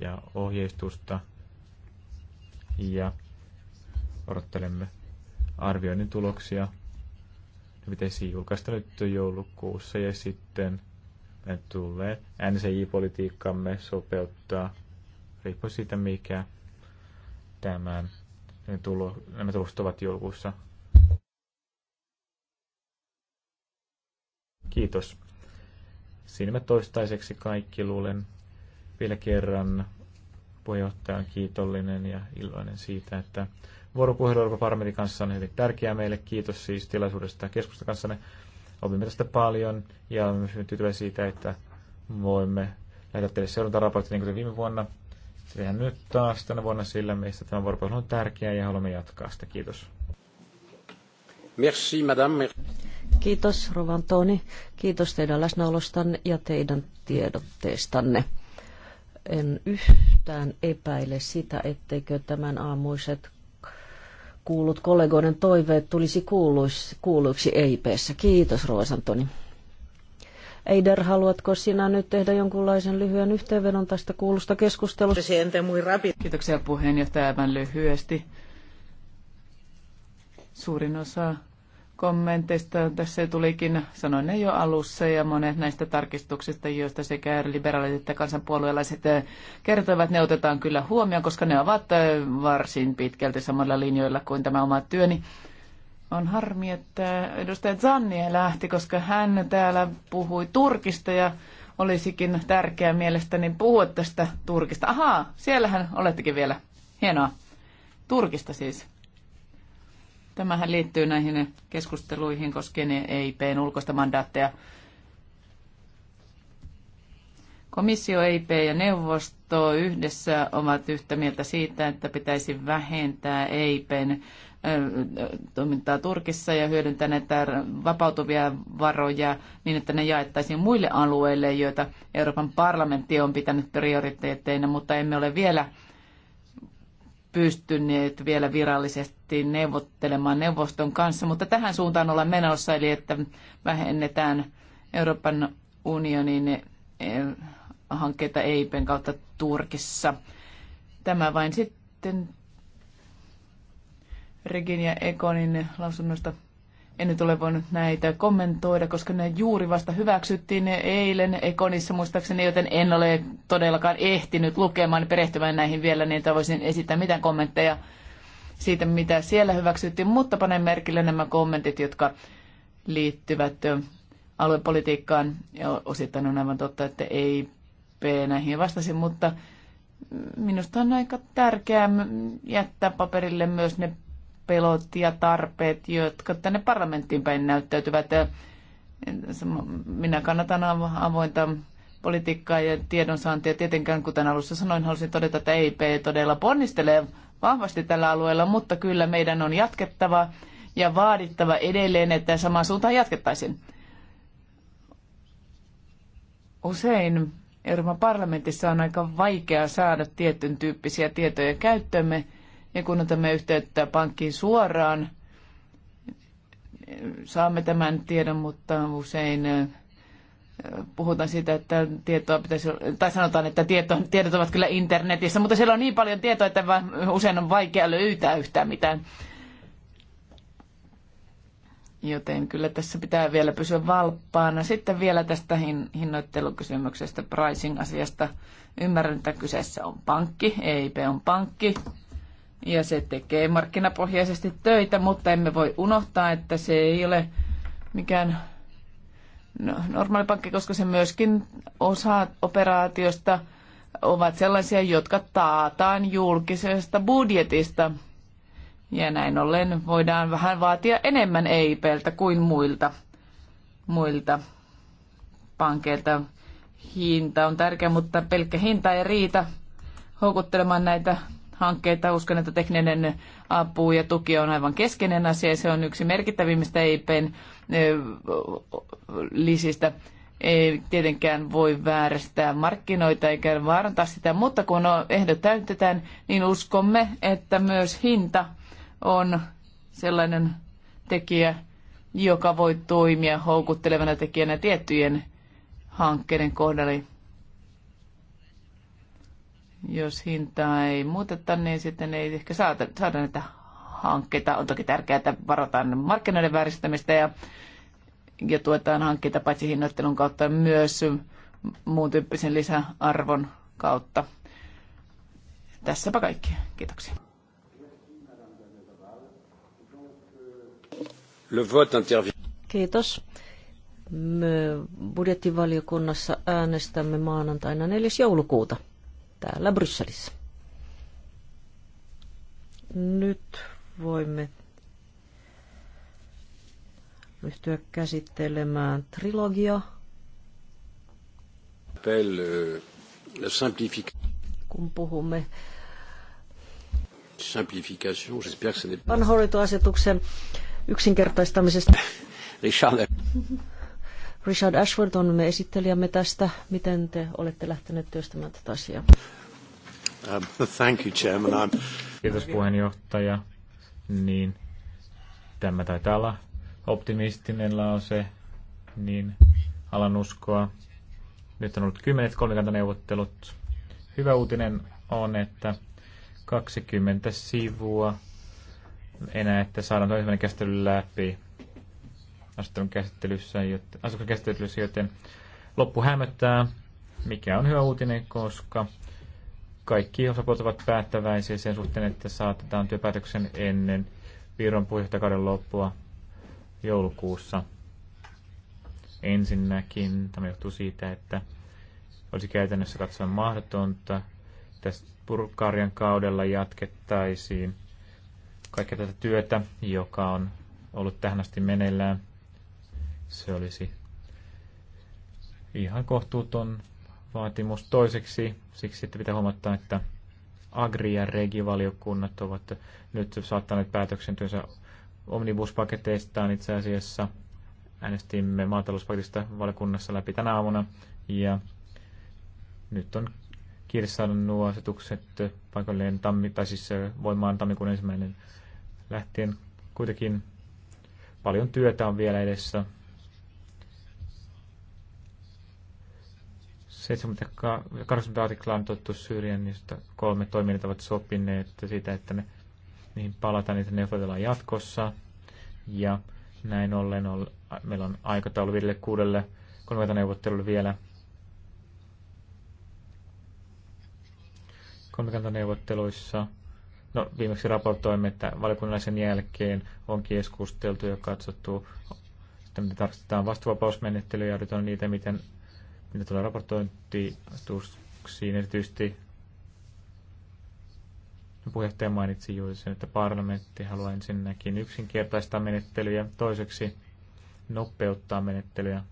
ja ohjeistusta ja odottelemme arvioinnin tuloksia. Ne pitäisi julkaista nyt joulukuussa ja sitten me tulee NCJ-politiikkamme sopeuttaa riippuen siitä, mikä tämän. Nämä tulokset ovat joulukuussa. Kiitos. Siinä me toistaiseksi kaikki luulen. Vielä kerran puheenjohtaja on kiitollinen ja iloinen siitä, että vuoropuhelu Euroopan parlamentin kanssa on hyvin tärkeää meille. Kiitos siis tilaisuudesta keskusta kanssa. Opimme tästä paljon ja olemme myös tyytyväisiä siitä, että voimme lähettää teille seurantaraportin niin kuten viime vuonna. Tehdään nyt taas tänä vuonna sillä, mistä tämä vuoropuhelu on tärkeä ja haluamme jatkaa sitä. Kiitos. Merci, madame. Kiitos, Rovan Toni. Kiitos teidän läsnäolostanne ja teidän tiedotteestanne. En yhtään epäile sitä, etteikö tämän aamuiset kuullut kollegoiden toiveet tulisi kuuluiksi EIPssä. Kiitos, Rovan Toni. Eider, haluatko sinä nyt tehdä jonkunlaisen lyhyen yhteenvedon tästä kuulusta keskustelusta? Kiitoksia puheenjohtaja aivan lyhyesti. Suurin osa kommenteista tässä tulikin, sanoin ne jo alussa, ja monet näistä tarkistuksista, joista sekä liberaalit että kansanpuolueelaiset eh, kertoivat, ne otetaan kyllä huomioon, koska ne ovat eh, varsin pitkälti samalla linjoilla kuin tämä oma työni. On harmi, että edustaja Zannie lähti, koska hän täällä puhui Turkista ja olisikin tärkeää mielestäni puhua tästä Turkista. Ahaa, siellähän olettekin vielä. Hienoa. Turkista siis. Tämähän liittyy näihin keskusteluihin koskien EIPn ulkoista mandaatteja. Komissio, EIP ja neuvosto yhdessä ovat yhtä mieltä siitä, että pitäisi vähentää EIPn toimintaa Turkissa ja hyödyntää näitä vapautuvia varoja niin, että ne jaettaisiin muille alueille, joita Euroopan parlamentti on pitänyt prioriteetteina, mutta emme ole vielä pystyneet vielä virallisesti neuvottelemaan neuvoston kanssa, mutta tähän suuntaan ollaan menossa, eli että vähennetään Euroopan unionin hankkeita EIPen kautta Turkissa. Tämä vain sitten Regin ja Ekonin lausunnosta en nyt ole voinut näitä kommentoida, koska ne juuri vasta hyväksyttiin ne eilen Ekonissa muistaakseni, joten en ole todellakaan ehtinyt lukemaan niin perehtymään näihin vielä, niin että voisin esittää mitään kommentteja siitä, mitä siellä hyväksyttiin, mutta panen merkille nämä kommentit, jotka liittyvät aluepolitiikkaan. Ja osittain on aivan totta, että ei P näihin vastasi, mutta minusta on aika tärkeää jättää paperille myös ne pelot ja tarpeet, jotka tänne parlamenttiin päin näyttäytyvät. Minä kannatan avointa politiikkaa ja tiedonsaantia. Tietenkään, kuten alussa sanoin, halusin todeta, että EIP todella ponnistelee vahvasti tällä alueella, mutta kyllä meidän on jatkettava ja vaadittava edelleen, että samaan suuntaan jatkettaisiin. Usein Euroopan parlamentissa on aika vaikea saada tietyn tyyppisiä tietoja käyttöömme ja kun otamme yhteyttä pankkiin suoraan, saamme tämän tiedon, mutta usein puhutaan siitä, että tietoa pitäisi, tai sanotaan, että tieto, tiedot ovat kyllä internetissä, mutta siellä on niin paljon tietoa, että usein on vaikea löytää yhtään mitään. Joten kyllä tässä pitää vielä pysyä valppaana. Sitten vielä tästä hin- hinnoittelukysymyksestä, pricing-asiasta. Ymmärrän, että kyseessä on pankki, EIP on pankki, ja se tekee markkinapohjaisesti töitä, mutta emme voi unohtaa, että se ei ole mikään no, normaali pankki, koska se myöskin osa operaatiosta ovat sellaisia, jotka taataan julkisesta budjetista. Ja näin ollen voidaan vähän vaatia enemmän EIPltä kuin muilta, muilta pankeilta. Hinta on tärkeä, mutta pelkkä hinta ei riitä houkuttelemaan näitä hankkeita. Uskon, että tekninen apu ja tuki on aivan keskeinen asia ja se on yksi merkittävimmistä EIPn lisistä. Ei tietenkään voi vääristää markkinoita eikä vaarantaa sitä, mutta kun ehdot täytetään, niin uskomme, että myös hinta on sellainen tekijä, joka voi toimia houkuttelevana tekijänä tiettyjen hankkeiden kohdalla jos hintaa ei muuteta, niin sitten ei ehkä saada, saada näitä hankkeita. On toki tärkeää, että varotaan markkinoiden vääristämistä ja, ja tuetaan hankkeita paitsi hinnoittelun kautta myös muun tyyppisen lisäarvon kautta. Tässäpä kaikki. Kiitoksia. Kiitos. Me budjettivaliokunnassa äänestämme maanantaina 4. joulukuuta täällä Brysselissä. Nyt voimme ryhtyä käsittelemään trilogia. Euh, Kun puhumme simplification, j'espère que ce n'est pas... asetuksen yksinkertaistamisesta. Richard. Richard Ashford on me esittelijämme tästä. Miten te olette lähteneet työstämään tätä asiaa? Um, thank you, Chairman. I'm... Kiitos puheenjohtaja. Niin, tämä taitaa olla optimistinen lause, niin alan uskoa. Nyt on ollut kymmenet kolmikantaneuvottelut. Hyvä uutinen on, että 20 sivua enää, että saadaan toisen käsittely läpi Asukkaan käsittelyssä, joten, käsittelyssä, joten loppu hämöttää, mikä on hyvä uutinen, koska kaikki osapuolet ovat päättäväisiä sen suhteen, että saatetaan työpäätöksen ennen Viron puheenjohtajakauden loppua joulukuussa. Ensinnäkin tämä johtuu siitä, että olisi käytännössä katsoa mahdotonta. Tässä purkarjan kaudella jatkettaisiin kaikkea tätä työtä, joka on ollut tähän asti meneillään. Se olisi ihan kohtuuton vaatimus toiseksi, siksi että pitää huomata, että Agri- ja Regi-valiokunnat ovat nyt saattaneet päätöksentyönsä omnibuspaketeistaan itse asiassa. Äänestimme maatalouspaketista valiokunnassa läpi tänä aamuna ja nyt on kirjassa nuo asetukset paikalleen tammi, tai siis voimaan tammikuun ensimmäinen lähtien. Kuitenkin paljon työtä on vielä edessä 70 artiklaa on tottu Syyrian, niin kolme toimijat ovat sopineet siitä, että ne, niihin palataan, niitä neuvotellaan jatkossa. Ja näin ollen on, meillä on aikataulu viidelle kuudelle kolmelta neuvottelulle vielä. Kolmikantaneuvotteluissa No, viimeksi raportoimme, että valikunnallisen jälkeen on keskusteltu ja katsottu, me tarkistetaan vastuvapausmenettelyjä ja on niitä, miten mitä tulee raportointiastuksiin erityisesti no, puheenjohtaja mainitsi juuri sen, että parlamentti haluaa ensinnäkin yksinkertaistaa menettelyjä, toiseksi nopeuttaa menettelyjä.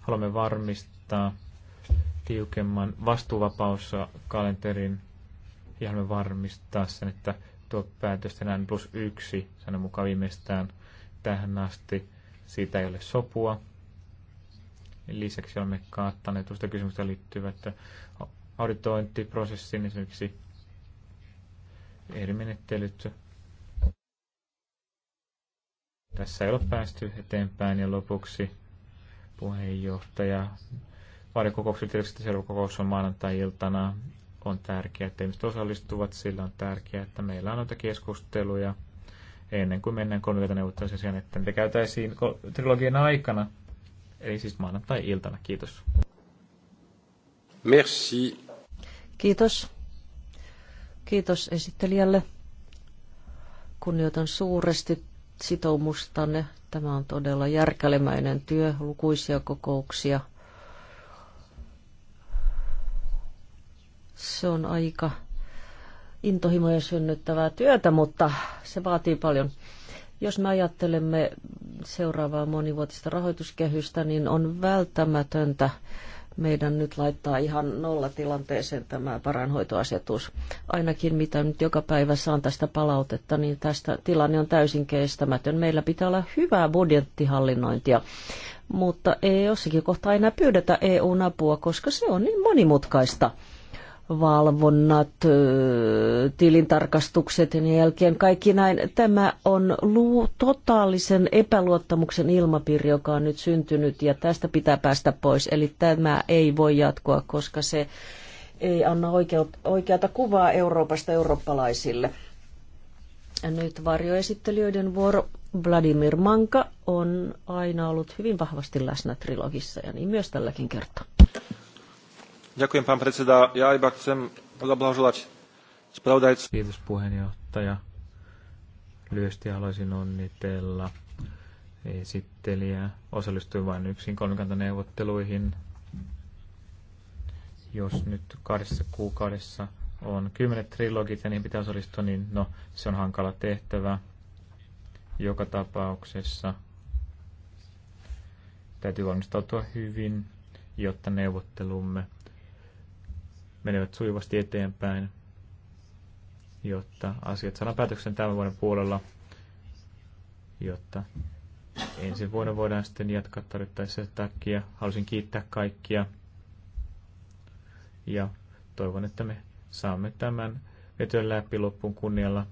Haluamme varmistaa tiukemman vastuuvapauskalenterin ja haluamme varmistaa sen, että tuo päätös tänään plus yksi, sanon mukaan viimeistään tähän asti, siitä ei ole sopua. Lisäksi olemme kattaneet tuosta kysymystä liittyvät auditointiprosessin esimerkiksi eri menettelyt. Tässä ei ole päästy eteenpäin ja lopuksi puheenjohtaja. Vaalikokouksen tietysti seuraava kokous on maanantai-iltana. On tärkeää, että ihmiset osallistuvat. Sillä on tärkeää, että meillä on noita keskusteluja ennen kuin mennään kolmikantaneuvotteluun sen että niitä käytäisiin trilogian aikana. Eli siis maanantai-iltana. Kiitos. Merci. Kiitos. Kiitos esittelijälle. Kunnioitan suuresti sitoumustanne. Tämä on todella järkälemäinen työ, lukuisia kokouksia. Se on aika intohimoja synnyttävää työtä, mutta se vaatii paljon. Jos me ajattelemme seuraavaa monivuotista rahoituskehystä, niin on välttämätöntä meidän nyt laittaa ihan nollatilanteeseen tämä paranhoitoasetus. Ainakin mitä nyt joka päivä saan tästä palautetta, niin tästä tilanne on täysin kestämätön. Meillä pitää olla hyvää budjettihallinnointia, mutta ei jossakin kohtaa enää pyydetä EUn apua, koska se on niin monimutkaista valvonnat, tilintarkastukset ja niin jälkeen kaikki näin. Tämä on luu, totaalisen epäluottamuksen ilmapiiri, joka on nyt syntynyt ja tästä pitää päästä pois. Eli tämä ei voi jatkua, koska se ei anna oikeut, oikeata kuvaa Euroopasta eurooppalaisille. Ja nyt varjoesittelijöiden vuoro. Vladimir Manka on aina ollut hyvin vahvasti läsnä trilogissa ja niin myös tälläkin kertaa. Ďakujem, pán predseda. Ja iba chcem zablahoželať spravodajcu. Kiitos puheenjohtaja. Lyhyesti haluaisin onnitella esittelijä. Osallistuin vain yksin kolmikantaneuvotteluihin. Jos nyt kahdessa kuukaudessa on kymmenet trilogit ja niin pitää osallistua, niin no, se on hankala tehtävä. Joka tapauksessa täytyy valmistautua hyvin, jotta neuvottelumme menevät sujuvasti eteenpäin, jotta asiat saadaan päätöksen tämän vuoden puolella, jotta ensi vuonna voidaan sitten jatkaa tarvittaessa takia. Halusin kiittää kaikkia ja toivon, että me saamme tämän vetyä läpi loppuun kunnialla,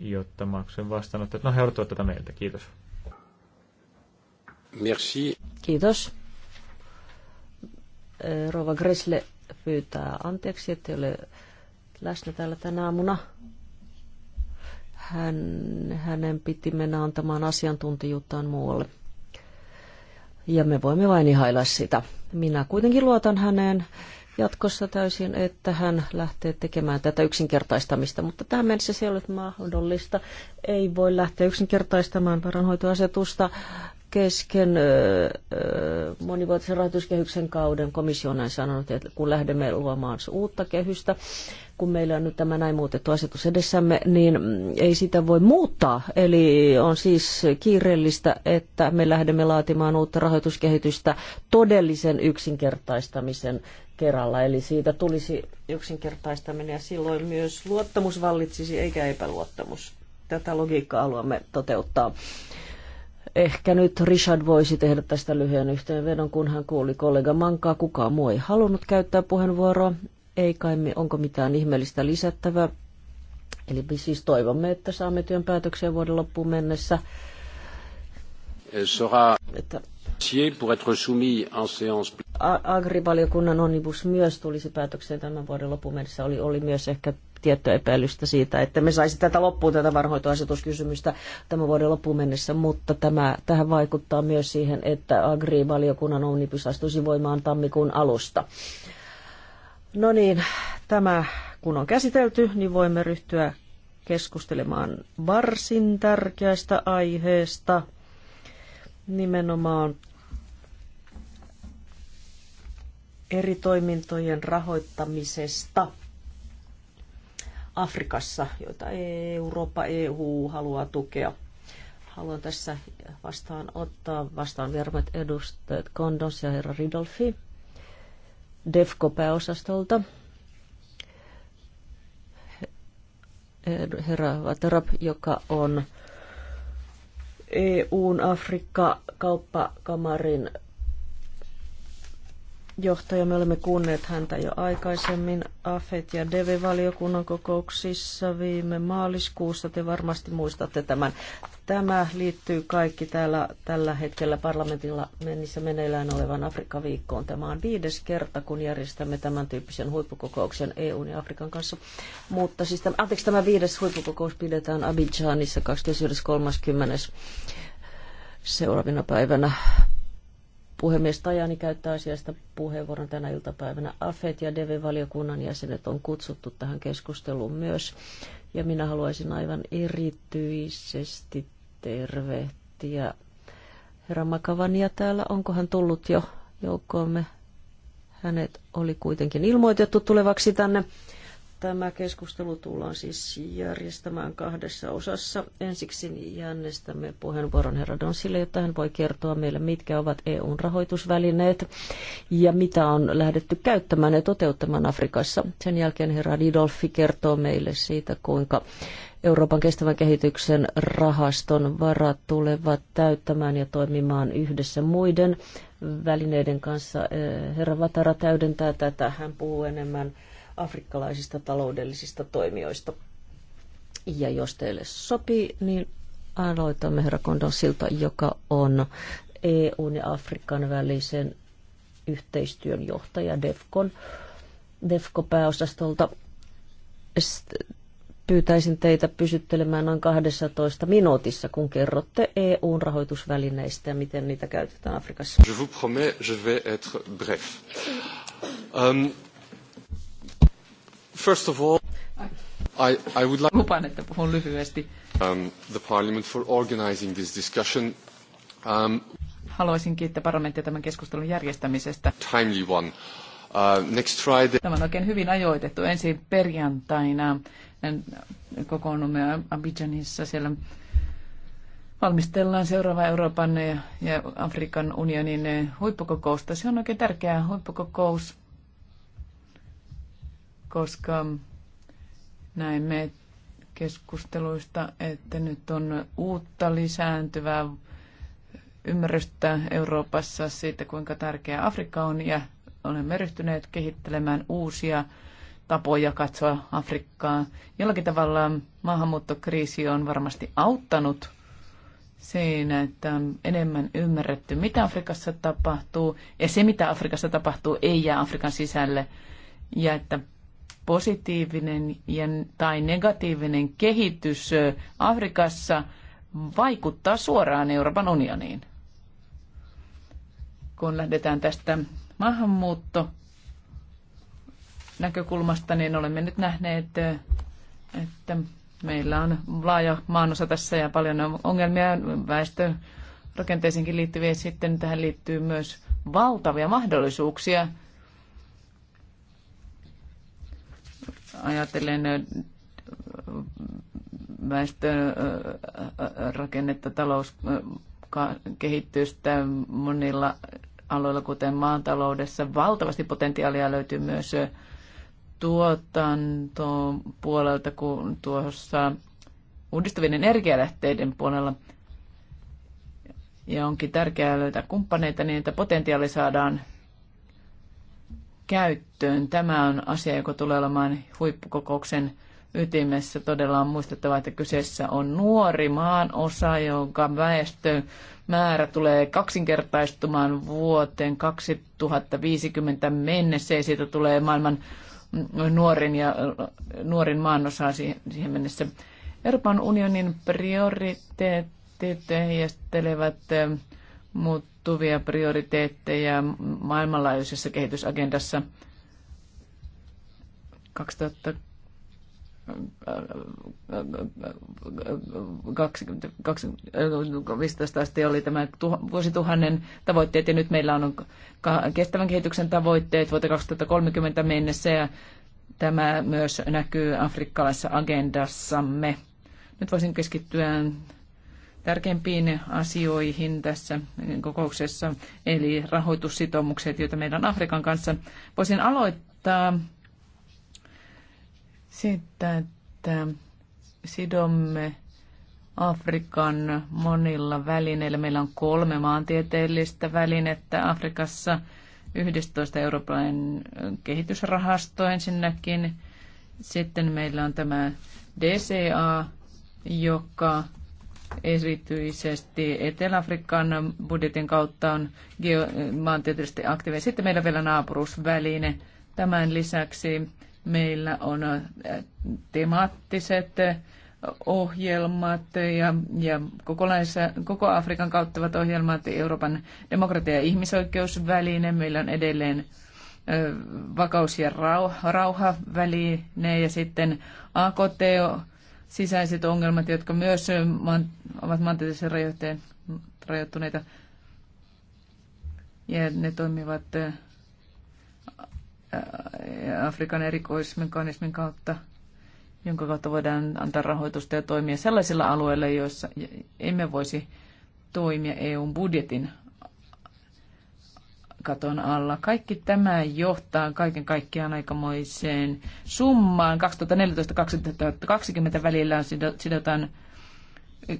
jotta maksujen vastaanottajat, no he odottavat tätä meiltä. Kiitos. Merci. Kiitos. Rova Gresle pyytää anteeksi, ettei ole läsnä täällä tänä aamuna. Hän, hänen piti mennä antamaan asiantuntijuuttaan muualle. Ja me voimme vain ihailla sitä. Minä kuitenkin luotan häneen jatkossa täysin, että hän lähtee tekemään tätä yksinkertaistamista, mutta tähän mennessä se ei ole mahdollista. Ei voi lähteä yksinkertaistamaan varanhoitoasetusta kesken monivuotisen rahoituskehyksen kauden komissio on sanonut, että kun lähdemme luomaan uutta kehystä, kun meillä on nyt tämä näin muutettu asetus edessämme, niin ei sitä voi muuttaa. Eli on siis kiireellistä, että me lähdemme laatimaan uutta rahoituskehitystä todellisen yksinkertaistamisen kerralla. Eli siitä tulisi yksinkertaistaminen ja silloin myös luottamus vallitsisi eikä epäluottamus. Tätä logiikkaa haluamme toteuttaa Ehkä nyt Richard voisi tehdä tästä lyhyen yhteenvedon, kun hän kuuli kollega Mankaa. Kukaan muu ei halunnut käyttää puheenvuoroa. Ei kai, onko mitään ihmeellistä lisättävää. Eli siis toivomme, että saamme työn päätöksiä vuoden loppuun mennessä. Sora että pour être soumis en séance. Agrivaliokunnan onnibus myös tulisi päätökseen tämän vuoden loppuun mennessä. Oli, oli myös ehkä tiettyä epäilystä siitä, että me saisi tätä loppuun tätä varhoitoasetuskysymystä tämän vuoden loppuun mennessä, mutta tämä, tähän vaikuttaa myös siihen, että Agri-valiokunnan omnibus astuisi voimaan tammikuun alusta. No niin, tämä kun on käsitelty, niin voimme ryhtyä keskustelemaan varsin tärkeästä aiheesta, nimenomaan eri toimintojen rahoittamisesta Afrikassa, joita Eurooppa, EU haluaa tukea. Haluan tässä vastaan ottaa vastaan vermat edustajat Kondos ja herra Ridolfi DEFCO-pääosastolta. Herra Vaterap, joka on EUn Afrikka-kauppakamarin johtaja. Me olemme kuunneet häntä jo aikaisemmin AFET- ja DEVE-valiokunnan kokouksissa viime maaliskuussa. Te varmasti muistatte tämän. Tämä liittyy kaikki täällä, tällä hetkellä parlamentilla mennessä meneillään olevan Afrikan viikkoon Tämä on viides kerta, kun järjestämme tämän tyyppisen huippukokouksen EUn ja Afrikan kanssa. Mutta siis tämän, anteeksi, tämä viides huippukokous pidetään Abidjanissa 29.30. seuraavina päivänä Puhemies Tajani käyttää asiasta puheenvuoron tänä iltapäivänä. AFET ja deve valiokunnan jäsenet on kutsuttu tähän keskusteluun myös. Ja minä haluaisin aivan erityisesti tervehtiä herra Makavania täällä. Onko hän tullut jo joukkoomme? Hänet oli kuitenkin ilmoitettu tulevaksi tänne. Tämä keskustelu tullaan siis järjestämään kahdessa osassa. Ensiksi jännestämme puheenvuoron herra Donsille, jotta hän voi kertoa meille, mitkä ovat EUn rahoitusvälineet ja mitä on lähdetty käyttämään ja toteuttamaan Afrikassa. Sen jälkeen herra Didolfi kertoo meille siitä, kuinka Euroopan kestävän kehityksen rahaston varat tulevat täyttämään ja toimimaan yhdessä muiden välineiden kanssa. Eh, herra Vatara täydentää tätä. Hän puhuu enemmän afrikkalaisista taloudellisista toimijoista. Ja jos teille sopii, niin aloitamme herra Kondonsilta, joka on EUn ja Afrikan välisen yhteistyön johtaja DEFCON, DEFCO-pääosastolta. Pyytäisin teitä pysyttelemään noin 12 minuutissa, kun kerrotte EUn rahoitusvälineistä ja miten niitä käytetään Afrikassa. Je vous promets, je vais être bref. Um, First of all, I, I would like... Lupaan, että puhun lyhyesti. Um, the parliament for organizing this discussion. Um, Haluaisin kiittää parlamenttia tämän keskustelun järjestämisestä. Timely one. Uh, next Friday. Tämä on oikein hyvin ajoitettu. Ensi perjantaina kokoonnumme Abidjanissa. Siellä valmistellaan seuraava Euroopan ja Afrikan unionin huippukokousta. Se on oikein tärkeä huippukokous koska näemme keskusteluista, että nyt on uutta lisääntyvää ymmärrystä Euroopassa siitä, kuinka tärkeä Afrikka on ja olemme ryhtyneet kehittelemään uusia tapoja katsoa Afrikkaa. Jollakin tavalla maahanmuuttokriisi on varmasti auttanut siinä, että on enemmän ymmärretty, mitä Afrikassa tapahtuu, ja se, mitä Afrikassa tapahtuu, ei jää Afrikan sisälle, ja että positiivinen ja, tai negatiivinen kehitys Afrikassa vaikuttaa suoraan Euroopan unioniin. Kun lähdetään tästä maahanmuutto näkökulmasta, niin olemme nyt nähneet, että meillä on laaja maanosa tässä ja paljon ongelmia väestön rakenteisiinkin liittyviä. Sitten tähän liittyy myös valtavia mahdollisuuksia – ajatellen väestön rakennetta, talouskehitystä monilla aloilla, kuten maataloudessa. Valtavasti potentiaalia löytyy myös tuotantoon puolelta kuin tuossa uudistuvien energialähteiden puolella. Ja onkin tärkeää löytää kumppaneita niin, että potentiaali saadaan käyttöön. Tämä on asia, joka tulee olemaan huippukokouksen ytimessä. Todella on muistettava, että kyseessä on nuori osa, jonka väestön määrä tulee kaksinkertaistumaan vuoteen 2050 mennessä ja siitä tulee maailman nuorin, ja, nuorin osa siihen mennessä. Euroopan unionin prioriteetit heijastelevat muuttuvia prioriteetteja maailmanlaajuisessa kehitysagendassa. 2015 asti oli tämä vuosituhannen tavoitteet ja nyt meillä on kestävän kehityksen tavoitteet vuoteen 2030 mennessä ja tämä myös näkyy afrikkalaisessa agendassamme. Nyt voisin keskittyä tärkeimpiin asioihin tässä kokouksessa, eli rahoitussitoumukset, joita meidän Afrikan kanssa. Voisin aloittaa siitä, että sidomme Afrikan monilla välineillä. Meillä on kolme maantieteellistä välinettä Afrikassa. 11 Euroopan kehitysrahasto ensinnäkin. Sitten meillä on tämä DCA, joka erityisesti Etelä-Afrikan budjetin kautta on geo- maantieteellisesti aktiivinen. Sitten meillä on vielä naapuruusväline. Tämän lisäksi meillä on äh, temaattiset ohjelmat ja, ja koko Afrikan kauttavat ohjelmat, Euroopan demokratia- ja ihmisoikeusväline. Meillä on edelleen äh, vakaus- ja rauha, rauhaväline ja sitten AKT sisäiset ongelmat, jotka myös ovat maantieteellisen rajoitteen rajoittuneita. Ja ne toimivat Afrikan erikoismekanismin kautta, jonka kautta voidaan antaa rahoitusta ja toimia sellaisilla alueilla, joissa emme voisi toimia EUn budjetin katon alla. Kaikki tämä johtaa kaiken kaikkiaan aikamoiseen summaan. 2014-2020 välillä sidotaan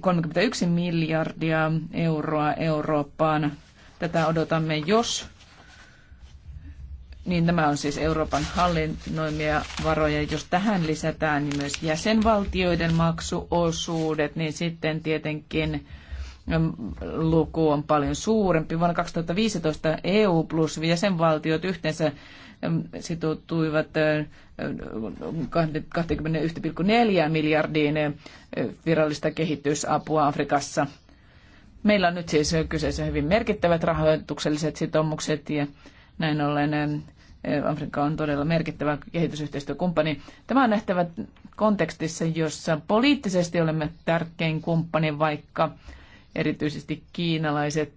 31 miljardia euroa Eurooppaan. Tätä odotamme, jos niin tämä on siis Euroopan hallinnoimia varoja. Jos tähän lisätään niin myös jäsenvaltioiden maksuosuudet, niin sitten tietenkin luku on paljon suurempi. Vuonna 2015 EU plus jäsenvaltiot yhteensä ähm, sitoutuivat 21,4 äh, miljardiin äh, virallista kehitysapua Afrikassa. Meillä on nyt siis kyseessä hyvin merkittävät rahoitukselliset sitoumukset ja näin ollen ähm, Afrikka on todella merkittävä kehitysyhteistyökumppani. Tämä on nähtävä kontekstissa, jossa poliittisesti olemme tärkein kumppani, vaikka erityisesti kiinalaiset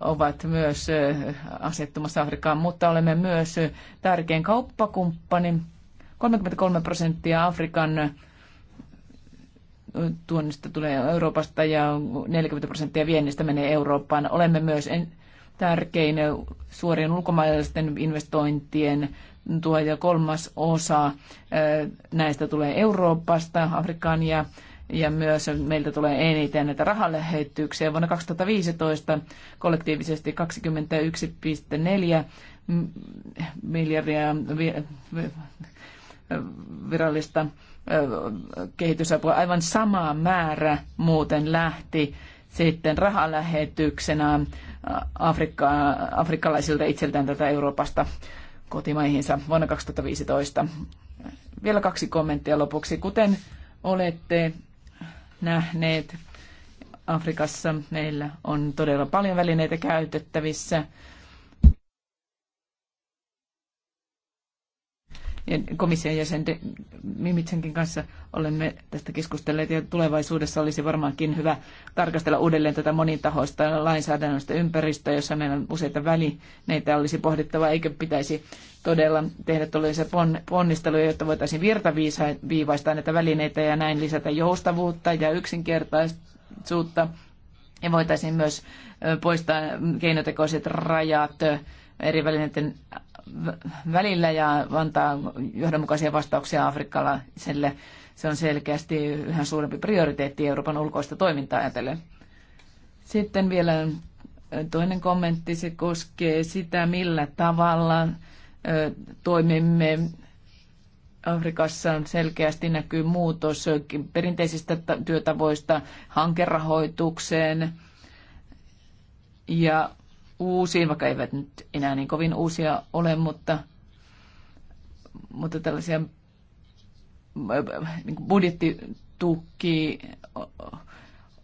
ovat myös asettumassa Afrikkaan, mutta olemme myös tärkein kauppakumppani. 33 prosenttia Afrikan tuonnista tulee Euroopasta ja 40 prosenttia viennistä menee Eurooppaan. Olemme myös tärkein suorien ulkomaalaisten investointien tuo ja kolmas osa näistä tulee Euroopasta, Afrikan ja ja myös meiltä tulee eniten näitä rahalähetyksiä. Vuonna 2015 kollektiivisesti 21,4 miljardia virallista kehitysapua. Aivan sama määrä muuten lähti sitten rahalähetyksenä Afrikka, afrikkalaisilta itseltään tätä Euroopasta kotimaihinsa vuonna 2015. Vielä kaksi kommenttia lopuksi. Kuten olette nähneet Afrikassa. Meillä on todella paljon välineitä käytettävissä komission jäsen Mimitsenkin kanssa olemme tästä keskustelleet ja tulevaisuudessa olisi varmaankin hyvä tarkastella uudelleen tätä monitahoista lainsäädännöstä ympäristöä, jossa meillä on useita välineitä olisi pohdittava, eikö pitäisi todella tehdä tuollaisia ponnisteluja, jotta voitaisiin virtaviivaistaa näitä välineitä ja näin lisätä joustavuutta ja yksinkertaisuutta. Ja voitaisiin myös poistaa keinotekoiset rajat eri välineiden välillä ja antaa johdonmukaisia vastauksia afrikkalaiselle. Se on selkeästi yhä suurempi prioriteetti Euroopan ulkoista toimintaa ajatellen. Sitten vielä toinen kommentti, se koskee sitä, millä tavalla toimimme Afrikassa on selkeästi näkyy muutos perinteisistä työtavoista hankerahoitukseen ja uusiin, vaikka eivät nyt enää niin kovin uusia ole, mutta, mutta tällaisia niin budjettitukki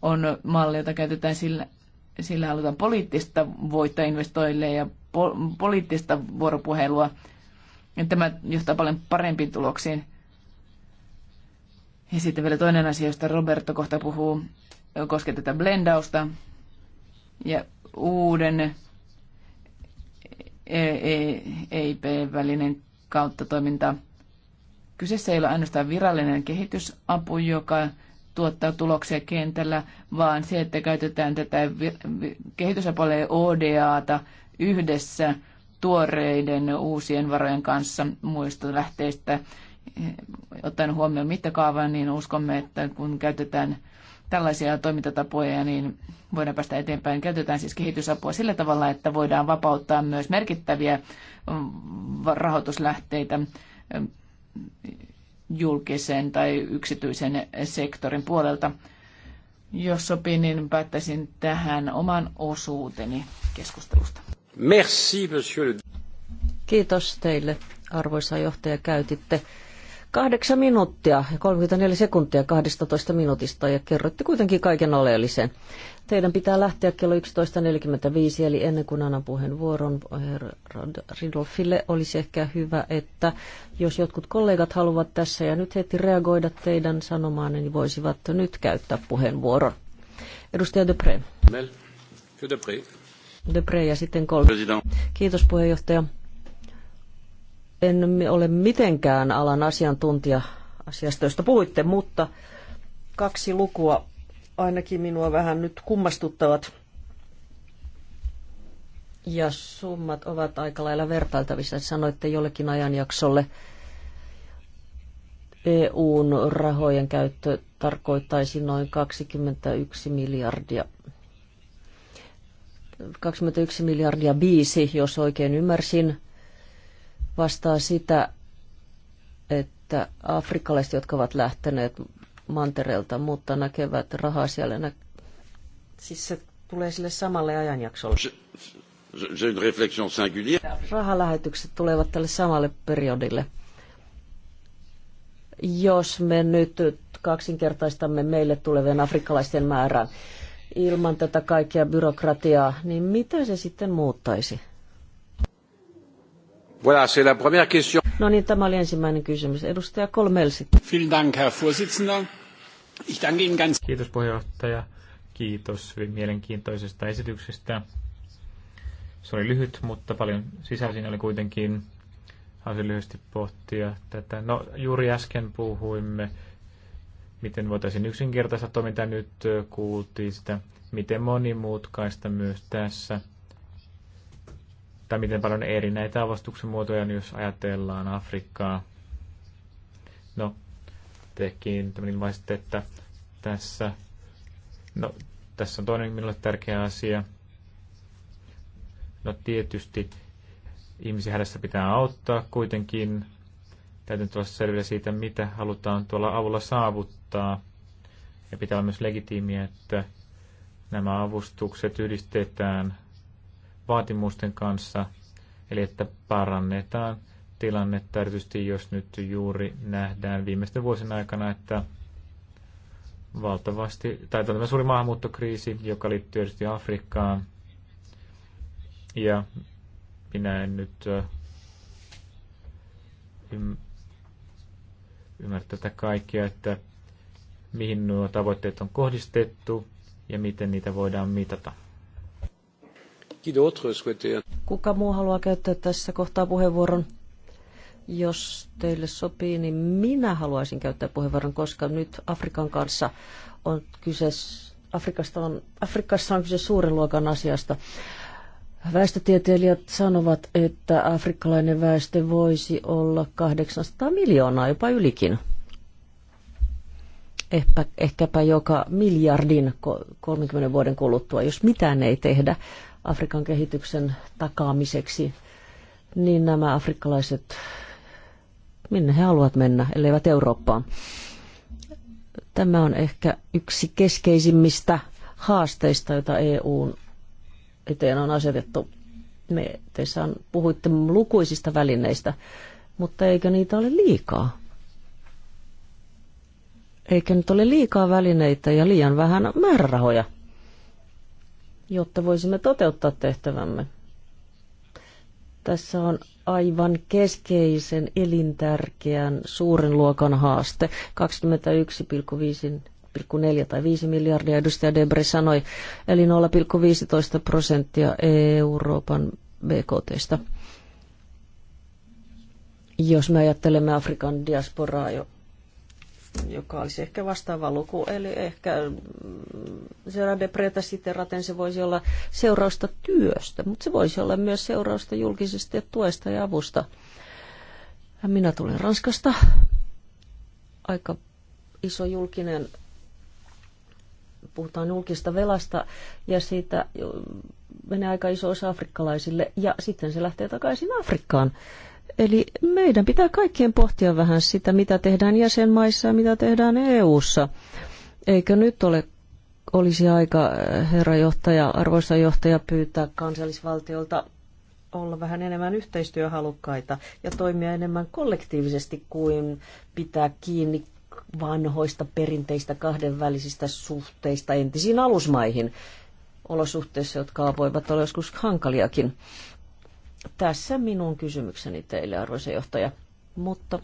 on malli, jota käytetään sillä, sillä halutaan poliittista voittoa investoille ja po- poliittista vuoropuhelua. Ja tämä johtaa paljon parempiin tuloksiin. Ja sitten vielä toinen asia, josta Roberto kohta puhuu, koskee tätä blendausta. Ja uuden EIP-välinen e, e kautta toiminta. Kyseessä ei ole ainoastaan virallinen kehitysapu, joka tuottaa tuloksia kentällä, vaan se, että käytetään tätä kehitysapuolelle ja ODAta yhdessä tuoreiden uusien varojen kanssa muista lähteistä. E, ottaen huomioon mittakaavan, niin uskomme, että kun käytetään tällaisia toimintatapoja, niin voidaan päästä eteenpäin. Käytetään siis kehitysapua sillä tavalla, että voidaan vapauttaa myös merkittäviä mm, rahoituslähteitä mm, julkisen tai yksityisen sektorin puolelta. Jos sopii, niin päättäisin tähän oman osuuteni keskustelusta. Merci, monsieur. Kiitos teille, arvoisa johtaja. Käytitte Kahdeksan minuuttia ja 34 sekuntia 12 minuutista ja kerroitte kuitenkin kaiken oleellisen. Teidän pitää lähteä kello 11.45, eli ennen kuin annan puheenvuoron Ridolfille, olisi ehkä hyvä, että jos jotkut kollegat haluavat tässä ja nyt heti reagoida teidän sanomaan, niin voisivat nyt käyttää puheenvuoron. Edustaja Depre. Depre ja sitten kolme. Kiitos puheenjohtaja en ole mitenkään alan asiantuntija asiasta, josta puhuitte, mutta kaksi lukua ainakin minua vähän nyt kummastuttavat. Ja summat ovat aika lailla vertailtavissa. Sanoitte jollekin ajanjaksolle EUn rahojen käyttö tarkoittaisi noin 21 miljardia 21 miljardia biisi, jos oikein ymmärsin vastaa sitä, että afrikkalaiset, jotka ovat lähteneet mantereelta, mutta näkevät rahaa siellä. Nä- siis se tulee sille samalle ajanjaksolle. Rahalähetykset tulevat tälle samalle periodille. Jos me nyt kaksinkertaistamme meille tulevien afrikkalaisten määrän ilman tätä kaikkea byrokratiaa, niin mitä se sitten muuttaisi? Voilà, c'est la première question. No niin, tämä oli ensimmäinen kysymys. Edustaja Kolmelsi. Vielen Dank, Herr Vorsitzender. Ich danke Ihnen ganz... Kiitos puheenjohtaja. Kiitos hyvin mielenkiintoisesta esityksestä. Se oli lyhyt, mutta paljon sisälsin oli kuitenkin. Haluaisin lyhyesti pohtia tätä. No, juuri äsken puhuimme, miten voitaisiin yksinkertaista toimintaa nyt äh, kuultiin sitä, miten monimutkaista myös tässä tai miten paljon eri näitä avustuksen muotoja niin jos ajatellaan Afrikkaa. No, tekin tämmöinen ilmaisitte, että tässä, no, tässä on toinen minulle tärkeä asia. No tietysti ihmisiä hädässä pitää auttaa kuitenkin. Täytyy tulla selville siitä, mitä halutaan tuolla avulla saavuttaa. Ja pitää olla myös legitiimiä, että nämä avustukset yhdistetään vaatimusten kanssa, eli että parannetaan tilannetta, erityisesti jos nyt juuri nähdään viimeisten vuosien aikana, että valtavasti, tai tämä suuri maahanmuuttokriisi, joka liittyy erityisesti Afrikkaan, ja minä en nyt ym- tätä kaikkea, että mihin nuo tavoitteet on kohdistettu ja miten niitä voidaan mitata. Kuka muu haluaa käyttää tässä kohtaa puheenvuoron? Jos teille sopii, niin minä haluaisin käyttää puheenvuoron, koska nyt Afrikan kanssa on kyse, Afrikasta on, Afrikassa on kyse suuren luokan asiasta. Väestötieteilijät sanovat, että afrikkalainen väestö voisi olla 800 miljoonaa, jopa ylikin. ehkäpä joka miljardin 30 vuoden kuluttua, jos mitään ei tehdä. Afrikan kehityksen takaamiseksi, niin nämä afrikkalaiset, minne he haluavat mennä, elleivät Eurooppaan. Tämä on ehkä yksi keskeisimmistä haasteista, joita EUn eteen on asetettu. Me teissä on, puhuitte lukuisista välineistä, mutta eikö niitä ole liikaa? Eikö nyt ole liikaa välineitä ja liian vähän määrärahoja jotta voisimme toteuttaa tehtävämme. Tässä on aivan keskeisen elintärkeän suuren luokan haaste. 21,5 tai 5 miljardia edustaja Debre sanoi, eli 0,15 prosenttia Euroopan BKTstä. Jos me ajattelemme Afrikan diasporaa, joka olisi ehkä vastaava luku, eli ehkä Sera mm, de preta siteraten se voisi olla seurausta työstä, mutta se voisi olla myös seurausta julkisesta tuesta ja avusta. Minä tulin Ranskasta. Aika iso julkinen, puhutaan julkista velasta ja siitä menee aika iso osa afrikkalaisille ja sitten se lähtee takaisin Afrikkaan. Eli meidän pitää kaikkien pohtia vähän sitä, mitä tehdään jäsenmaissa ja mitä tehdään EU-ssa. Eikö nyt ole, olisi aika, eh, herra johtaja, arvoisa johtaja, pyytää kansallisvaltiolta olla vähän enemmän yhteistyöhalukkaita ja toimia enemmän kollektiivisesti kuin pitää kiinni vanhoista perinteistä kahdenvälisistä suhteista entisiin alusmaihin olosuhteissa, jotka voivat olla joskus hankaliakin. Tässä minun kysymykseni teille, arvoisa johtaja. Mutta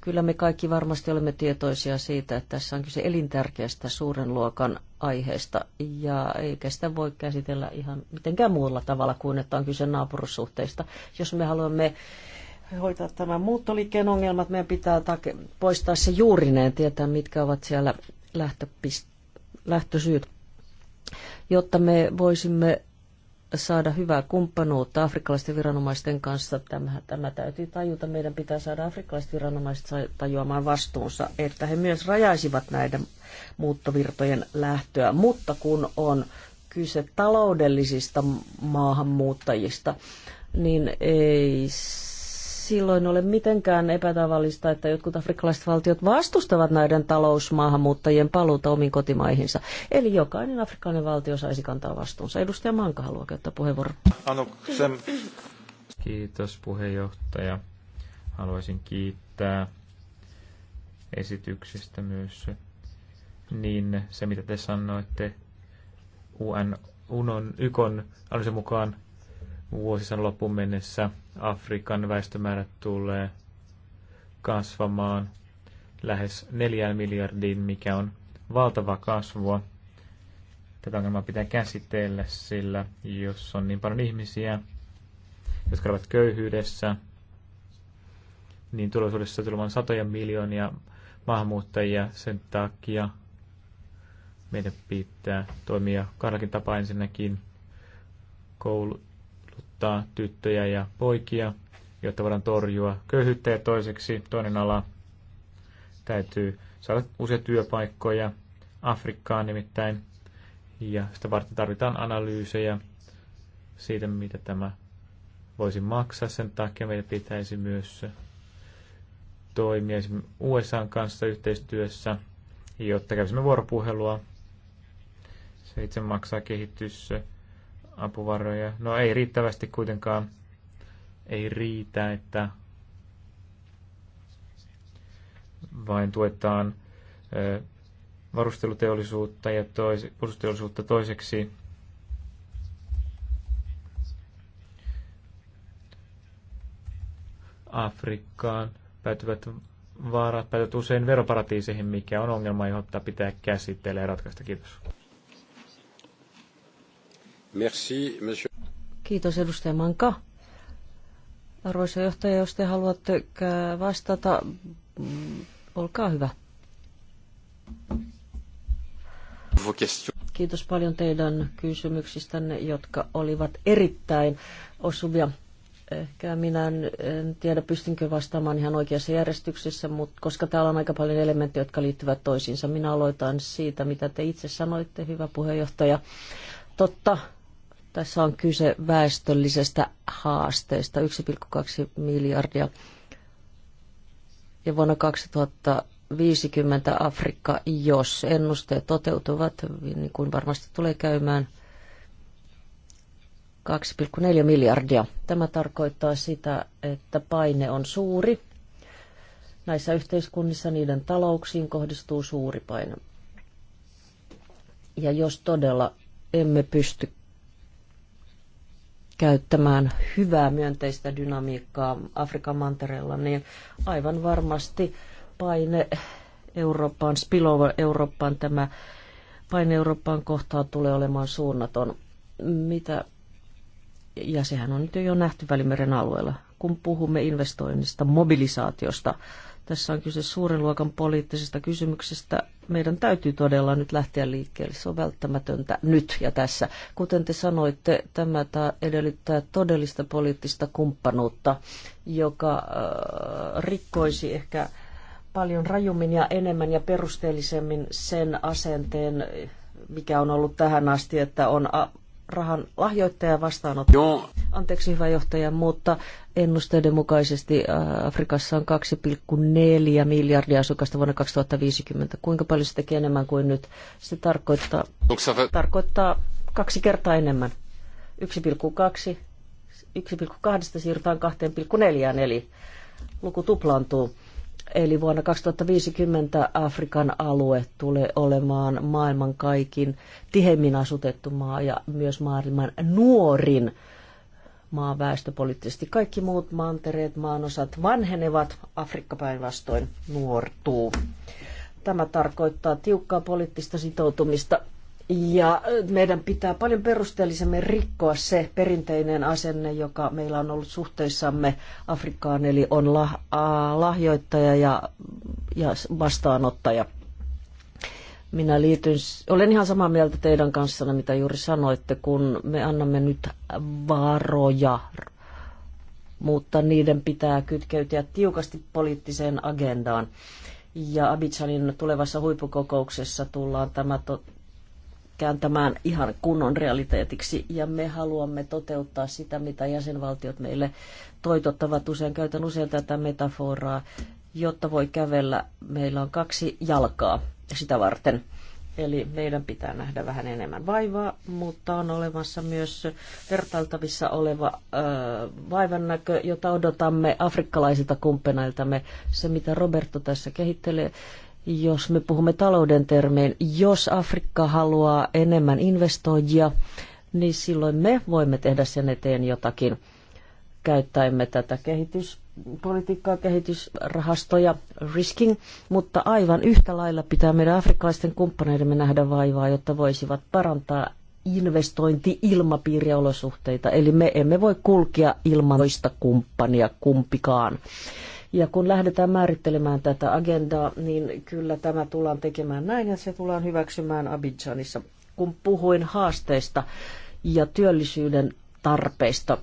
kyllä me kaikki varmasti olemme tietoisia siitä, että tässä on kyse elintärkeästä suuren luokan aiheesta, ja eikä sitä voi käsitellä ihan mitenkään muulla tavalla kuin, että on kyse naapurussuhteista. Jos me haluamme hoitaa tämän muuttoliikkeen ongelmat, meidän pitää poistaa se juurineen, tietää mitkä ovat siellä lähtöpist- lähtösyyt, jotta me voisimme saada hyvää kumppanuutta afrikkalaisten viranomaisten kanssa. Tämä, tämä täytyy tajuta. Meidän pitää saada afrikkalaiset viranomaiset tajuamaan vastuunsa, että he myös rajaisivat näiden muuttovirtojen lähtöä. Mutta kun on kyse taloudellisista maahanmuuttajista, niin ei silloin ole mitenkään epätavallista, että jotkut afrikkalaiset valtiot vastustavat näiden talousmaahanmuuttajien paluuta omiin kotimaihinsa. Eli jokainen afrikkalainen valtio saisi kantaa vastuunsa. Edustaja Manka haluaa käyttää puheenvuoron. Anuksen. Kiitos puheenjohtaja. Haluaisin kiittää esityksestä myös. Niin se, mitä te sanoitte UN, UNON, YKon mukaan vuosisan lopun mennessä Afrikan väestömäärät tulee kasvamaan lähes neljään miljardiin, mikä on valtava kasvua. Tätä ongelmaa pitää käsitellä, sillä jos on niin paljon ihmisiä, jotka ovat köyhyydessä, niin tulevaisuudessa tulee satoja miljoonia maahanmuuttajia sen takia. Meidän pitää toimia kahdellakin tapaa ensinnäkin koulu, auttaa tyttöjä ja poikia, jotta voidaan torjua köyhyyttä ja toiseksi toinen ala täytyy saada uusia työpaikkoja Afrikkaan nimittäin ja sitä varten tarvitaan analyysejä siitä, mitä tämä voisi maksaa. Sen takia meidän pitäisi myös toimia esimerkiksi USA kanssa yhteistyössä, jotta kävisimme vuoropuhelua. Se itse maksaa kehitys apuvaroja. No ei riittävästi kuitenkaan. Ei riitä, että vain tuetaan varusteluteollisuutta ja tois, varusteluteollisuutta toiseksi Afrikkaan päätyvät vaarat päätyvät usein veroparatiiseihin, mikä on ongelma, johon pitää käsitellä ja ratkaista. Kiitos. Merci, monsieur. Kiitos edustaja Manka. Arvoisa johtaja, jos te haluatte vastata, olkaa hyvä. Kiitos paljon teidän kysymyksistänne, jotka olivat erittäin osuvia. Ehkä minä en, en tiedä, pystynkö vastaamaan ihan oikeassa järjestyksessä, mutta koska täällä on aika paljon elementtejä, jotka liittyvät toisiinsa, minä aloitan siitä, mitä te itse sanoitte, hyvä puheenjohtaja. Totta, tässä on kyse väestöllisestä haasteesta, 1,2 miljardia. Ja vuonna 2050 Afrikka, jos ennusteet toteutuvat, niin kuin varmasti tulee käymään, 2,4 miljardia. Tämä tarkoittaa sitä, että paine on suuri. Näissä yhteiskunnissa niiden talouksiin kohdistuu suuri paine. Ja jos todella emme pysty käyttämään hyvää myönteistä dynamiikkaa Afrikan mantereella, niin aivan varmasti paine Eurooppaan, spillover Eurooppaan, tämä paine Eurooppaan kohtaa tulee olemaan suunnaton. Mitä, ja sehän on nyt jo nähty Välimeren alueella, kun puhumme investoinnista, mobilisaatiosta, tässä on kyse suuren luokan poliittisesta kysymyksestä. Meidän täytyy todella nyt lähteä liikkeelle. Se on välttämätöntä nyt ja tässä. Kuten te sanoitte, tämä edellyttää todellista poliittista kumppanuutta, joka äh, rikkoisi ehkä paljon rajummin ja enemmän ja perusteellisemmin sen asenteen, mikä on ollut tähän asti, että on rahan lahjoittaja vastaanottaja. Joo. Anteeksi hyvä johtaja, mutta ennusteiden mukaisesti äh, Afrikassa on 2,4 miljardia asukasta vuonna 2050. Kuinka paljon se tekee enemmän kuin nyt? Se tarkoittaa, tarkoittaa kaksi kertaa enemmän. 1,2 1,2 siirrytään 2,4, eli luku tuplaantuu. Eli vuonna 2050 Afrikan alue tulee olemaan maailman kaikin tiheimmin asutettu maa ja myös maailman nuorin maa väestöpoliittisesti. Kaikki muut mantereet, maanosat vanhenevat, Afrikka päinvastoin nuortuu. Tämä tarkoittaa tiukkaa poliittista sitoutumista ja meidän pitää paljon perusteellisemmin rikkoa se perinteinen asenne, joka meillä on ollut suhteissamme Afrikkaan, eli on lah, lahjoittaja ja, ja vastaanottaja. Minä liityn, olen ihan samaa mieltä teidän kanssanne, mitä juuri sanoitte, kun me annamme nyt varoja, mutta niiden pitää kytkeytyä tiukasti poliittiseen agendaan. Ja Abidjanin tulevassa huippukokouksessa tullaan tämä kääntämään ihan kunnon realiteetiksi. Ja me haluamme toteuttaa sitä, mitä jäsenvaltiot meille toitottavat usein. Käytän usein tätä metaforaa, jotta voi kävellä. Meillä on kaksi jalkaa sitä varten. Eli meidän pitää nähdä vähän enemmän vaivaa, mutta on olemassa myös vertailtavissa oleva vaivan vaivannäkö, jota odotamme afrikkalaisilta kumppaneiltamme. Se, mitä Roberto tässä kehittelee, jos me puhumme talouden termein, jos Afrikka haluaa enemmän investoijia, niin silloin me voimme tehdä sen eteen jotakin. Käyttäemme tätä kehityspolitiikkaa, kehitysrahastoja, risking, mutta aivan yhtä lailla pitää meidän afrikkalaisten kumppaneidemme nähdä vaivaa, jotta voisivat parantaa investointi olosuhteita. Eli me emme voi kulkea ilman toista kumppania kumpikaan. Ja kun lähdetään määrittelemään tätä agendaa, niin kyllä tämä tullaan tekemään näin ja se tullaan hyväksymään Abidjanissa. Kun puhuin haasteista ja työllisyyden tarpeista,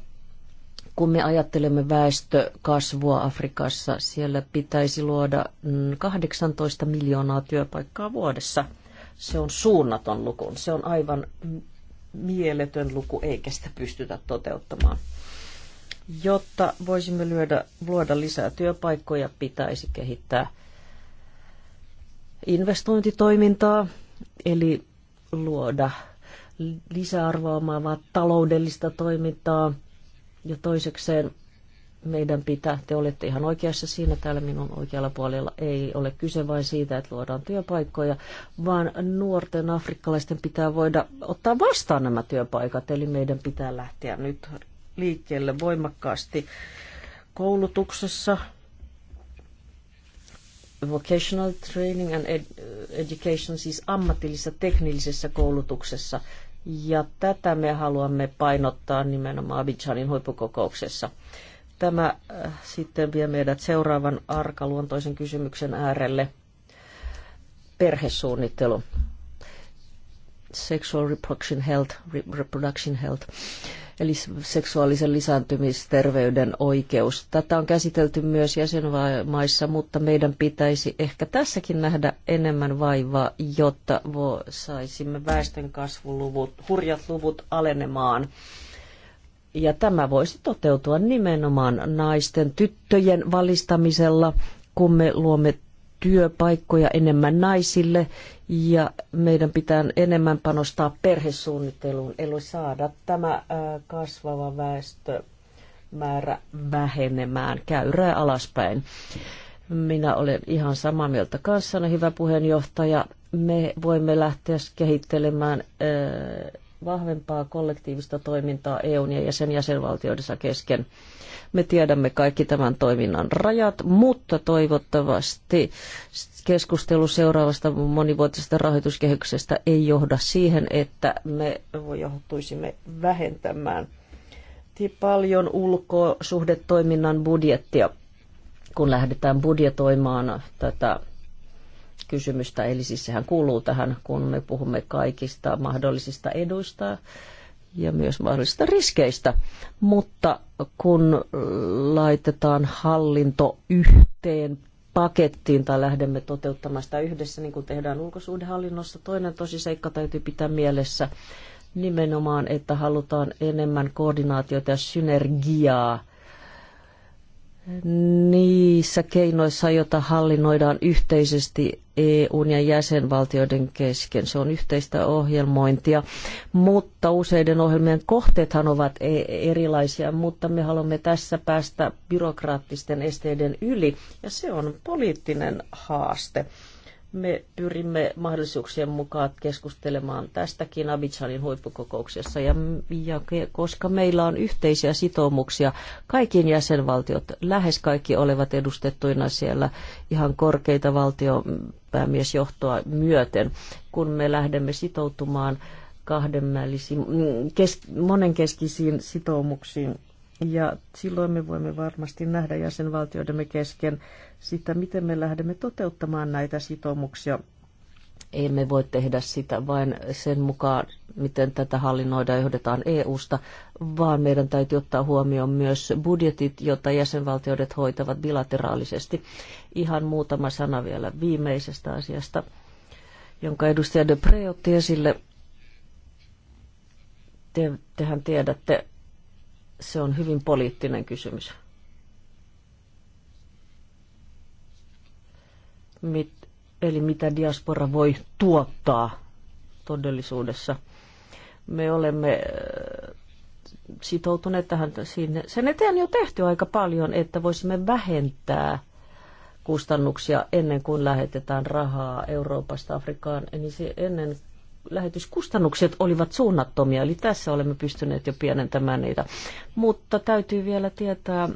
kun me ajattelemme väestökasvua Afrikassa, siellä pitäisi luoda 18 mm, miljoonaa työpaikkaa vuodessa. Se on suunnaton luku, se on aivan mieletön luku, eikä sitä pystytä toteuttamaan. Jotta voisimme lyödä, luoda lisää työpaikkoja, pitäisi kehittää investointitoimintaa, eli luoda lisäarvoamaa taloudellista toimintaa. Ja toisekseen meidän pitää, te olette ihan oikeassa siinä, täällä minun oikealla puolella ei ole kyse vain siitä, että luodaan työpaikkoja, vaan nuorten afrikkalaisten pitää voida ottaa vastaan nämä työpaikat, eli meidän pitää lähteä nyt liikkeelle voimakkaasti koulutuksessa, vocational training and ed- education, siis ammatillisessa teknillisessä koulutuksessa. Ja tätä me haluamme painottaa nimenomaan Abidjanin huippukokouksessa. Tämä äh, sitten vie meidät seuraavan arkaluontoisen kysymyksen äärelle. Perhesuunnittelu. Sexual reproduction health. Re- reproduction health. Äh, eli seksuaalisen lisääntymisterveyden oikeus. Tätä on käsitelty myös jäsenmaissa, mutta meidän pitäisi ehkä tässäkin nähdä enemmän vaivaa, jotta saisimme väestön kasvuluvut, hurjat luvut alenemaan. Ja tämä voisi toteutua nimenomaan naisten, tyttöjen valistamisella, kun me luomme työpaikkoja enemmän naisille ja meidän pitää enemmän panostaa perhesuunnitteluun, eli saada tämä äh, kasvava väestömäärä vähenemään, käyrää alaspäin. Minä olen ihan samaa mieltä kanssanne, hyvä puheenjohtaja. Me voimme lähteä kehittelemään äh, vahvempaa kollektiivista toimintaa EUn ja sen jäsenvaltioidensa kesken. Me tiedämme kaikki tämän toiminnan rajat, mutta toivottavasti keskustelu seuraavasta monivuotisesta rahoituskehyksestä ei johda siihen, että me johtuisimme vähentämään paljon ulkosuhdetoiminnan budjettia, kun lähdetään budjetoimaan tätä kysymystä. Eli siis sehän kuuluu tähän, kun me puhumme kaikista mahdollisista eduista ja myös mahdollisista riskeistä. Mutta kun laitetaan hallinto yhteen pakettiin tai lähdemme toteuttamaan sitä yhdessä, niin kuin tehdään ulkosuhdehallinnossa, toinen tosi seikka täytyy pitää mielessä nimenomaan, että halutaan enemmän koordinaatiota ja synergiaa niissä keinoissa, joita hallinnoidaan yhteisesti EUn ja jäsenvaltioiden kesken. Se on yhteistä ohjelmointia, mutta useiden ohjelmien kohteethan ovat e- erilaisia, mutta me haluamme tässä päästä byrokraattisten esteiden yli, ja se on poliittinen haaste. Me pyrimme mahdollisuuksien mukaan keskustelemaan tästäkin Abidjanin huippukokouksessa, ja, ja koska meillä on yhteisiä sitoumuksia, kaikkiin jäsenvaltiot, lähes kaikki olevat edustettuina siellä ihan korkeita valtiopäämiesjohtoa myöten, kun me lähdemme sitoutumaan kahdenvälisiin, mm, kes, monenkeskisiin sitoumuksiin ja silloin me voimme varmasti nähdä jäsenvaltioidemme kesken sitä, miten me lähdemme toteuttamaan näitä sitoumuksia. me voi tehdä sitä vain sen mukaan, miten tätä hallinnoidaan ja johdetaan EU-sta, vaan meidän täytyy ottaa huomioon myös budjetit, joita jäsenvaltioidet hoitavat bilateraalisesti. Ihan muutama sana vielä viimeisestä asiasta, jonka edustaja De Pre otti esille. Te, tehän tiedätte, se on hyvin poliittinen kysymys. Mit, eli mitä diaspora voi tuottaa todellisuudessa. Me olemme äh, sitoutuneet tähän sinne. Sen eteen jo tehty aika paljon, että voisimme vähentää kustannuksia ennen kuin lähetetään rahaa Euroopasta Afrikaan. Eli ennen lähetyskustannukset olivat suunnattomia, eli tässä olemme pystyneet jo pienentämään niitä. Mutta täytyy vielä tietää,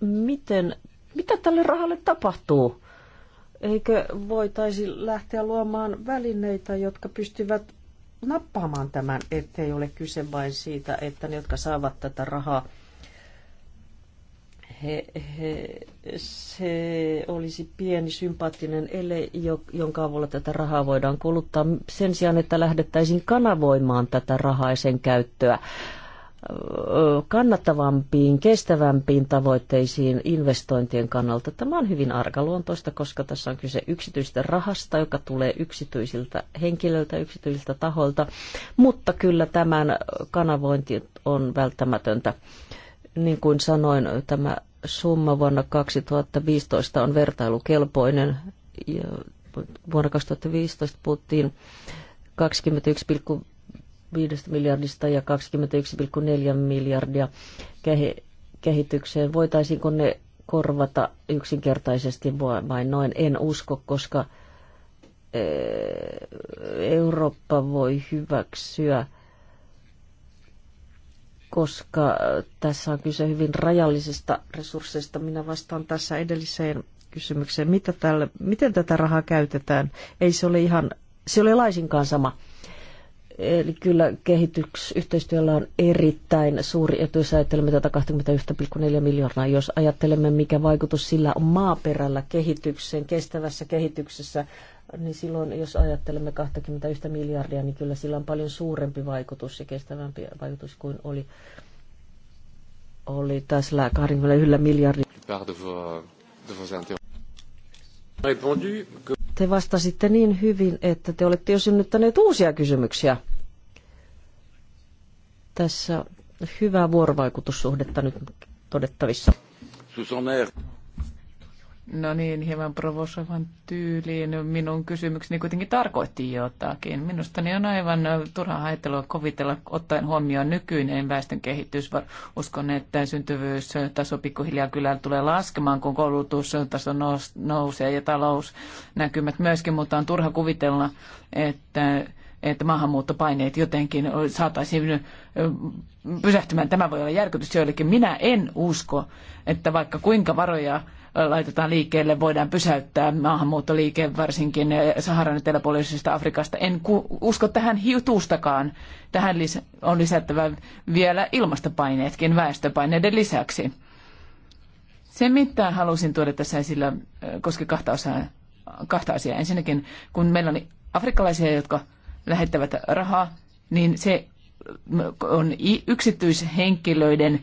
miten, mitä tälle rahalle tapahtuu. Eikö voitaisi lähteä luomaan välineitä, jotka pystyvät nappaamaan tämän, ettei ole kyse vain siitä, että ne, jotka saavat tätä rahaa, he, he, se olisi pieni sympaattinen ele, jonka avulla tätä rahaa voidaan kuluttaa. Sen sijaan, että lähdettäisiin kanavoimaan tätä rahaisen käyttöä kannattavampiin, kestävämpiin tavoitteisiin investointien kannalta. Tämä on hyvin arkaluontoista, koska tässä on kyse yksityistä rahasta, joka tulee yksityisiltä henkilöiltä, yksityisiltä tahoilta, mutta kyllä tämän kanavointi on välttämätöntä. Niin kuin sanoin, tämä summa vuonna 2015 on vertailukelpoinen. Ja vuonna 2015 puhuttiin 21,5 miljardista ja 21,4 miljardia kehitykseen. Voitaisiinko ne korvata yksinkertaisesti vain noin? En usko, koska eh, Eurooppa voi hyväksyä – koska tässä on kyse hyvin rajallisista resursseista. Minä vastaan tässä edelliseen kysymykseen, mitä tälle, miten tätä rahaa käytetään. Ei se ole ihan, se ole laisinkaan sama. Eli kyllä kehitysyhteistyöllä on erittäin suuri etu, jos ajattelemme tätä 21,4 miljoonaa, jos ajattelemme, mikä vaikutus sillä on maaperällä kehitykseen, kestävässä kehityksessä, niin silloin jos ajattelemme 21 miljardia, niin kyllä sillä on paljon suurempi vaikutus ja kestävämpi vaikutus kuin oli, oli tässä 21 miljardia. Te vastasitte niin hyvin, että te olette jo synnyttäneet uusia kysymyksiä. Tässä hyvää vuorovaikutussuhdetta nyt todettavissa. No niin, hieman provosoivan tyyliin. Minun kysymykseni kuitenkin tarkoitti jotakin. Minusta ne on aivan turha haittelua kovitella ottaen huomioon nykyinen väestön kehitys. Uskon, että syntyvyystaso pikkuhiljaa kyllä tulee laskemaan, kun koulutustaso nousee ja talousnäkymät myöskin, mutta on turha kuvitella, että että maahanmuuttopaineet jotenkin saataisiin pysähtymään. Tämä voi olla järkytys joillekin. Minä en usko, että vaikka kuinka varoja laitetaan liikkeelle, voidaan pysäyttää maahanmuuttoliike varsinkin Saharan eteläpuolisesta Afrikasta. En usko tähän hiutuustakaan. Tähän on lisättävä vielä ilmastopaineetkin väestöpaineiden lisäksi. Se, mitä halusin tuoda tässä esillä, äh, koski kahta, osaa, kahta asiaa. Ensinnäkin, kun meillä on afrikkalaisia, jotka lähettävät rahaa, niin se äh, on yksityishenkilöiden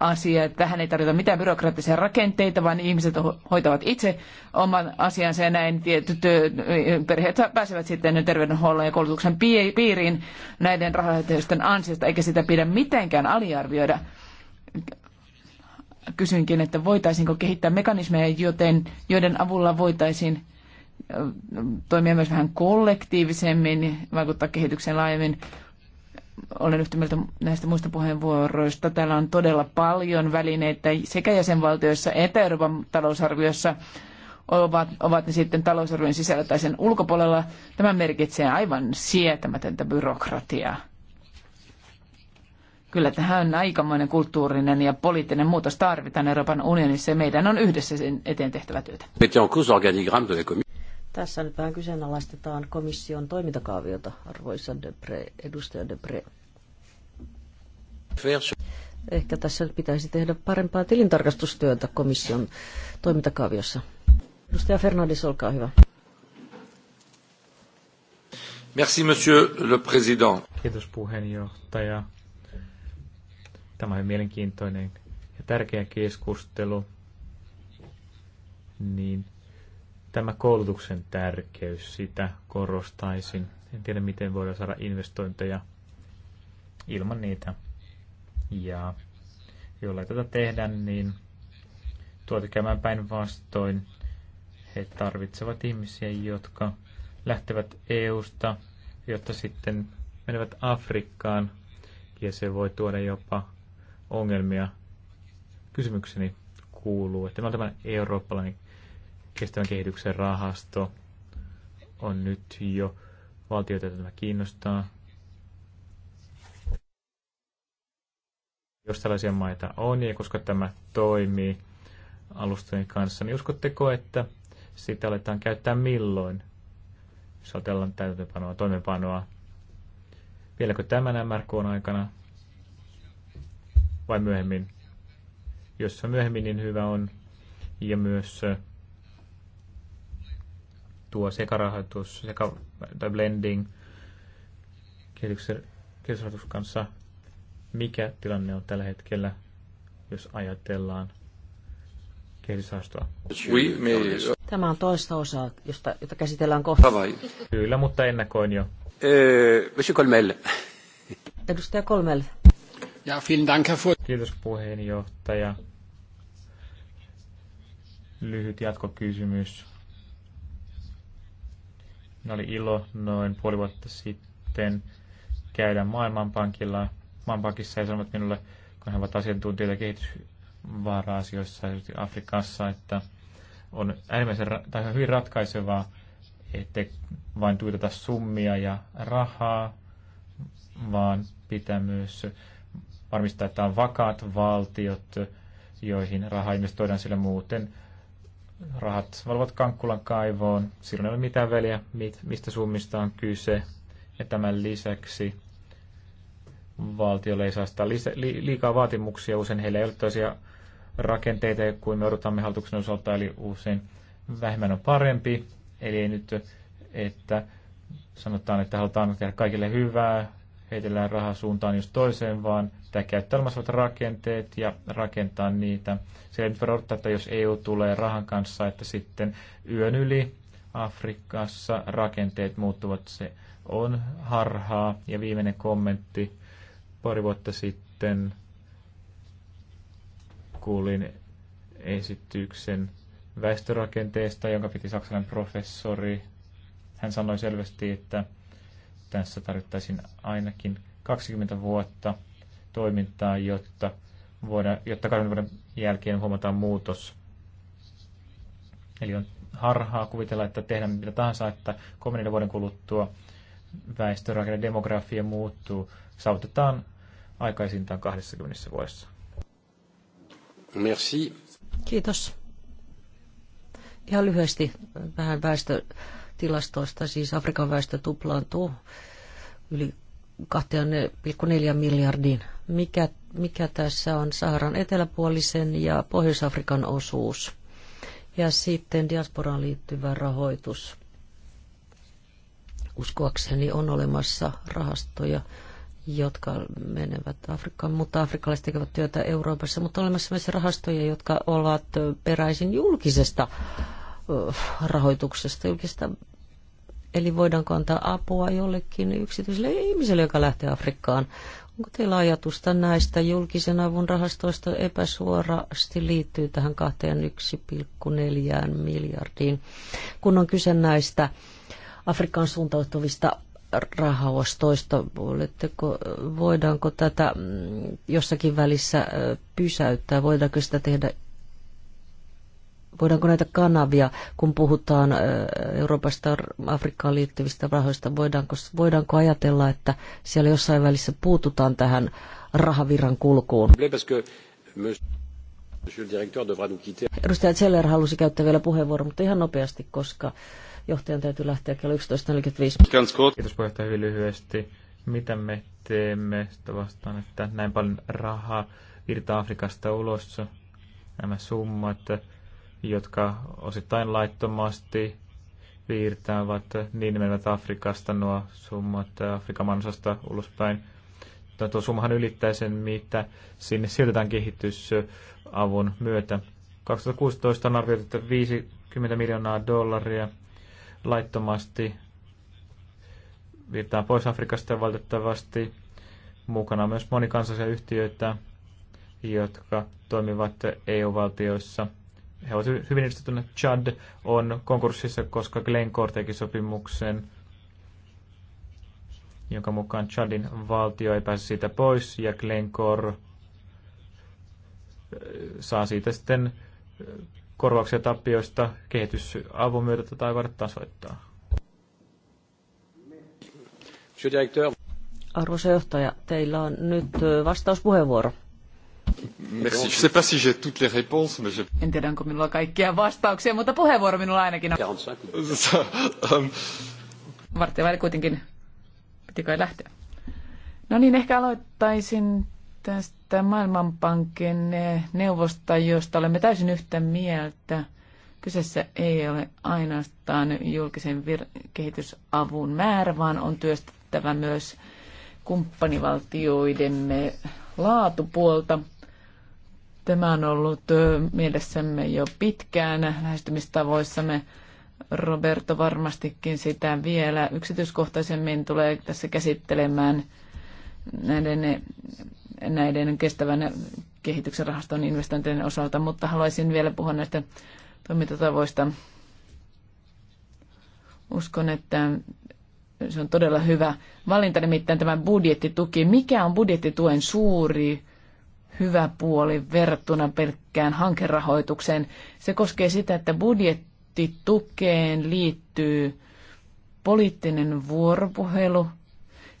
asia. Tähän ei tarvita mitään byrokraattisia rakenteita, vaan ihmiset hoitavat itse oman asiansa ja näin tietyt perheet pääsevät sitten terveydenhuollon ja koulutuksen piiriin näiden rahoitusten ansiosta, eikä sitä pidä mitenkään aliarvioida. Kysynkin, että voitaisiinko kehittää mekanismeja, joten, joiden avulla voitaisiin toimia myös vähän kollektiivisemmin, vaikuttaa kehitykseen laajemmin olen yhtä mieltä näistä muista puheenvuoroista. Täällä on todella paljon välineitä sekä jäsenvaltioissa että Euroopan talousarviossa, ovat, ovat ne sitten talousarvion sisällä tai sen ulkopuolella. Tämä merkitsee aivan sietämätöntä byrokratiaa. Kyllä tähän on aikamoinen kulttuurinen ja poliittinen muutos tarvitaan Euroopan unionissa ja meidän on yhdessä sen eteen tehtävä työtä. Tässä nyt vähän kyseenalaistetaan komission toimintakaaviota, arvoisa Depre, edustaja Depre. Ehkä tässä pitäisi tehdä parempaa tilintarkastustyötä komission toimintakaaviossa. Edustaja Fernandes, olkaa hyvä. Merci, monsieur le président. Kiitos puheenjohtaja. Tämä on mielenkiintoinen ja tärkeä keskustelu. Niin Tämä koulutuksen tärkeys, sitä korostaisin. En tiedä, miten voidaan saada investointeja ilman niitä. Ja jolla tätä tehdään, niin tuota käymään päinvastoin. He tarvitsevat ihmisiä, jotka lähtevät EU-sta, jotta sitten menevät Afrikkaan, ja se voi tuoda jopa ongelmia. Kysymykseni kuuluu, että tämä on tämä eurooppalainen kestävän kehityksen rahasto on nyt jo valtioita, joita tämä kiinnostaa. Jos tällaisia maita on ja koska tämä toimii alustojen kanssa, niin uskotteko, että sitä aletaan käyttää milloin? Jos ajatellaan täytäntöpanoa, toimenpanoa. Vieläkö tämän MRK on aikana vai myöhemmin? Jos se on myöhemmin, niin hyvä on. Ja myös tuo sekarahoitus seka, tai blending kehitysrahoitus kanssa, mikä tilanne on tällä hetkellä, jos ajatellaan kehitysrahastoa? Tämä on toista osaa, josta, jota käsitellään kohta. Ah, Kyllä, mutta ennakoin jo. Eh, Edustaja Kolmel. Ja, vielen Dank, Herr Kiitos puheenjohtaja. Lyhyt jatkokysymys minä oli ilo noin puoli vuotta sitten käydä Maailmanpankilla, Maailmanpankissa ja sanovat minulle, kun he ovat asiantuntijoita kehitysvaara-asioissa Afrikassa, että on äärimmäisen tai hyvin ratkaisevaa, ettei vain tuiteta summia ja rahaa, vaan pitää myös varmistaa, että on vakaat valtiot, joihin rahaa investoidaan, sillä muuten rahat valuvat Kankkulan kaivoon. Silloin ei ole mitään väliä, mistä summista on kyse. Ja tämän lisäksi valtiolle ei saa sitä liikaa vaatimuksia. Usein heillä ei ole toisia rakenteita kuin me odotamme hallituksen osalta, eli usein vähemmän on parempi. Eli ei nyt, että sanotaan, että halutaan tehdä kaikille hyvää, heitellään rahaa suuntaan jos toiseen, vaan pitää käyttää olemassa rakenteet ja rakentaa niitä. Se ei nyt voida odottaa, että jos EU tulee rahan kanssa, että sitten yön yli Afrikassa rakenteet muuttuvat. Se on harhaa. Ja viimeinen kommentti. Pari vuotta sitten kuulin esityksen väestörakenteesta, jonka piti saksalainen professori. Hän sanoi selvästi, että tässä tarvittaisiin ainakin 20 vuotta toimintaa, jotta, voida, jotta 20 vuoden jälkeen huomataan muutos. Eli on harhaa kuvitella, että tehdään mitä tahansa, että 30 vuoden kuluttua väestörakenne, demografia muuttuu. Saavutetaan aikaisintaan 20 vuodessa. Merci. Kiitos. Ihan lyhyesti vähän väestötilastoista, siis Afrikan väestö tuplaantuu yli 2,4 miljardiin. Mikä, mikä tässä on Saharan eteläpuolisen ja Pohjois-Afrikan osuus? Ja sitten diasporaan liittyvä rahoitus. Uskoakseni on olemassa rahastoja, jotka menevät Afrikkaan, mutta afrikkalaiset tekevät työtä Euroopassa, mutta on olemassa myös rahastoja, jotka ovat peräisin julkisesta Öh, rahoituksesta julkista. Eli voidaanko antaa apua jollekin yksityiselle ihmiselle, joka lähtee Afrikkaan? Onko teillä ajatusta näistä julkisen avun rahastoista epäsuorasti liittyy tähän 21,4 miljardiin, kun on kyse näistä Afrikan suuntautuvista rahaostoista, oletteko, voidaanko tätä mm, jossakin välissä pysäyttää, voidaanko sitä tehdä voidaanko näitä kanavia, kun puhutaan Euroopasta Afrikkaan liittyvistä rahoista, voidaanko, voidaanko ajatella, että siellä jossain välissä puututaan tähän rahavirran kulkuun? Edustaja Zeller halusi käyttää vielä puheenvuoron, mutta ihan nopeasti, koska johtajan täytyy lähteä kello 11.45. Kiitos puheenjohtaja hyvin lyhyesti. Mitä me teemme sitä vastaan, että näin paljon rahaa virtaa Afrikasta ulos, nämä summat, jotka osittain laittomasti viirtävät, niin menevät Afrikasta nuo summat äh, Afrikan mansasta ulospäin. No, tuo summahan ylittää sen, mitä sinne sijoitetaan kehitysavun myötä. 2016 on arvioitu, että 50 miljoonaa dollaria laittomasti virtaa pois Afrikasta ja valitettavasti mukana on myös monikansallisia yhtiöitä, jotka toimivat EU-valtioissa – he ovat hyvin edustettuna. Chad on konkurssissa, koska Glencore teki sopimuksen, jonka mukaan Chadin valtio ei pääse siitä pois ja Glencore äh, saa siitä sitten äh, korvauksia tappioista kehitysavun myötä tätä ei voida tasoittaa. Arvoisa johtaja, teillä on nyt äh, vastauspuheenvuoro. Merci. Je sais pas si j'ai toutes les réponses, mais En tiedä, onko minulla kaikkia vastauksia, mutta puheenvuoro minulla ainakin on. Euh, Vartija väli kuitenkin piti kai lähteä. No niin, ehkä aloittaisin tästä Maailmanpankin eh, neuvosta, josta olemme täysin yhtä mieltä. Kyseessä ei ole ainoastaan julkisen kehitysavun määrä, vaan on työstettävä myös kumppanivaltioidemme laatupuolta – Tämä on ollut mielessämme jo pitkään lähestymistavoissamme. Roberto varmastikin sitä vielä yksityiskohtaisemmin tulee tässä käsittelemään näiden, näiden kestävän kehityksen rahaston investointien osalta, mutta haluaisin vielä puhua näistä toimintatavoista. Uskon, että se on todella hyvä valinta, nimittäin tämä budjettituki. Mikä on budjettituen suuri hyvä puoli verrattuna pelkkään hankerahoitukseen. Se koskee sitä, että budjettitukeen liittyy poliittinen vuoropuhelu.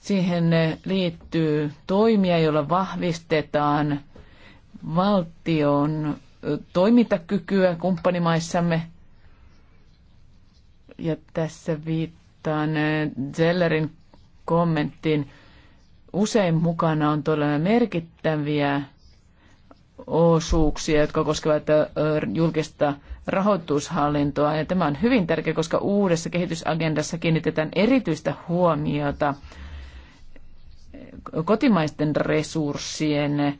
Siihen liittyy toimia, joilla vahvistetaan valtion toimintakykyä kumppanimaissamme. Ja tässä viittaan Zellerin kommenttiin. Usein mukana on todella merkittäviä osuuksia, jotka koskevat julkista rahoitushallintoa. Ja tämä on hyvin tärkeä, koska uudessa kehitysagendassa kiinnitetään erityistä huomiota kotimaisten resurssien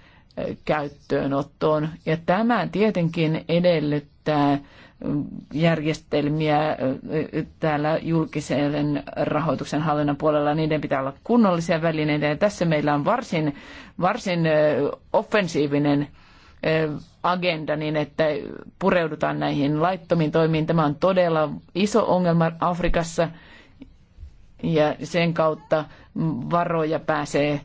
käyttöönottoon. Ja tämä tietenkin edellyttää järjestelmiä täällä julkisen rahoituksen hallinnan puolella. Niiden pitää olla kunnollisia välineitä. Ja tässä meillä on varsin, varsin offensiivinen agenda niin, että pureudutaan näihin laittomiin toimiin. Tämä on todella iso ongelma Afrikassa ja sen kautta varoja pääsee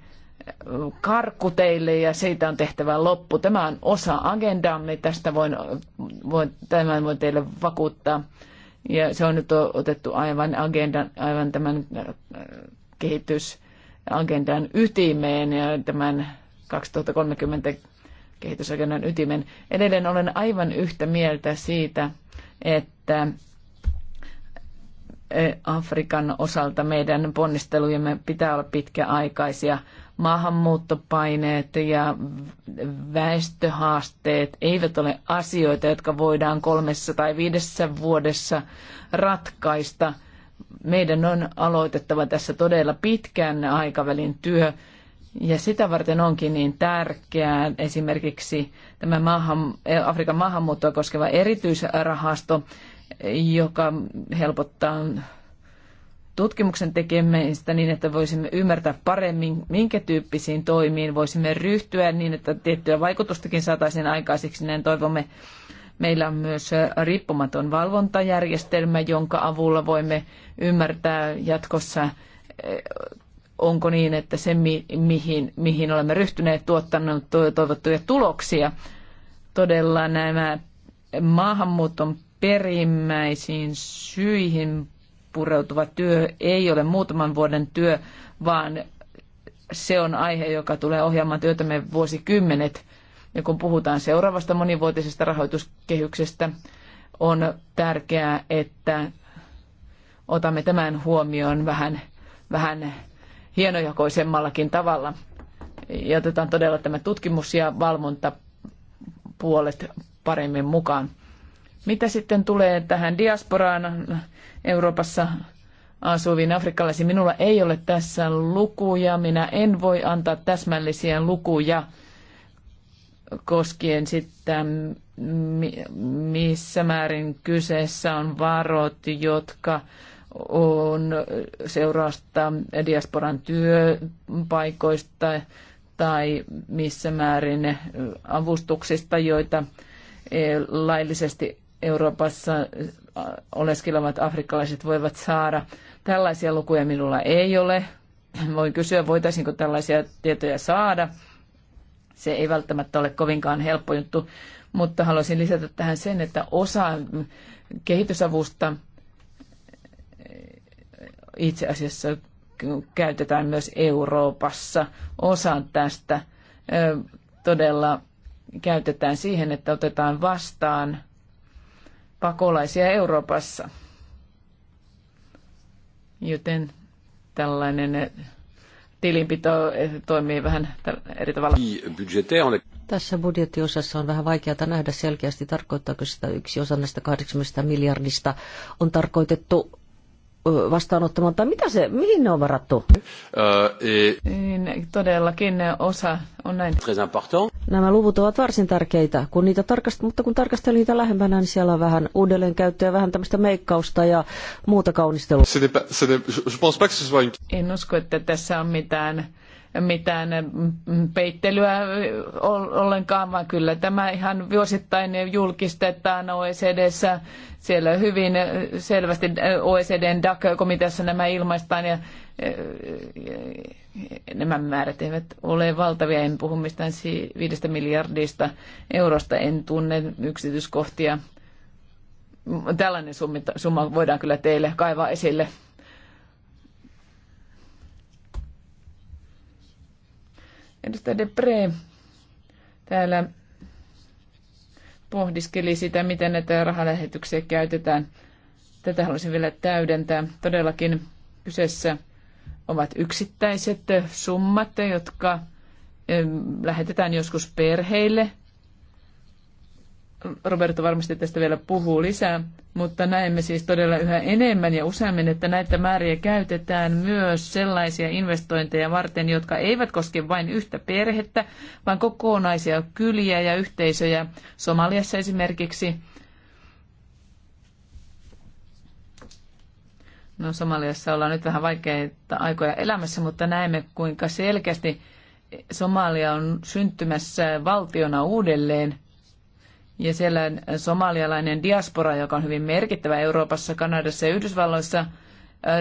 karkkuteille ja siitä on tehtävä loppu. Tämä on osa agendaamme, tästä voin, voin, tämän voin teille vakuuttaa. Ja se on nyt otettu aivan, agendan, aivan tämän äh, kehitysagendan ytimeen ja tämän 2030 kehitysagendan ytimen. Edelleen olen aivan yhtä mieltä siitä, että e, Afrikan osalta meidän ponnistelujemme pitää olla pitkäaikaisia. Maahanmuuttopaineet ja väestöhaasteet eivät ole asioita, jotka voidaan kolmessa tai viidessä vuodessa ratkaista. Meidän on aloitettava tässä todella pitkän aikavälin työ ja sitä varten onkin niin tärkeää esimerkiksi tämä maahan, Afrikan maahanmuuttoa koskeva erityisrahasto, joka helpottaa tutkimuksen tekemistä niin, että voisimme ymmärtää paremmin, minkä tyyppisiin toimiin voisimme ryhtyä niin, että tiettyä vaikutustakin saataisiin aikaiseksi. Näin toivomme. Meillä on myös riippumaton valvontajärjestelmä, jonka avulla voimme ymmärtää jatkossa onko niin, että se mi- mihin, mihin olemme ryhtyneet to- toivottuja tuloksia, todella nämä maahanmuuton perimmäisiin syihin pureutuva työ ei ole muutaman vuoden työ, vaan se on aihe, joka tulee ohjaamaan työtämme vuosikymmenet. Ja kun puhutaan seuraavasta monivuotisesta rahoituskehyksestä, on tärkeää, että otamme tämän huomioon vähän, vähän hienojakoisemmallakin tavalla. Ja otetaan todella tämä tutkimus- ja valvontapuolet paremmin mukaan. Mitä sitten tulee tähän diasporaan Euroopassa asuviin afrikkalaisiin? Minulla ei ole tässä lukuja. Minä en voi antaa täsmällisiä lukuja koskien sitten, missä määrin kyseessä on varot, jotka on seurausta diasporan työpaikoista tai missä määrin avustuksista, joita e, laillisesti Euroopassa oleskelevat afrikkalaiset voivat saada. Tällaisia lukuja minulla ei ole. Voin kysyä, voitaisiinko tällaisia tietoja saada. Se ei välttämättä ole kovinkaan helppo juttu, mutta haluaisin lisätä tähän sen, että osa kehitysavusta – itse asiassa käytetään myös Euroopassa. Osa tästä todella käytetään siihen, että otetaan vastaan pakolaisia Euroopassa. Joten tällainen tilinpito eh, toimii vähän eri tavalla. Tässä budjettiosassa on vähän vaikeaa nähdä selkeästi, tarkoittaako sitä yksi osa näistä 80 miljardista on tarkoitettu vastaanottamaan, tai mitä se, mihin ne on varattu? E- niin, todellakin ne osa on näin. Nämä luvut ovat varsin tärkeitä, kun niitä tarkast- mutta kun tarkastelin niitä lähempänä, niin siellä on vähän uudelleenkäyttöä, vähän tämmöistä meikkausta ja muuta kaunistelua. En usko, että tässä on mitään mitään peittelyä ollenkaan, vaan kyllä tämä ihan vuosittain julkistetaan OECDssä. Siellä hyvin selvästi OECDn DAC-komiteassa nämä ilmaistaan ja nämä määrät eivät ole valtavia. En puhu mistään viidestä miljardista eurosta, en tunne yksityiskohtia. Tällainen summa voidaan kyllä teille kaivaa esille. Edustaja Depre täällä pohdiskeli sitä, miten näitä rahalähetyksiä käytetään. Tätä haluaisin vielä täydentää. Todellakin kyseessä ovat yksittäiset summat, jotka lähetetään joskus perheille – Roberto varmasti tästä vielä puhuu lisää, mutta näemme siis todella yhä enemmän ja useammin, että näitä määriä käytetään myös sellaisia investointeja varten, jotka eivät koske vain yhtä perhettä, vaan kokonaisia kyliä ja yhteisöjä. Somaliassa esimerkiksi. No Somaliassa ollaan nyt vähän vaikeita aikoja elämässä, mutta näemme kuinka selkeästi Somalia on syntymässä valtiona uudelleen – ja siellä somalialainen diaspora, joka on hyvin merkittävä Euroopassa, Kanadassa ja Yhdysvalloissa,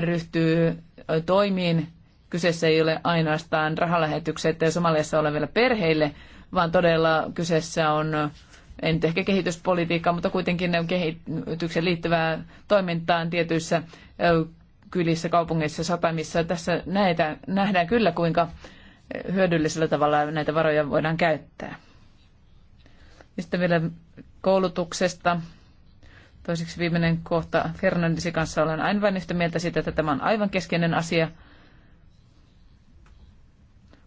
ryhtyy toimiin. Kyseessä ei ole ainoastaan rahalähetykset Somaliassa oleville perheille, vaan todella kyseessä on en ehkä kehityspolitiikkaa, mutta kuitenkin kehitykseen liittyvää toimintaan tietyissä kylissä, kaupungeissa, satamissa. Tässä näitä, nähdään kyllä, kuinka hyödyllisellä tavalla näitä varoja voidaan käyttää. Ja sitten vielä koulutuksesta. Toiseksi viimeinen kohta. Fernandisi kanssa olen aivan yhtä mieltä siitä, että tämä on aivan keskeinen asia.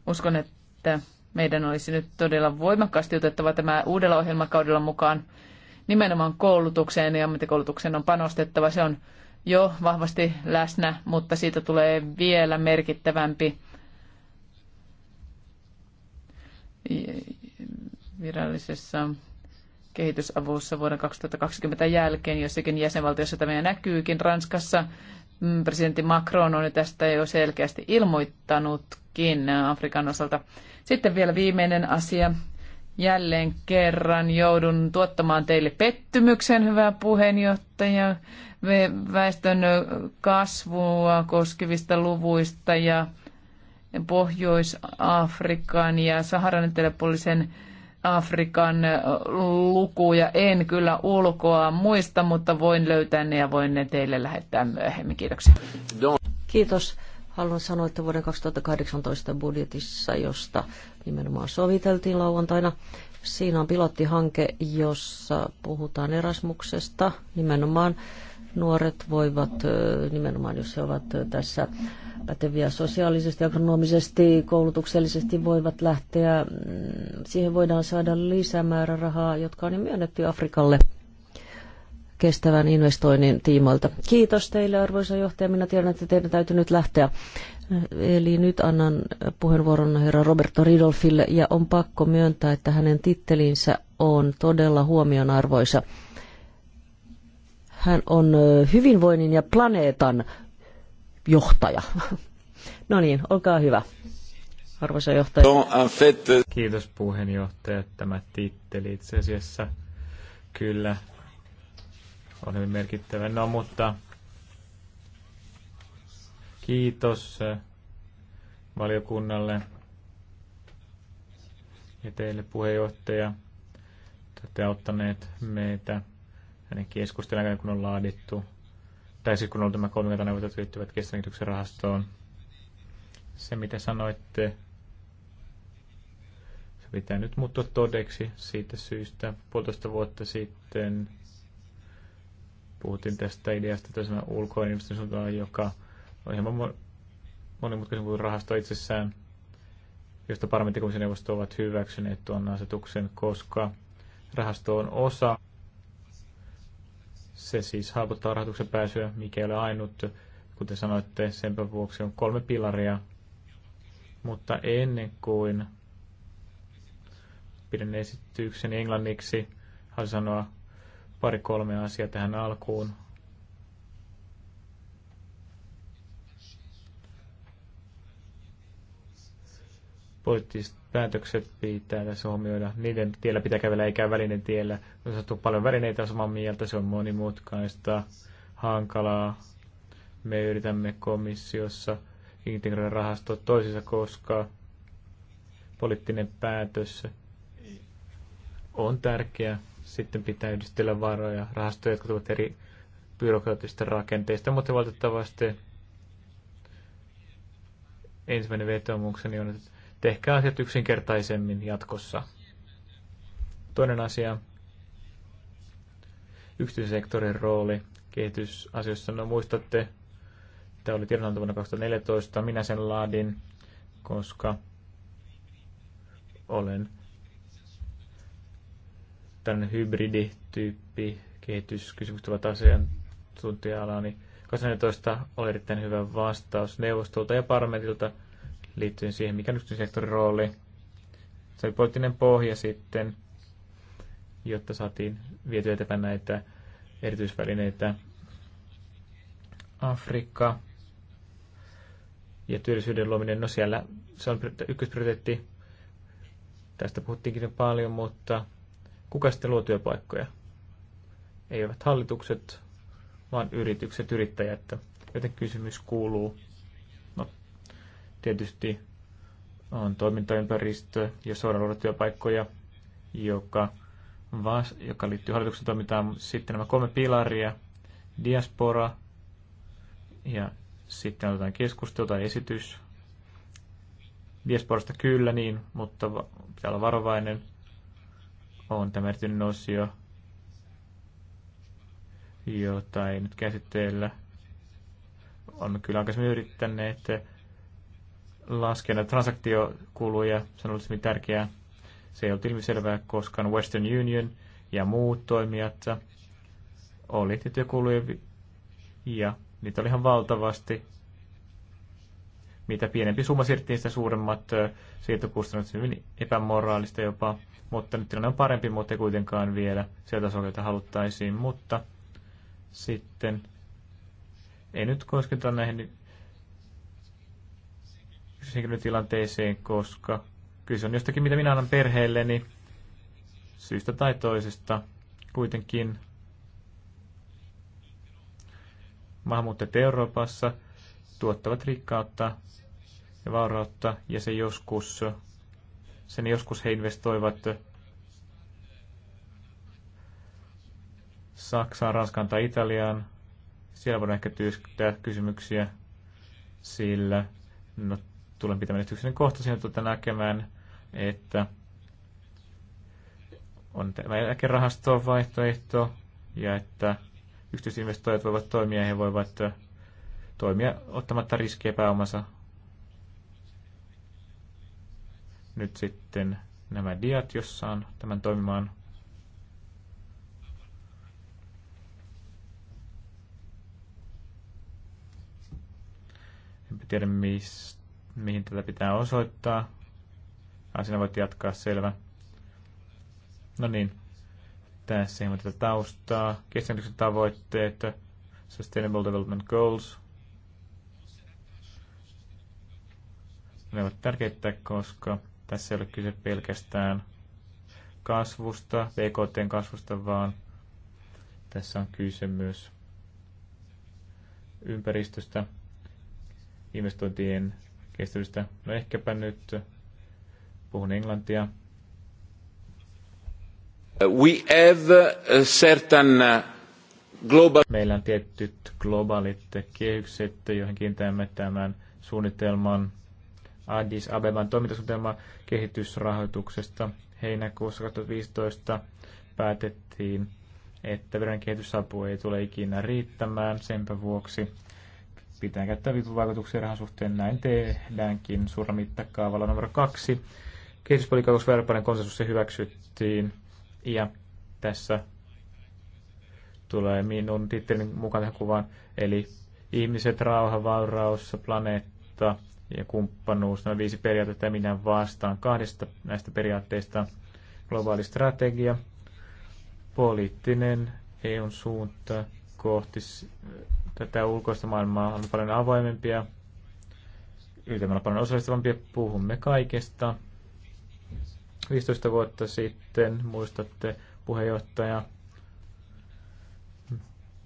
Uskon, että meidän olisi nyt todella voimakkaasti otettava tämä uudella ohjelmakaudella mukaan nimenomaan koulutukseen ja ammattikoulutukseen on panostettava. Se on jo vahvasti läsnä, mutta siitä tulee vielä merkittävämpi virallisessa kehitysavussa vuoden 2020 jälkeen jossakin jäsenvaltiossa tämä näkyykin. Ranskassa mm, presidentti Macron on tästä jo selkeästi ilmoittanutkin Afrikan osalta. Sitten vielä viimeinen asia. Jälleen kerran joudun tuottamaan teille pettymyksen, hyvä puheenjohtaja, väestön kasvua koskevista luvuista ja Pohjois-Afrikan ja Saharan eteläpuolisen Afrikan lukuja en kyllä ulkoa muista, mutta voin löytää ne ja voin ne teille lähettää myöhemmin. Kiitoksia. Kiitos. Haluan sanoa, että vuoden 2018 budjetissa, josta nimenomaan soviteltiin lauantaina, siinä on pilottihanke, jossa puhutaan Erasmuksesta nimenomaan nuoret voivat nimenomaan, jos he ovat tässä päteviä sosiaalisesti, agronomisesti, koulutuksellisesti voivat lähteä. Mm, siihen voidaan saada lisämäärärahaa, jotka on myönnetty Afrikalle kestävän investoinnin tiimoilta. Kiitos teille, arvoisa johtaja. Minä tiedän, että teidän täytyy nyt lähteä. Eli nyt annan puheenvuoron herra Roberto Ridolfille ja on pakko myöntää, että hänen tittelinsä on todella huomionarvoisa. Hän on hyvinvoinnin ja planeetan johtaja. No niin, olkaa hyvä, arvoisa johtaja. Euh, kiitos puheenjohtaja, tämä titteli itse asiassa kyllä on hyvin merkittävä. No mutta kiitos valiokunnalle ja teille puheenjohtaja. Te olette auttaneet meitä hänen keskustelun kun on laadittu, tai siis kun on ollut tämä kolmikantaneuvottelut liittyvät kestävän rahastoon. Se, mitä sanoitte, se pitää nyt muuttua todeksi siitä syystä. Puolitoista vuotta sitten puhuttiin tästä ideasta, että tämä ulkoinen joka on hieman monimutkaisempi kuin rahasto itsessään, josta parlamenttikomission neuvosto ovat hyväksyneet tuon asetuksen, koska rahasto on osa se siis helpottaa rahoituksen pääsyä, mikä ei ole ainut, kuten sanoitte, sen vuoksi on kolme pilaria. Mutta ennen kuin pidän esityksen englanniksi, haluan sanoa pari kolme asiaa tähän alkuun. poliittiset päätökset pitää tässä huomioida. Niiden tiellä pitää kävellä eikä välinen tiellä. On saatu paljon välineitä samaa mieltä, se on monimutkaista, hankalaa. Me yritämme komissiossa integroida rahastot toisissa, koska poliittinen päätös on tärkeä. Sitten pitää yhdistellä varoja, rahastoja, jotka tulevat eri byrokraattisista rakenteista, mutta valitettavasti ensimmäinen vetomukseni on, että Tehkää asiat yksinkertaisemmin jatkossa. Toinen asia, yksityissektorin rooli kehitysasioissa. No muistatte, tämä oli tiedonanto vuonna 2014, minä sen laadin, koska olen tämän hybridityyppi, kehityskysymykset ovat asiantuntija-alani. 2014 oli erittäin hyvä vastaus neuvostolta ja parlamentilta – liittyen siihen, mikä yksityisen sektorin rooli. Se oli poliittinen pohja sitten, jotta saatiin vietyä eteenpäin näitä erityisvälineitä. Afrikka ja työllisyyden luominen, no siellä se on ykkösprioriteetti. Tästä puhuttiinkin jo paljon, mutta kuka sitten luo työpaikkoja? Eivät hallitukset, vaan yritykset, yrittäjät. Joten kysymys kuuluu, Tietysti on toimintaympäristö, ja suoraan luoda työpaikkoja, joka, vas, joka liittyy hallituksen toimintaan. Sitten nämä kolme pilaria, diaspora ja sitten otetaan keskustelu tai esitys. Diasporasta kyllä niin, mutta pitää olla varovainen. On tämä erityinen osio, jota ei nyt käsitellä. Olemme kyllä aikaisemmin yrittäneet laskea näitä transaktiokuluja. Se on ollut hyvin tärkeää. Se ei ollut ilmiselvää, koska Western Union ja muut toimijat oli tiettyjä kuluja ja niitä oli ihan valtavasti. Mitä pienempi summa siirrettiin, sitä suuremmat siirtokustannukset, hyvin epämoraalista jopa. Mutta nyt tilanne on parempi, mutta ei kuitenkaan vielä sieltä tasolla, jota haluttaisiin. Mutta sitten ei nyt kosketa näihin nykytilanteeseen, koska se on jostakin, mitä minä annan perheelleni syystä tai toisesta. Kuitenkin maahanmuuttajat Euroopassa tuottavat rikkautta ja vaurautta, ja se joskus, sen joskus he investoivat Saksaan, Ranskaan tai Italiaan. Siellä voidaan ehkä työskentää kysymyksiä, sillä no, tulen pitämään esityksen kohta sinne tuota näkemään, että on tämä eläkerahastoon vaihtoehto ja että yksityisinvestoijat voivat toimia ja he voivat äh, toimia ottamatta riskejä pääomansa. Nyt sitten nämä diat, jossa on tämän toimimaan. En tiedä mistä mihin tätä pitää osoittaa. Asina voit jatkaa, selvä. No niin, tässä ei tätä taustaa. Kestävyyden tavoitteet, Sustainable Development Goals. Ne ovat tärkeitä, koska tässä ei ole kyse pelkästään kasvusta, BKTn kasvusta, vaan tässä on kyse myös ympäristöstä, investointien kestävyystä. No ehkäpä nyt puhun englantia. We have certain uh, global... Meillä on tietyt globaalit kehykset, joihin kiinnitämme tämän suunnitelman Addis Abeban toimintasuunnitelma kehitysrahoituksesta heinäkuussa 2015 päätettiin, että verran kehitysapu ei tule ikinä riittämään senpä vuoksi pitää käyttää vipuvaikutuksia rahan suhteen. Näin tehdäänkin suurella mittakaavalla. Numero kaksi. Kehityspolitiikkaus verpainen konsensus se hyväksyttiin. Ja tässä tulee minun tittelin mukaan tähän kuvaan. Eli ihmiset, rauha, vauraus, planeetta ja kumppanuus. Nämä viisi periaatetta minä vastaan kahdesta näistä periaatteista. Globaali strategia, poliittinen EUn suunta kohti tätä ulkoista maailmaa on paljon avoimempia, yltämällä paljon osallistavampia, puhumme kaikesta. 15 vuotta sitten, muistatte puheenjohtaja,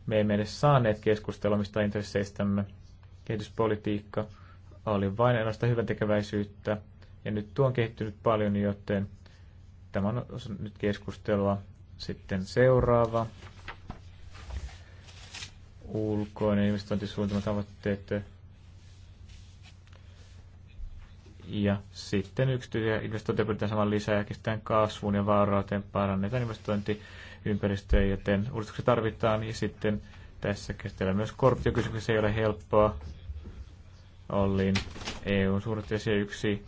me emme edes saaneet keskustella omista intresseistämme. Kehityspolitiikka oli vain ainoastaan hyvän tekeväisyyttä, ja nyt tuo on kehittynyt paljon, joten tämä on nyt keskustelua. Sitten seuraava ulkoinen investointisuunnitelma tavoitteet ja sitten yksityisiä investointeja pyritään saman lisää ja kestään kasvuun ja vaurauteen parannetaan investointiympäristöä, joten uudistuksia tarvitaan ja sitten tässä käsitellään myös korruptiokysymys, ei ole helppoa. Ollin EUn suurteisia yksi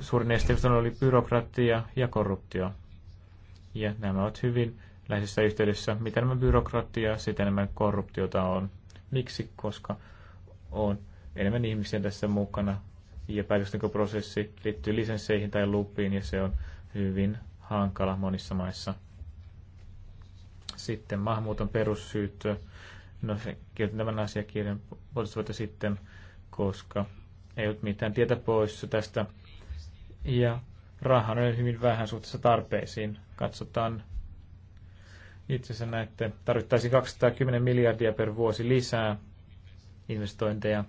suurin este oli byrokratia ja korruptio. Ja nämä ovat hyvin läheisessä yhteydessä. Mitä enemmän byrokratiaa, sitä enemmän korruptiota on. Miksi? Koska on enemmän ihmisiä tässä mukana ja päätöksentekoprosessi liittyy lisensseihin tai lupiin ja se on hyvin hankala monissa maissa. Sitten maahanmuuton perussyyt. No se kirjoitin tämän asiakirjan puolitoista vuotta sitten, koska ei ollut mitään tietä pois tästä. Ja rahaa on hyvin vähän suhteessa tarpeisiin. Katsotaan itse asiassa näette, tarvittaisiin 210 miljardia per vuosi lisää investointeja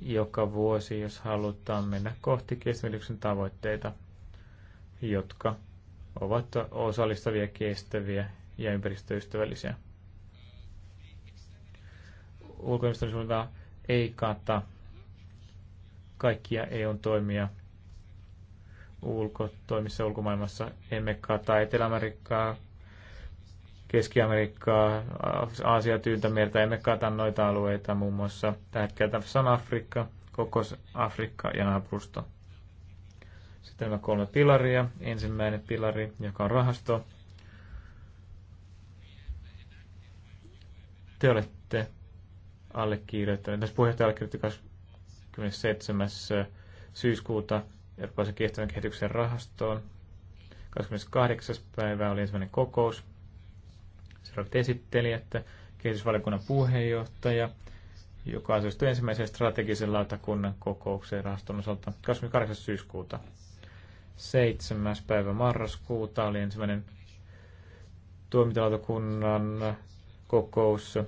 joka vuosi, jos halutaan mennä kohti kestävyyden tavoitteita, jotka ovat osallistavia, kestäviä ja ympäristöystävällisiä. Ulkoinvestointisuunta ei kata kaikkia EUn toimia ulkotoimissa ulkomaailmassa. Emme kata Etelä-Amerikkaa, Keski-Amerikkaa, Aasia, Tyyntämerta, emme kata noita alueita muun muassa. tähkältä san Afrikka, koko Afrikka ja naapurusto. Sitten nämä kolme pilaria. Ensimmäinen pilari, joka on rahasto. Te olette allekirjoittaneet, tässä puheenjohtaja allekirjoitti 27. syyskuuta Euroopan kestävän kehityksen rahastoon. 28. päivä oli ensimmäinen kokous seuraavat esittelijät, kehitysvaliokunnan puheenjohtaja, joka osallistui ensimmäiseen strategisen lautakunnan kokoukseen rahaston osalta 28. syyskuuta. 7. päivä marraskuuta oli ensimmäinen tuomintalautakunnan kokous.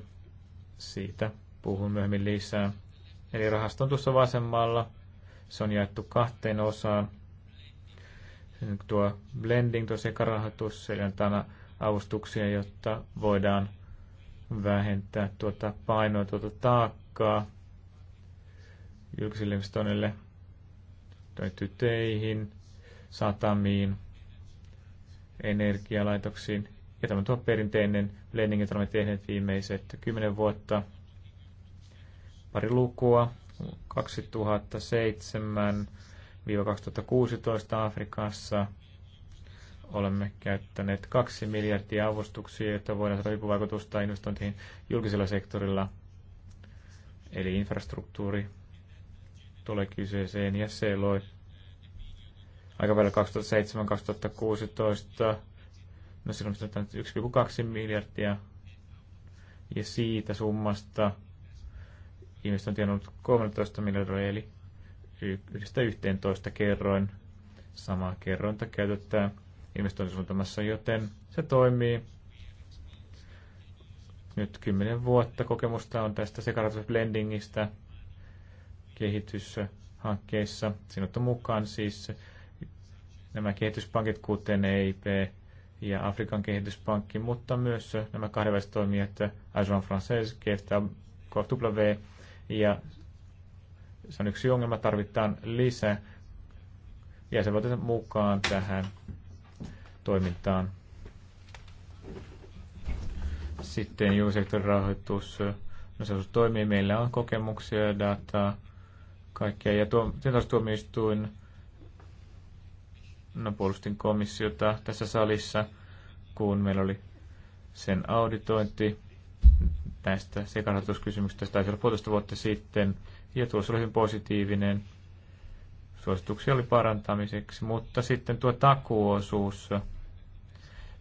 Siitä puhun myöhemmin lisää. Eli rahasto on tuossa vasemmalla. Se on jaettu kahteen osaan. Tuo blending, tuo sekarahoitus, eli on avustuksia, jotta voidaan vähentää tuota painoa, tuota taakkaa julkisille investoinnille, teihin, satamiin, energialaitoksiin. Ja tämä on tuo perinteinen blending, jota olemme tehneet viimeiset kymmenen vuotta. Pari lukua. 2007-2016 Afrikassa olemme käyttäneet kaksi miljardia avustuksia, jotta voidaan saada vipuvaikutusta investointiin julkisella sektorilla. Eli infrastruktuuri tulee kyseeseen ja se loi aikavälillä 2007-2016. No silloin on 1,2 miljardia ja siitä summasta investointi on ollut 13 miljardia eli yhdestä 11 kerroin samaa kerrointa käytetään investointisuunnitelmassa, joten se toimii. Nyt kymmenen vuotta kokemusta on tästä blendingistä kehityshankkeissa. sinut on mukaan siis nämä kehityspankit, kuten EIP ja Afrikan kehityspankki, mutta myös nämä kahdenväiset toimijat, Agence Française, KFW, ja se on yksi ongelma, tarvitaan lisää jäsenvaltioiden mukaan tähän toimintaan. Sitten julkisektorin rahoitus, no se toimii, meillä on kokemuksia ja dataa, kaikkea. Ja tuo, tuomioistuin, no puolustin komissiota tässä salissa, kun meillä oli sen auditointi näistä sekarahoituskysymyksistä, taisi olla puolitoista vuotta sitten, ja tuossa oli hyvin positiivinen suosituksia oli parantamiseksi, mutta sitten tuo takuosuus,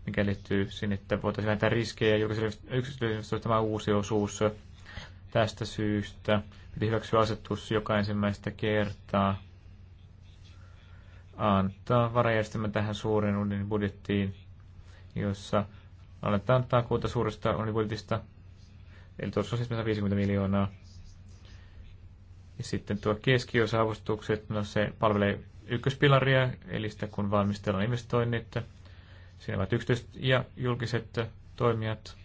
mikä liittyy sinne, että voitaisiin vähentää riskejä yksityisyydestä tämä uusi osuus tästä syystä. Piti hyväksyä asetus joka ensimmäistä kertaa antaa varajärjestelmä tähän suuren unionin budjettiin, jossa aletaan takuuta suuresta unionin budjetista, eli tuossa on siis 50 miljoonaa ja sitten tuo keskiosavustukset, no se palvelee ykköspilaria, eli sitä kun valmistellaan investoinnit, siinä ovat yksityiset ja julkiset toimijat.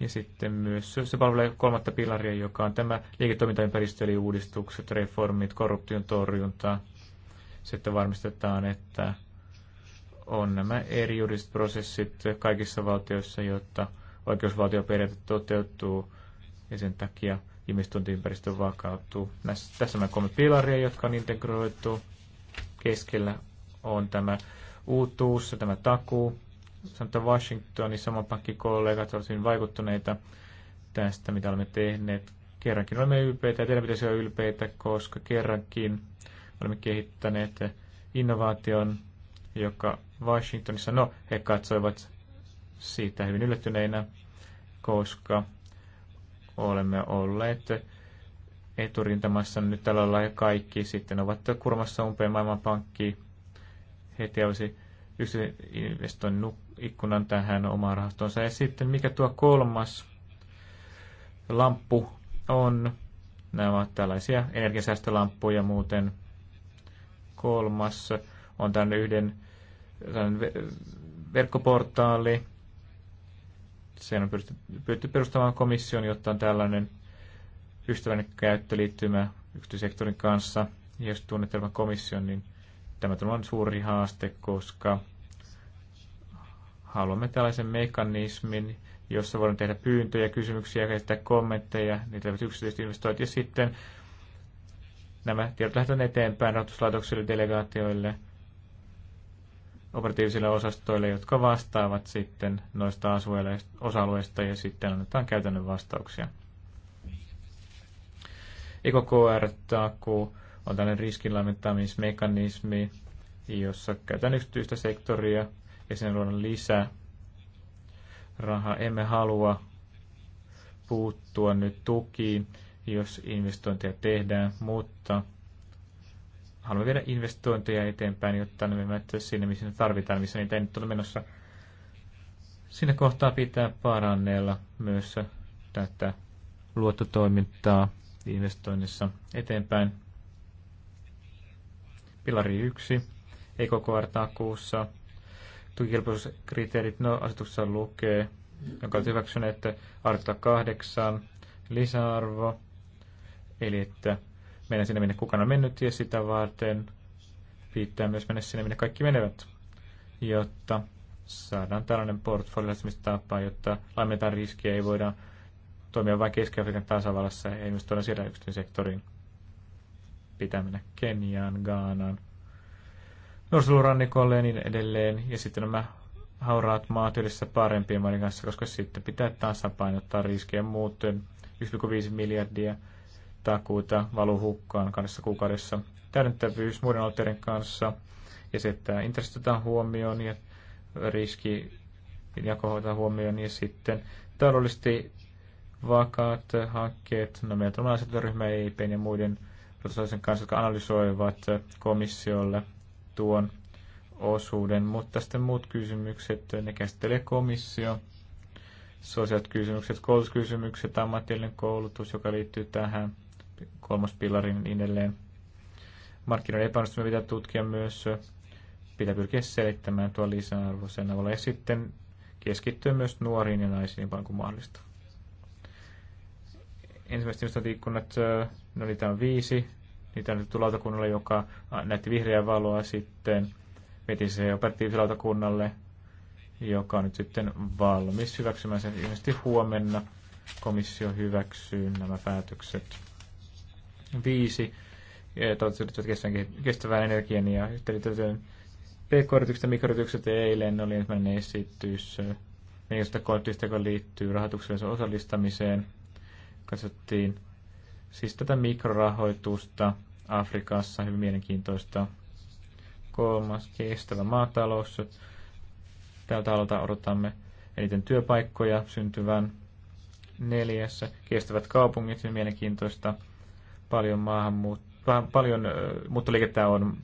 Ja sitten myös se palvelee kolmatta pilaria, joka on tämä liiketoimintaympäristö, eli uudistukset, reformit, korruption torjunta. Sitten varmistetaan, että on nämä eri juridiset prosessit kaikissa valtioissa, jotta oikeusvaltioperiaate toteutuu. Ja sen takia ihmistuntiympäristö vakautuu. Näissä, tässä on kolme pilaria, jotka on integroitu. Keskellä on tämä uutuus ja tämä takuu. Sanotaan Washingtonin saman pankkikollegat ovat hyvin vaikuttuneita tästä, mitä olemme tehneet. Kerrankin olemme ylpeitä ja teidän pitäisi olla ylpeitä, koska kerrankin olemme kehittäneet innovaation, joka Washingtonissa, no he katsoivat siitä hyvin yllättyneinä, koska olemme olleet eturintamassa nyt tällä lailla ja kaikki sitten ovat kurmassa umpeen maailmanpankki. Heti olisi investoinnin ikkunan tähän omaan rahastonsa. Ja sitten mikä tuo kolmas lamppu on, nämä ovat tällaisia energiasäästölamppuja muuten. Kolmas on tämän yhden tämän verkkoportaali, siellä on pyritty perustamaan komission, jotta on tällainen ystävällinen käyttöliittymä yksityissektorin kanssa. Ja jos tunnitelma komission, niin tämä on suuri haaste, koska haluamme tällaisen mekanismin, jossa voidaan tehdä pyyntöjä, kysymyksiä, käsittää kommentteja, niitä ovat yksityiset investoijat ja sitten nämä tiedot lähdetään eteenpäin rahoituslaitoksille, delegaatioille – operatiivisille osastoille, jotka vastaavat sitten noista osa-alueista ja sitten annetaan käytännön vastauksia. ekkr taku on tällainen riskinlämmittämismekanismi, jossa käytetään yksityistä sektoria ja sen luodaan lisää rahaa. Emme halua puuttua nyt tukiin, jos investointeja tehdään, mutta haluamme viedä investointeja eteenpäin, jotta ne menevät sinne, missä ne tarvitaan, missä niitä ei nyt ole menossa. Siinä kohtaa pitää parannella myös tätä luottotoimintaa investoinnissa eteenpäin. Pilari 1, ekkr kuussa. tukikilpailukriteerit, no asetuksessa lukee, jonka olet hyväksynyt, että artikla 8, lisäarvo, eli että mennä sinne, minne kukaan on mennyt, ja sitä varten pitää myös mennä sinne, minne kaikki menevät, jotta saadaan tällainen portfolio-tapa, jotta laimetaan riskiä, ei voida toimia vain Keski-Afrikan tasavallassa ja tuoda siellä yksityisen sektoriin. Pitää mennä Keniaan, Gaanaan, Norsulurannikolle ja niin edelleen. Ja sitten nämä hauraat maat yhdessä parempien maiden kanssa, koska sitten pitää tasapainottaa riskejä muuten 1,5 miljardia takuuta valu hukkaan kahdessa kuukaudessa. Täydentävyys muiden alteiden kanssa ja se, että intressit otetaan huomioon ja riski ja otetaan huomioon ja sitten taloudellisesti vakaat hankkeet, no meidän on asetusryhmä EIPn ja muiden sotilaisen kanssa, jotka analysoivat komissiolle tuon osuuden, mutta sitten muut kysymykset, ne käsittelee komissio, sosiaaliset kysymykset, koulutuskysymykset, ammatillinen koulutus, joka liittyy tähän, kolmas pilari niin edelleen. Markkinoiden epäonnistuminen pitää tutkia myös, pitää pyrkiä selittämään tuo lisäarvo sen avulla ja sitten keskittyä myös nuoriin ja naisiin niin paljon kuin mahdollista. Ensimmäiset investointiikkunat, no niitä on viisi, niitä on nyt lautakunnalle, joka näytti vihreää valoa sitten, veti se operatiivilautakunnalle, joka on nyt sitten valmis hyväksymään sen. Ilmeisesti huomenna komissio hyväksyy nämä päätökset viisi kestävän, kestävän energian ja yhteenliittyvyyteen pk-yritykset ja mikroyritykset eilen oli ensimmäinen esitys neljästä kohdista, joka liittyy rahoitukselliseen osallistamiseen. Katsottiin siis tätä mikrorahoitusta Afrikassa, hyvin mielenkiintoista. Kolmas, kestävä maatalous. Tältä alalta odotamme eniten työpaikkoja syntyvän. Neljässä, kestävät kaupungit, hyvin mielenkiintoista Paljon, maahanmuut- paljon muuttoliikettä on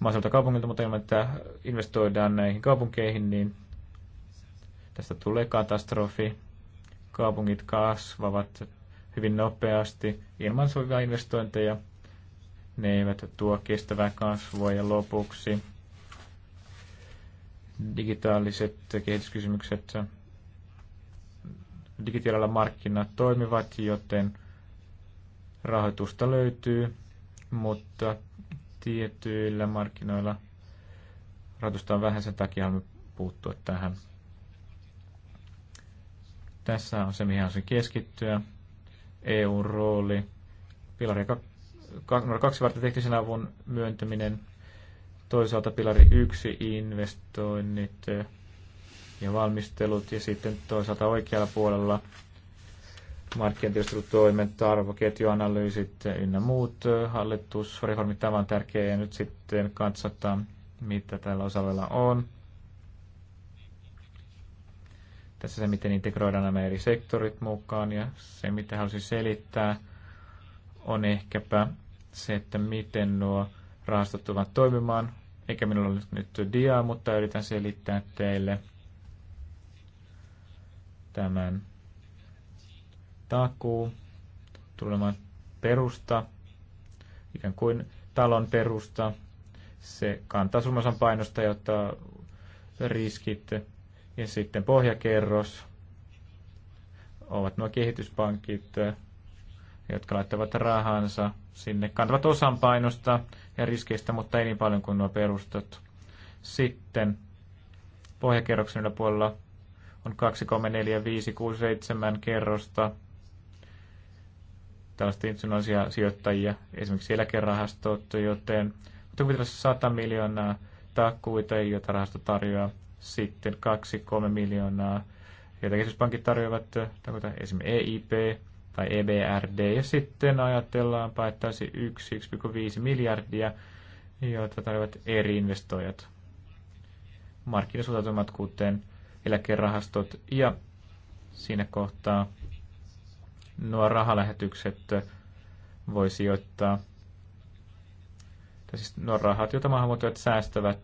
maaseudulta kaupungilta, mutta ilman, että investoidaan näihin kaupunkeihin, niin tästä tulee katastrofi. Kaupungit kasvavat hyvin nopeasti ilman sovivia investointeja. Ne eivät tuo kestävää kasvua ja lopuksi digitaaliset kehityskysymykset digitaalilla markkinat toimivat, joten rahoitusta löytyy, mutta tietyillä markkinoilla rahoitusta on vähän, sen takia haluamme puuttua tähän. Tässä on se, mihin haluaisin keskittyä. EUn rooli, pilari 2 varten teknisen avun myöntäminen, toisaalta pilari 1 investoinnit ja valmistelut ja sitten toisaalta oikealla puolella markkinatiedustelutietoimet, arvoketjuanalyysit ynnä muut hallitusreformit. Tämä on tärkeää ja nyt sitten katsotaan, mitä tällä osalla on. Tässä se, miten integroidaan nämä eri sektorit mukaan ja se, mitä haluaisin selittää, on ehkäpä se, että miten nuo rahastot tulevat toimimaan. Eikä minulla ole nyt diaa, mutta yritän selittää teille tämän takuu tulemaan perusta, ikään kuin talon perusta. Se kantaa suurin painosta ja ottaa riskit. Ja sitten pohjakerros ovat nuo kehityspankit, jotka laittavat rahansa sinne, kantavat osan painosta ja riskeistä, mutta ei niin paljon kuin nuo perustat. Sitten pohjakerroksen yläpuolella on 2, 3, 4, 5, 6, 7 kerrosta, tällaista institutionaalisia sijoittajia, esimerkiksi eläkerahastot, joten mutta kuitenkin 100 miljoonaa takuita, joita rahasto tarjoaa, sitten 2-3 miljoonaa, joita keskuspankit tarjoavat, äh, takuita, esimerkiksi EIP tai EBRD, ja sitten ajatellaanpa, että olisi 1-1,5 miljardia, joita tarjoavat eri investoijat, markkinasuuntautumat kuten eläkerahastot, ja siinä kohtaa nuo rahalähetykset voi sijoittaa, tai siis nuo rahat, joita maahanmuuttajat säästävät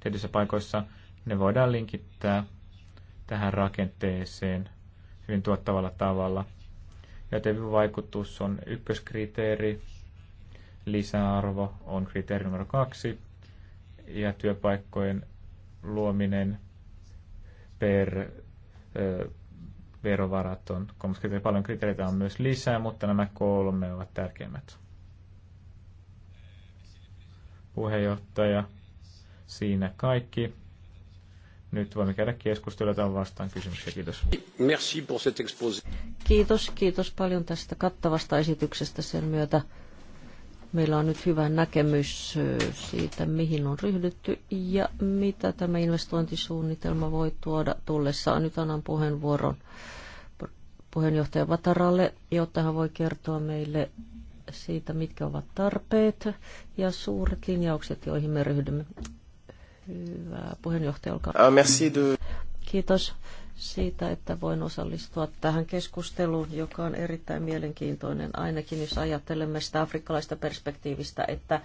tietyissä paikoissa, ne voidaan linkittää tähän rakenteeseen hyvin tuottavalla tavalla. Ja vaikutus on ykköskriteeri, lisäarvo on kriteeri numero kaksi, ja työpaikkojen luominen per ö, verovarat on koska Paljon kriteereitä on myös lisää, mutta nämä kolme ovat tärkeimmät. Puheenjohtaja, siinä kaikki. Nyt voimme käydä keskustelua tämän vastaan kysymyksiä. Kiitos. Merci pour Kiitos, kiitos paljon tästä kattavasta esityksestä sen myötä. Meillä on nyt hyvä näkemys siitä, mihin on ryhdytty ja mitä tämä investointisuunnitelma voi tuoda tullessaan. Nyt annan puheenvuoron puheenjohtaja Vataralle, jotta hän voi kertoa meille siitä, mitkä ovat tarpeet ja suuret linjaukset, joihin me ryhdymme. Hyvä puheenjohtaja, olkaa. Ah, merci de... Kiitos siitä, että voin osallistua tähän keskusteluun, joka on erittäin mielenkiintoinen, ainakin jos ajattelemme sitä afrikkalaista perspektiivistä, että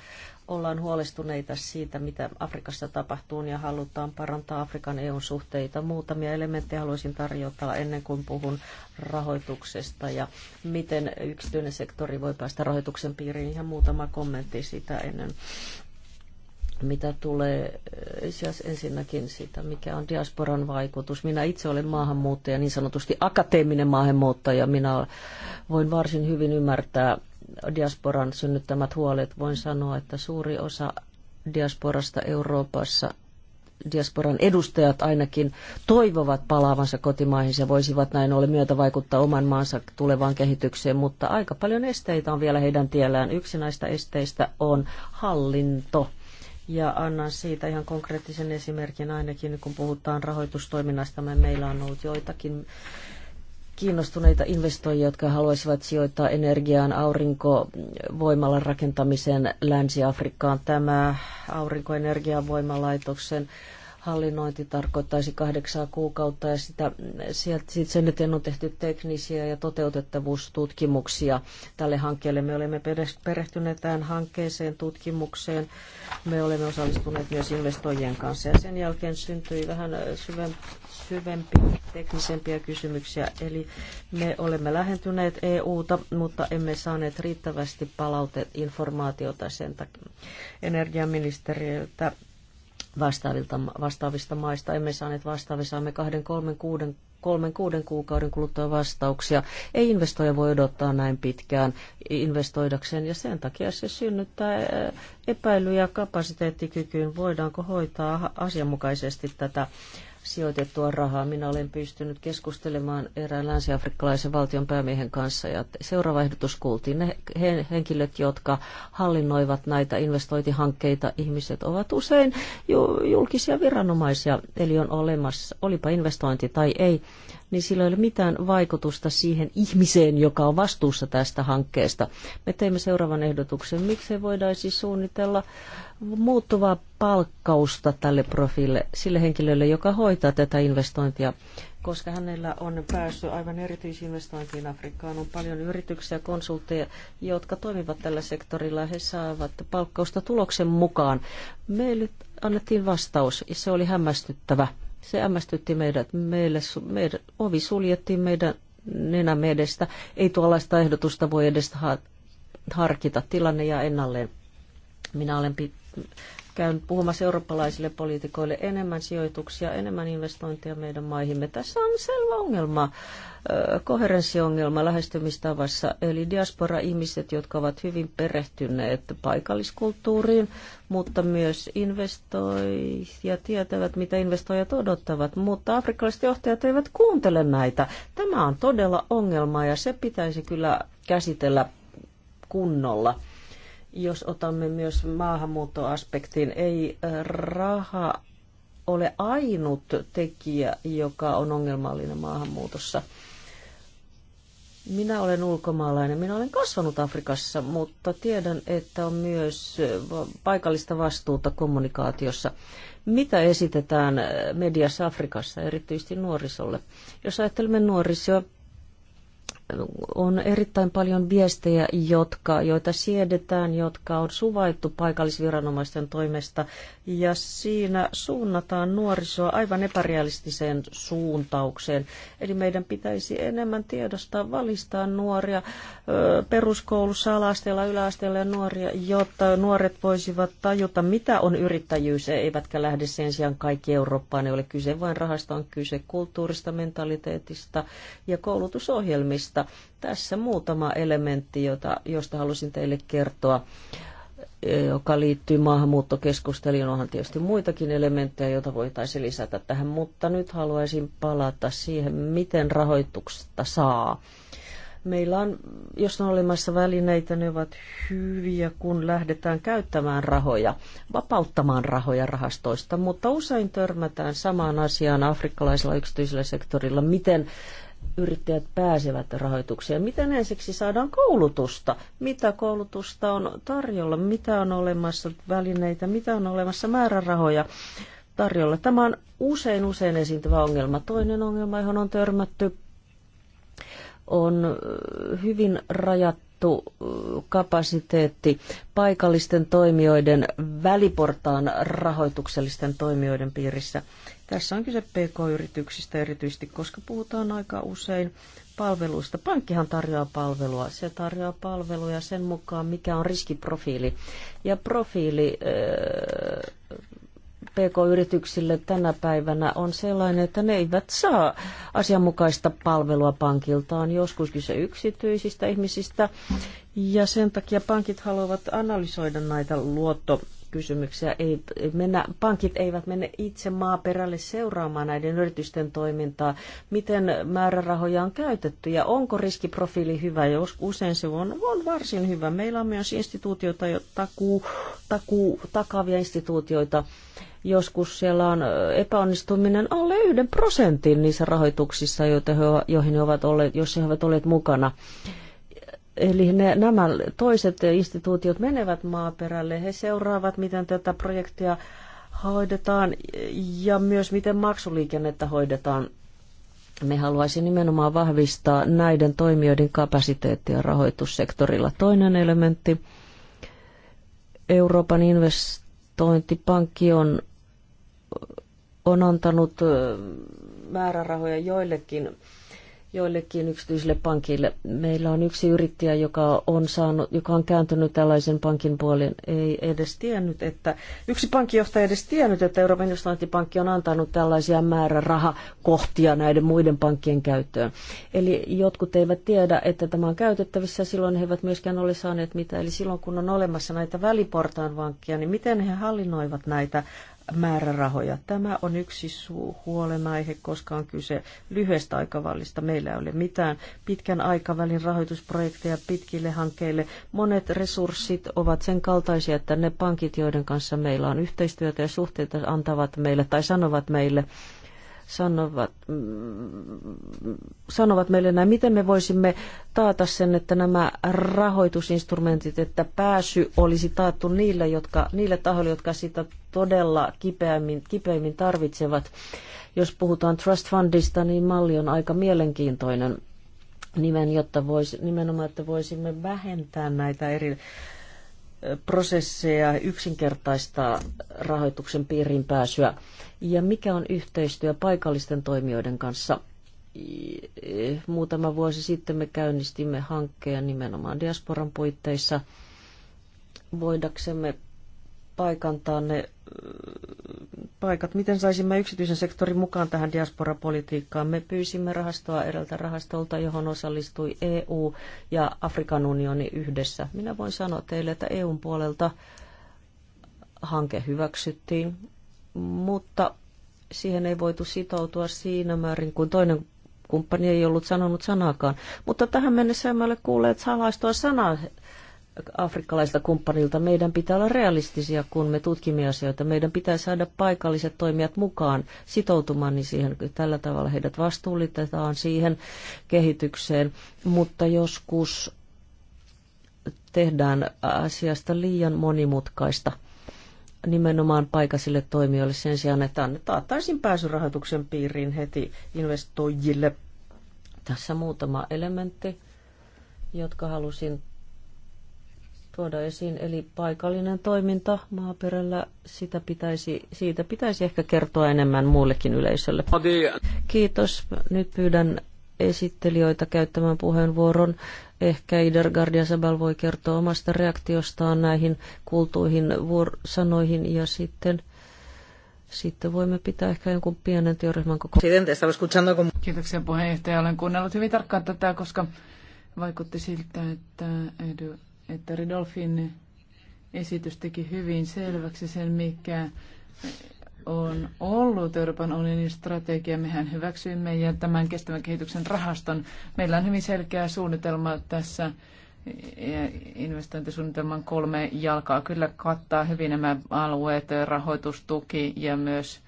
ollaan huolestuneita siitä, mitä Afrikassa tapahtuu ja halutaan parantaa Afrikan EU-suhteita. Muutamia elementtejä haluaisin tarjota ennen kuin puhun rahoituksesta ja miten yksityinen sektori voi päästä rahoituksen piiriin. Ihan muutama kommentti sitä ennen mitä tulee eh, ensinnäkin sitä, mikä on diasporan vaikutus. Minä itse olen maahanmuuttaja, niin sanotusti akateeminen maahanmuuttaja. Minä voin varsin hyvin ymmärtää diasporan synnyttämät huolet. Voin sanoa, että suuri osa diasporasta Euroopassa diasporan edustajat ainakin toivovat palaavansa kotimaihin ja voisivat näin ollen myötä vaikuttaa oman maansa tulevaan kehitykseen, mutta aika paljon esteitä on vielä heidän tiellään. Yksi näistä esteistä on hallinto ja annan siitä ihan konkreettisen esimerkin ainakin, kun puhutaan rahoitustoiminnasta. Meillä on ollut joitakin kiinnostuneita investoijia, jotka haluaisivat sijoittaa energiaan aurinkovoimalan rakentamiseen Länsi-Afrikkaan. Tämä aurinkoenergiavoimalaitoksen hallinnointi tarkoittaisi kahdeksaa kuukautta ja sitä, sieltä, sit sen eteen on tehty teknisiä ja toteutettavuustutkimuksia tälle hankkeelle. Me olemme perehtyneet tähän hankkeeseen, tutkimukseen. Me olemme osallistuneet myös investoijien kanssa ja sen jälkeen syntyi vähän syvempiä, teknisempiä kysymyksiä. Eli me olemme lähentyneet EUta, mutta emme saaneet riittävästi palautet informaatiota sen takia energiaministeriöltä vastaavilta, vastaavista maista. Emme saaneet vastaavia, saamme kahden, kolmen, kuuden, kolmen, kuuden kuukauden kuluttua vastauksia. Ei investoija voi odottaa näin pitkään investoidakseen ja sen takia se synnyttää eh, epäilyjä kapasiteettikykyyn, voidaanko hoitaa asianmukaisesti tätä sijoitettua rahaa. Minä olen pystynyt keskustelemaan erään länsiafrikkalaisen valtion päämiehen kanssa ja seuraava ehdotus kuultiin. Ne henkilöt, jotka hallinnoivat näitä investointihankkeita, ihmiset ovat usein julkisia viranomaisia, eli on olemassa, olipa investointi tai ei, niin sillä ei ole mitään vaikutusta siihen ihmiseen, joka on vastuussa tästä hankkeesta. Me teimme seuraavan ehdotuksen, miksei siis suunnitella äh, muuttuvaa palkkausta tälle profiille, sille henkilölle, joka hoitaa tätä investointia, koska hänellä on päässyt aivan erityisinvestointiin Afrikkaan. On paljon yrityksiä, konsultteja, jotka toimivat tällä sektorilla. He saavat palkkausta tuloksen mukaan. Meille annettiin vastaus, ja se oli hämmästyttävä. Se hämmästytti meidät. Meille, meidän, ovi suljettiin meidän nenämme edestä. Ei tuollaista ehdotusta voi edes harkita. Tilanne ja ennalleen minä olen käyn puhumassa eurooppalaisille poliitikoille enemmän sijoituksia, enemmän investointeja meidän maihimme. Tässä on selvä ongelma, koherenssiongelma lähestymistavassa, eli diaspora-ihmiset, jotka ovat hyvin perehtyneet paikalliskulttuuriin, mutta myös investoijat tietävät, mitä investoijat odottavat, mutta afrikkalaiset johtajat eivät kuuntele näitä. Tämä on todella ongelma ja se pitäisi kyllä käsitellä kunnolla jos otamme myös maahanmuuttoaspektin. Ei äh, raha ole ainut tekijä, joka on ongelmallinen maahanmuutossa. Minä olen ulkomaalainen, minä olen kasvanut Afrikassa, mutta tiedän, että on myös äh, paikallista vastuuta kommunikaatiossa. Mitä esitetään äh, mediassa Afrikassa, erityisesti nuorisolle? Jos ajattelemme nuorisoa, on erittäin paljon viestejä, jotka, joita siedetään, jotka on suvaittu paikallisviranomaisten toimesta, ja siinä suunnataan nuorisoa aivan epärealistiseen suuntaukseen. Eli meidän pitäisi enemmän tiedostaa, valistaa nuoria peruskoulussa, alasteella, yläasteella nuoria, jotta nuoret voisivat tajuta, mitä on yrittäjyys, eivätkä lähde sen sijaan kaikki Eurooppaan. Ei ole kyse vain rahasta, on kyse kulttuurista, mentaliteetista ja koulutusohjelmista mutta Tässä muutama elementti, jota, josta halusin teille kertoa e, joka liittyy maahanmuuttokeskusteluun. Onhan tietysti muitakin elementtejä, joita voitaisiin lisätä tähän, mutta nyt haluaisin palata siihen, miten rahoituksesta saa. Meillä on, jos on olemassa välineitä, ne ovat hyviä, kun lähdetään käyttämään rahoja, vapauttamaan rahoja rahastoista, mutta usein törmätään samaan asiaan afrikkalaisella yksityisellä sektorilla, miten yrittäjät pääsevät rahoitukseen? Miten ensiksi saadaan koulutusta? Mitä koulutusta on tarjolla? Mitä on olemassa välineitä? Mitä on olemassa määrärahoja tarjolla? Tämä on usein usein esiintyvä ongelma. Toinen ongelma, johon on törmätty, on hyvin rajattu kapasiteetti paikallisten toimijoiden väliportaan rahoituksellisten toimijoiden piirissä. Tässä on kyse PK-yrityksistä erityisesti, koska puhutaan aika usein palveluista. Pankkihan tarjoaa palvelua. Se tarjoaa palveluja sen mukaan, mikä on riskiprofiili. Ja profiili äh, PK-yrityksille tänä päivänä on sellainen, että ne eivät saa asianmukaista palvelua pankiltaan. Joskus kyse yksityisistä ihmisistä. Ja sen takia pankit haluavat analysoida näitä luotto kysymyksiä. Ei, mennä, pankit eivät mene itse maaperälle seuraamaan näiden yritysten toimintaa, miten määrärahoja on käytetty ja onko riskiprofiili hyvä. Jos usein se on, on varsin hyvä. Meillä on myös instituutioita, takuu, takuu, takavia instituutioita. Joskus siellä on epäonnistuminen alle yhden prosentin niissä rahoituksissa, joihin he ovat olleet, jos he ovat olleet mukana. Eli ne, nämä toiset instituutiot menevät maaperälle, he seuraavat, miten tätä projektia hoidetaan ja myös miten maksuliikennettä hoidetaan. Me haluaisin nimenomaan vahvistaa näiden toimijoiden kapasiteettia rahoitussektorilla. Toinen elementti, Euroopan investointipankki on, on antanut määrärahoja joillekin joillekin yksityisille pankille. Meillä on yksi yrittäjä, joka on, saanut, joka on kääntynyt tällaisen pankin puolen, ei edes tiennyt, että yksi pankkijohtaja ei edes tiennyt, että Euroopan investointipankki on antanut tällaisia määrärahakohtia näiden muiden pankkien käyttöön. Eli jotkut eivät tiedä, että tämä on käytettävissä, silloin he eivät myöskään ole saaneet mitään. Eli silloin kun on olemassa näitä väliportaan vankkia, niin miten he hallinnoivat näitä määrärahoja. Tämä on yksi suu huolenaihe, koska on kyse lyhyestä aikavälistä. Meillä ei ole mitään pitkän aikavälin rahoitusprojekteja pitkille hankkeille. Monet resurssit ovat sen kaltaisia, että ne pankit, joiden kanssa meillä on yhteistyötä ja suhteita, antavat meille tai sanovat meille, sanovat, mm, sanovat meille näin, miten me voisimme taata sen, että nämä rahoitusinstrumentit, että pääsy olisi taattu niille, jotka, niille tahoille, jotka sitä todella kipeämmin, kipeämmin tarvitsevat. Jos puhutaan Trust Fundista, niin malli on aika mielenkiintoinen nimen, jotta vois, nimenomaan, että voisimme vähentää näitä eri prosesseja, yksinkertaistaa rahoituksen piiriin pääsyä ja mikä on yhteistyö paikallisten toimijoiden kanssa. Muutama vuosi sitten me käynnistimme hankkeen nimenomaan diasporan puitteissa voidaksemme paikantaa ne äh, paikat. Miten saisimme yksityisen sektorin mukaan tähän diasporapolitiikkaan? Me pyysimme rahastoa edeltä rahastolta, johon osallistui EU ja Afrikan unioni yhdessä. Minä voin sanoa teille, että EUn puolelta hanke hyväksyttiin, mutta siihen ei voitu sitoutua siinä määrin kuin toinen kumppani ei ollut sanonut sanaakaan. Mutta tähän mennessä emme ole kuulleet salaistua sanaa afrikkalaisilta kumppanilta. Meidän pitää olla realistisia, kun me tutkimme asioita. Meidän pitää saada paikalliset toimijat mukaan sitoutumaan niin siihen. Tällä tavalla heidät vastuullitetaan siihen kehitykseen, mutta joskus tehdään asiasta liian monimutkaista nimenomaan paikasille toimijoille sen sijaan, että annettaisiin pääsyrahoituksen piiriin heti investoijille. Tässä muutama elementti, jotka halusin tuoda esiin, eli paikallinen toiminta maaperällä, sitä pitäisi, siitä pitäisi ehkä kertoa enemmän muullekin yleisölle. Kiitos. Nyt pyydän esittelijöitä käyttämään puheenvuoron. Ehkä Ider Gardia Sabal voi kertoa omasta reaktiostaan näihin kuultuihin sanoihin ja sitten sitten voimme pitää ehkä jonkun pienen työryhmän koko. Kiitoksia puheenjohtaja. Olen kuunnellut hyvin tarkkaan tätä, koska vaikutti siltä, että että Ridolfin esitys teki hyvin selväksi sen, mikä on ollut Euroopan unionin strategia. Mehän hyväksyimme ja tämän kestävän kehityksen rahaston. Meillä on hyvin selkeä suunnitelma tässä investointisuunnitelman kolme jalkaa kyllä kattaa hyvin nämä alueet, rahoitustuki ja myös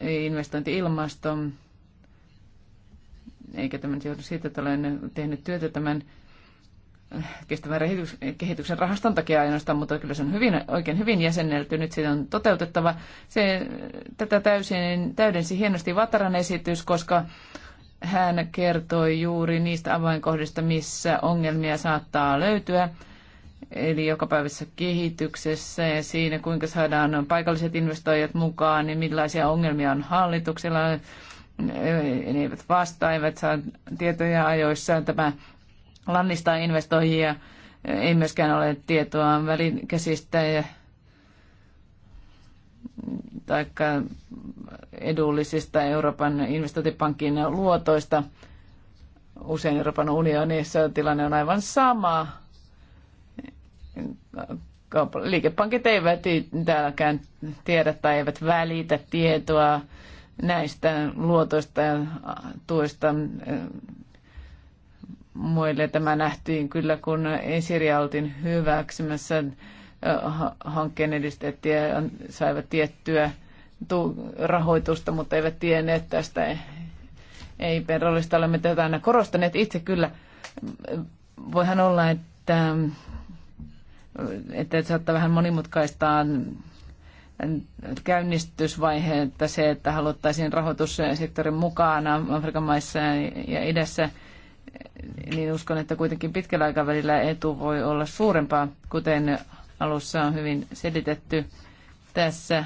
investointi ilmaston. Eikä tämän johdu siitä, että olen tehnyt työtä tämän kestävän kehityksen rahaston takia ainoastaan, mutta kyllä se on hyvin, oikein hyvin jäsennelty. Nyt siitä on toteutettava. Se, tätä täysin, täydensi hienosti Vataran esitys, koska hän kertoi juuri niistä avainkohdista, missä ongelmia saattaa löytyä. Eli joka päivässä kehityksessä ja siinä, kuinka saadaan paikalliset investoijat mukaan, niin millaisia ongelmia on hallituksella, ne eivät vastaa, eivät saa tietoja ajoissa. Tämä lannistaa investoijia. Ei myöskään ole tietoa välikäsistä ja taikka edullisista Euroopan investointipankin luotoista. Usein Euroopan unionissa tilanne on aivan sama. Liikepankit eivät täälläkään tiedä tai eivät välitä tietoa näistä luotoista ja tuista muille. Tämä nähtiin kyllä, kun Siria oltiin hyväksymässä äh, hankkeen edistettiin ja saivat tiettyä rahoitusta, mutta eivät tienneet tästä ei perollista Olemme tätä aina korostaneet itse kyllä. Äh, voihan olla, että, äh, että saattaa vähän monimutkaistaa käynnistysvaihe, että se, että haluttaisiin rahoitussektorin mukana Afrikan maissa ja idässä – niin uskon, että kuitenkin pitkällä aikavälillä etu voi olla suurempaa, kuten alussa on hyvin selitetty. Tässä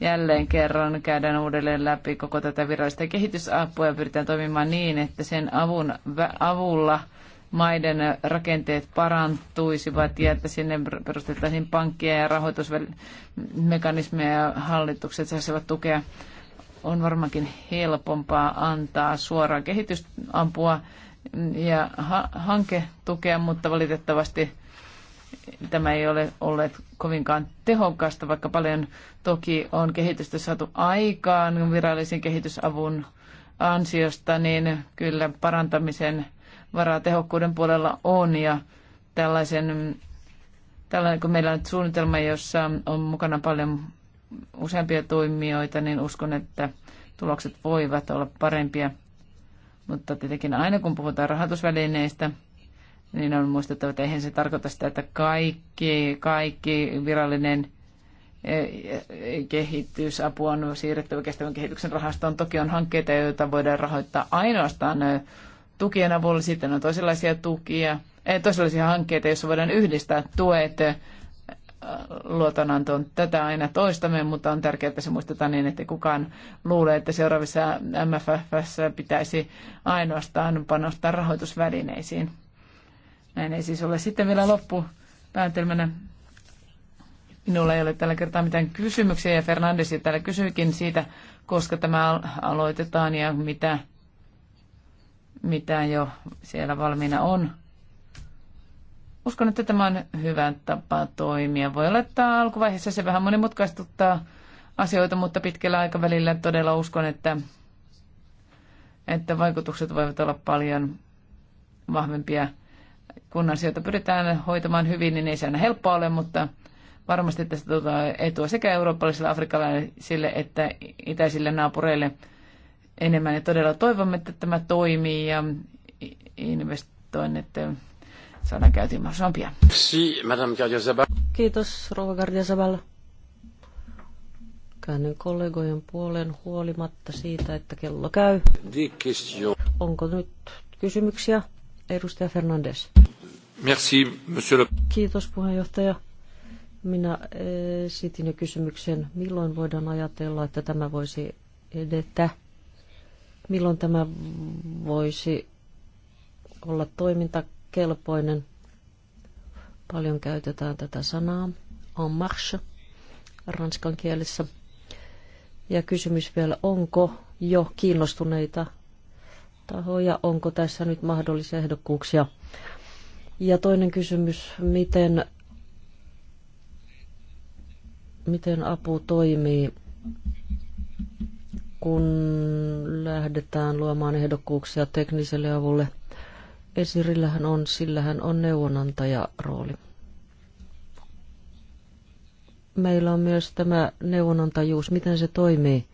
jälleen kerran käydään uudelleen läpi koko tätä virallista kehitysapua ja pyritään toimimaan niin, että sen avun, avulla maiden rakenteet parantuisivat ja että sinne perustettaisiin pankkia ja rahoitusmekanismeja ja hallitukset saisivat tukea. On varmaankin helpompaa antaa suoraan kehitysampua ja ha- hanketukea, mutta valitettavasti tämä ei ole ollut kovinkaan tehokasta, vaikka paljon toki on kehitystä saatu aikaan virallisen kehitysavun ansiosta, niin kyllä parantamisen varaa tehokkuuden puolella on ja tällaisen, tällainen, kun meillä on nyt suunnitelma, jossa on mukana paljon useampia toimijoita, niin uskon, että tulokset voivat olla parempia. Mutta tietenkin aina kun puhutaan rahoitusvälineistä, niin on muistettava, että eihän se tarkoita sitä, että kaikki, kaikki virallinen e, e, kehitysapu on siirretty kestävän kehityksen rahastoon. Toki on hankkeita, joita voidaan rahoittaa ainoastaan e, tukien avulla. Sitten on toisenlaisia tukia, ei, toisenlaisia hankkeita, joissa voidaan yhdistää tuet on Tätä aina toistamme, mutta on tärkeää, että se muistetaan niin, että kukaan luulee, että seuraavissa MFFssä pitäisi ainoastaan panostaa rahoitusvälineisiin. Näin ei siis ole. Sitten vielä loppupäätelmänä. Minulla ei ole tällä kertaa mitään kysymyksiä ja Fernandes täällä kysyikin siitä, koska tämä aloitetaan ja mitä, mitä jo siellä valmiina on. Uskon, että tämä on hyvä tapa toimia. Voi olla, että alkuvaiheessa se vähän monimutkaistuttaa asioita, mutta pitkällä aikavälillä todella uskon, että, että vaikutukset voivat olla paljon vahvempia. Kun asioita pyritään hoitamaan hyvin, niin ei se aina helppoa ole, mutta varmasti tästä tuota etua sekä eurooppalaisille, afrikkalaisille että itäisille naapureille enemmän. Ja todella toivomme, että tämä toimii ja investoinnit saadaan käytiin mahdollisimman pian. Kiitos, Rouva Gardiazabal. Käännyn kollegojen puolen huolimatta siitä, että kello käy. Onko nyt kysymyksiä? Edustaja Fernandes. Merci, monsieur le... Kiitos, puheenjohtaja. Minä esitin jo kysymyksen, milloin voidaan ajatella, että tämä voisi edetä? Milloin tämä voisi olla toiminta kelpoinen. Paljon käytetään tätä sanaa en marche ranskan kielessä. Ja kysymys vielä, onko jo kiinnostuneita tahoja, onko tässä nyt mahdollisia ehdokkuuksia? Ja toinen kysymys, miten, miten apu toimii, kun lähdetään luomaan ehdokkuuksia tekniselle avulle? Esirillähän on, sillähän on rooli. Meillä on myös tämä neuvonantajuus, miten se toimii.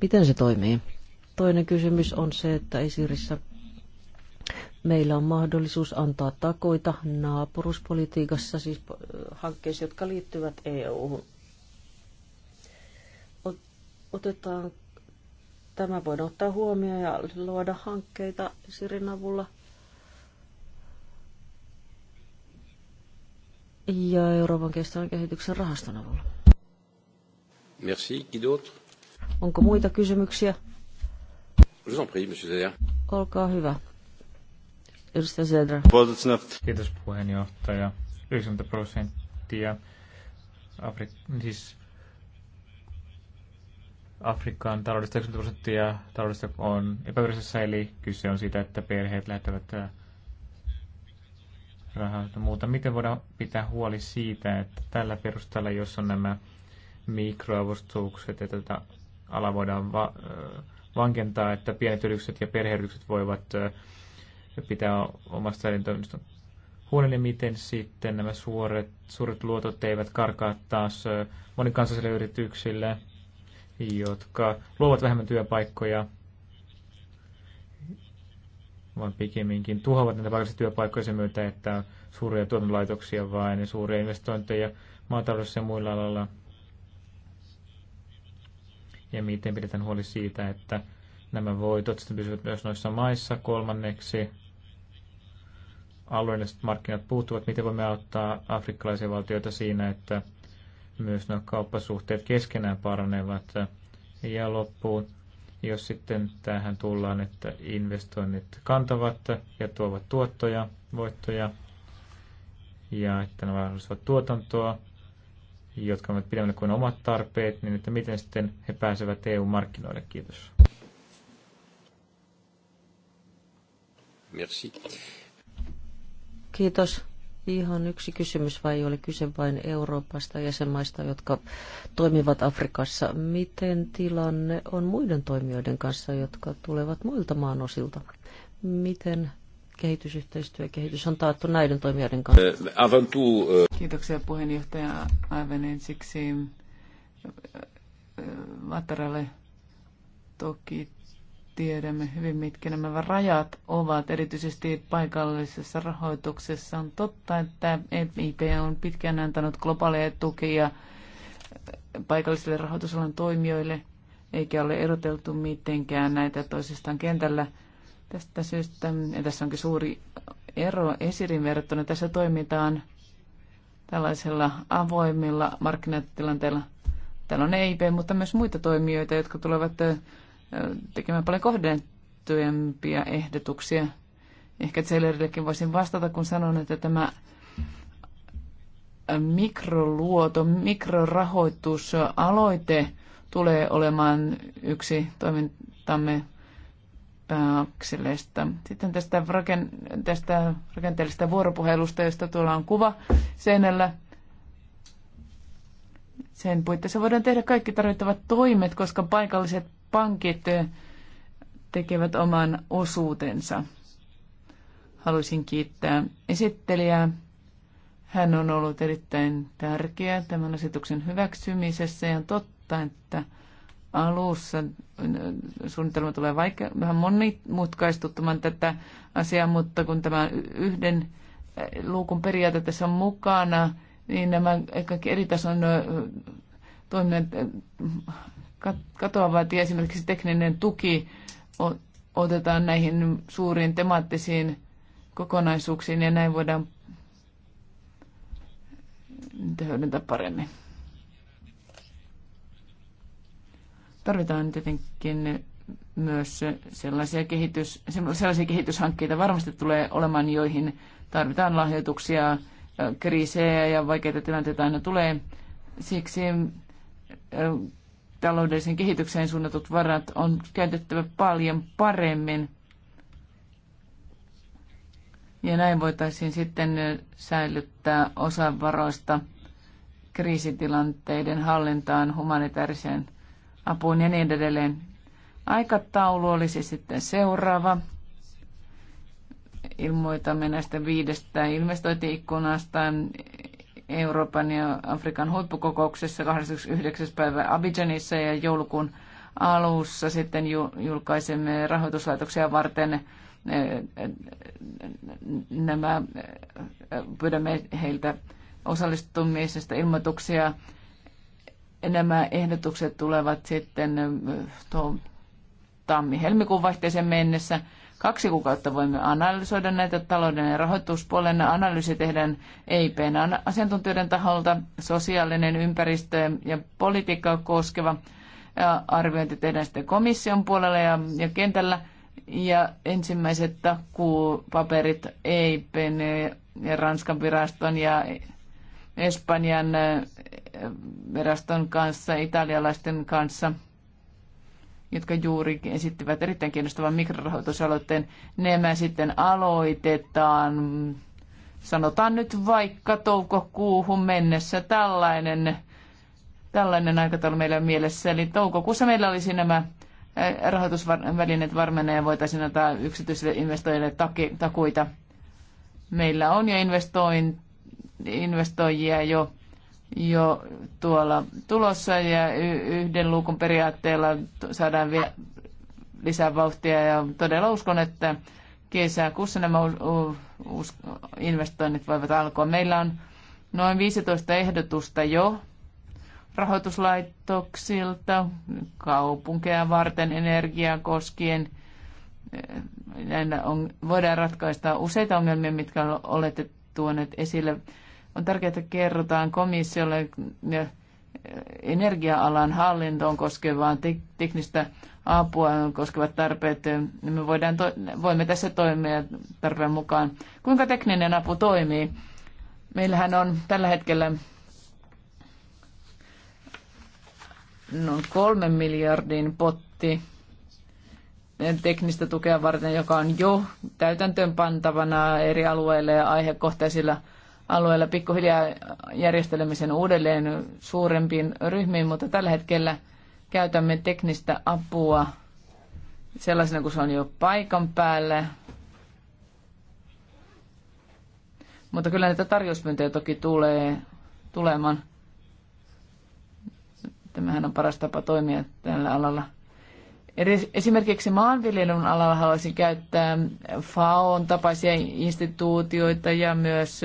Miten se toimii? Toinen kysymys on se, että Esirissä meillä on mahdollisuus antaa takoita naapuruspolitiikassa, siis äh, hankkeissa, jotka liittyvät EU-hun. Otetaan Tämä voin ottaa huomioon ja luoda hankkeita Sirin avulla. Ja Euroopan kestävän kehityksen rahaston avulla. Merci. Qui d'autre? Onko muita kysymyksiä? Je vous en prie, monsieur Zeder. Olkaa hyvä. Edustaja Zeder. Kiitos puheenjohtaja. 90 prosenttia Afrik- siis Afrikan taloudesta 90 prosenttia taloudesta on epävirallisessa, eli kyse on siitä, että perheet lähettävät äh, rahaa ja muuta. Miten voidaan pitää huoli siitä, että tällä perusteella, jos on nämä mikroavustukset, että tätä ala voidaan va- äh, vankentaa, että pienet yritykset ja perheyritykset voivat äh, pitää omasta elintoimista huolen, miten sitten nämä suuret, suuret luotot eivät karkaa taas monikansallisille yrityksille – jotka luovat vähemmän työpaikkoja, vaan pikemminkin tuhoavat näitä paikallisia työpaikkoja sen myötä, että on suuria tuotantolaitoksia vain ja suuria investointeja maataloudessa ja muilla alalla. Ja miten pidetään huoli siitä, että nämä voitot sitten pysyvät myös noissa maissa. Kolmanneksi alueelliset markkinat puuttuvat. Miten voimme auttaa afrikkalaisia valtioita siinä, että myös nämä kauppasuhteet keskenään paranevat. Ja loppuun, jos sitten tähän tullaan, että investoinnit kantavat ja tuovat tuottoja, voittoja, ja että ne mahdollistavat tuotantoa, jotka ovat pidemmälle kuin omat tarpeet, niin että miten sitten he pääsevät EU-markkinoille. Kiitos. Merci. Kiitos. Ihan yksi kysymys, vai ei ole kyse vain Euroopasta ja jäsenmaista, jotka toimivat Afrikassa? Miten tilanne on muiden toimijoiden kanssa, jotka tulevat muilta maanosilta? Miten kehitysyhteistyö ja kehitys on taattu näiden toimijoiden kanssa? Eh, eh, Kiitoksia puheenjohtaja aivan ensiksi eh, Vataralle. Toki tiedämme hyvin, mitkä nämä rajat ovat, erityisesti paikallisessa rahoituksessa. On totta, että EIP on pitkään antanut globaaleja tukia paikallisille rahoitusalan toimijoille, eikä ole eroteltu mitenkään näitä toisistaan kentällä. Tästä syystä, ja tässä onkin suuri ero esirin verrattuna, tässä toimitaan tällaisella avoimilla markkinatilanteilla. Täällä on EIP, mutta myös muita toimijoita, jotka tulevat tekemään paljon kohdentuempia ehdotuksia. Ehkä Zellerillekin voisin vastata, kun sanon, että tämä mikroluoto, mikrorahoitusaloite tulee olemaan yksi toimintamme pääakseleista. Sitten tästä, raken, tästä rakenteellisesta vuoropuhelusta, josta tuolla on kuva seinällä. Sen puitteissa voidaan tehdä kaikki tarvittavat toimet, koska paikalliset pankit tekevät oman osuutensa. Haluaisin kiittää esittelijää. Hän on ollut erittäin tärkeä tämän asetuksen hyväksymisessä ja on totta, että alussa äh, suunnitelma tulee vaikea, vähän monimutkaistuttamaan tätä asiaa, mutta kun tämä yhden äh, luukun periaate tässä on mukana, niin nämä kaikki eri tason äh, toimijat katoava, että esimerkiksi tekninen tuki otetaan näihin suuriin temaattisiin kokonaisuuksiin ja näin voidaan niitä hyödyntää paremmin. Tarvitaan tietenkin myös sellaisia, kehitys, sellaisia kehityshankkeita varmasti tulee olemaan, joihin tarvitaan lahjoituksia, kriisejä ja vaikeita tilanteita aina tulee. Siksi taloudellisen kehitykseen suunnatut varat on käytettävä paljon paremmin. Ja näin voitaisiin sitten säilyttää osa varoista kriisitilanteiden hallintaan, humanitaariseen apuun ja niin edelleen. Aikataulu olisi sitten seuraava. Ilmoitamme näistä viidestä investointiikkunasta Euroopan ja Afrikan huippukokouksessa 29. päivä Abidjanissa ja joulukuun alussa sitten julkaisemme rahoituslaitoksia varten nämä, pyydämme heiltä osallistumisesta ilmoituksia. Nämä ehdotukset tulevat sitten tammi-helmikuun vaihteeseen mennessä Kaksi kuukautta voimme analysoida näitä talouden ja rahoituspuolen analyysi tehdään EIPn asiantuntijoiden taholta. Sosiaalinen ympäristö ja politiikka koskeva arviointi tehdään sitten komission puolella ja, ja kentällä. Ja ensimmäiset takuupaperit EIPn ja Ranskan viraston ja Espanjan viraston kanssa, italialaisten kanssa – jotka juuri esittivät erittäin kiinnostavan mikrorahoitusaloitteen. Nämä sitten aloitetaan, sanotaan nyt vaikka toukokuuhun mennessä tällainen, tällainen aikataulu meillä on mielessä. Eli toukokuussa meillä olisi nämä rahoitusvälineet varmenee ja voitaisiin antaa yksityisille investoijille takuita. Meillä on jo investoin, investoijia jo jo tuolla tulossa ja yhden luukun periaatteella saadaan vielä lisää vauhtia ja todella uskon, että kesäkuussa nämä investoinnit voivat alkaa. Meillä on noin 15 ehdotusta jo rahoituslaitoksilta, kaupunkeja varten, energiaa koskien. Näin on, voidaan ratkaista useita ongelmia, mitkä olette tuoneet esille. On tärkeää, että kerrotaan komissiolle energia-alan hallintoon koskevaan teknistä apua koskevat tarpeet. niin Me voidaan to- voimme tässä toimia tarpeen mukaan. Kuinka tekninen apu toimii? Meillähän on tällä hetkellä noin kolmen miljardin potti teknistä tukea varten, joka on jo täytäntöön pantavana eri alueille ja aihekohtaisilla alueella pikkuhiljaa järjestelemisen uudelleen suurempiin ryhmiin, mutta tällä hetkellä käytämme teknistä apua sellaisena kuin se on jo paikan päällä. Mutta kyllä näitä tarjouspyyntöjä toki tulee tulemaan. Tämähän on paras tapa toimia tällä alalla. Esimerkiksi maanviljelyn alalla haluaisin käyttää FAOn tapaisia instituutioita ja myös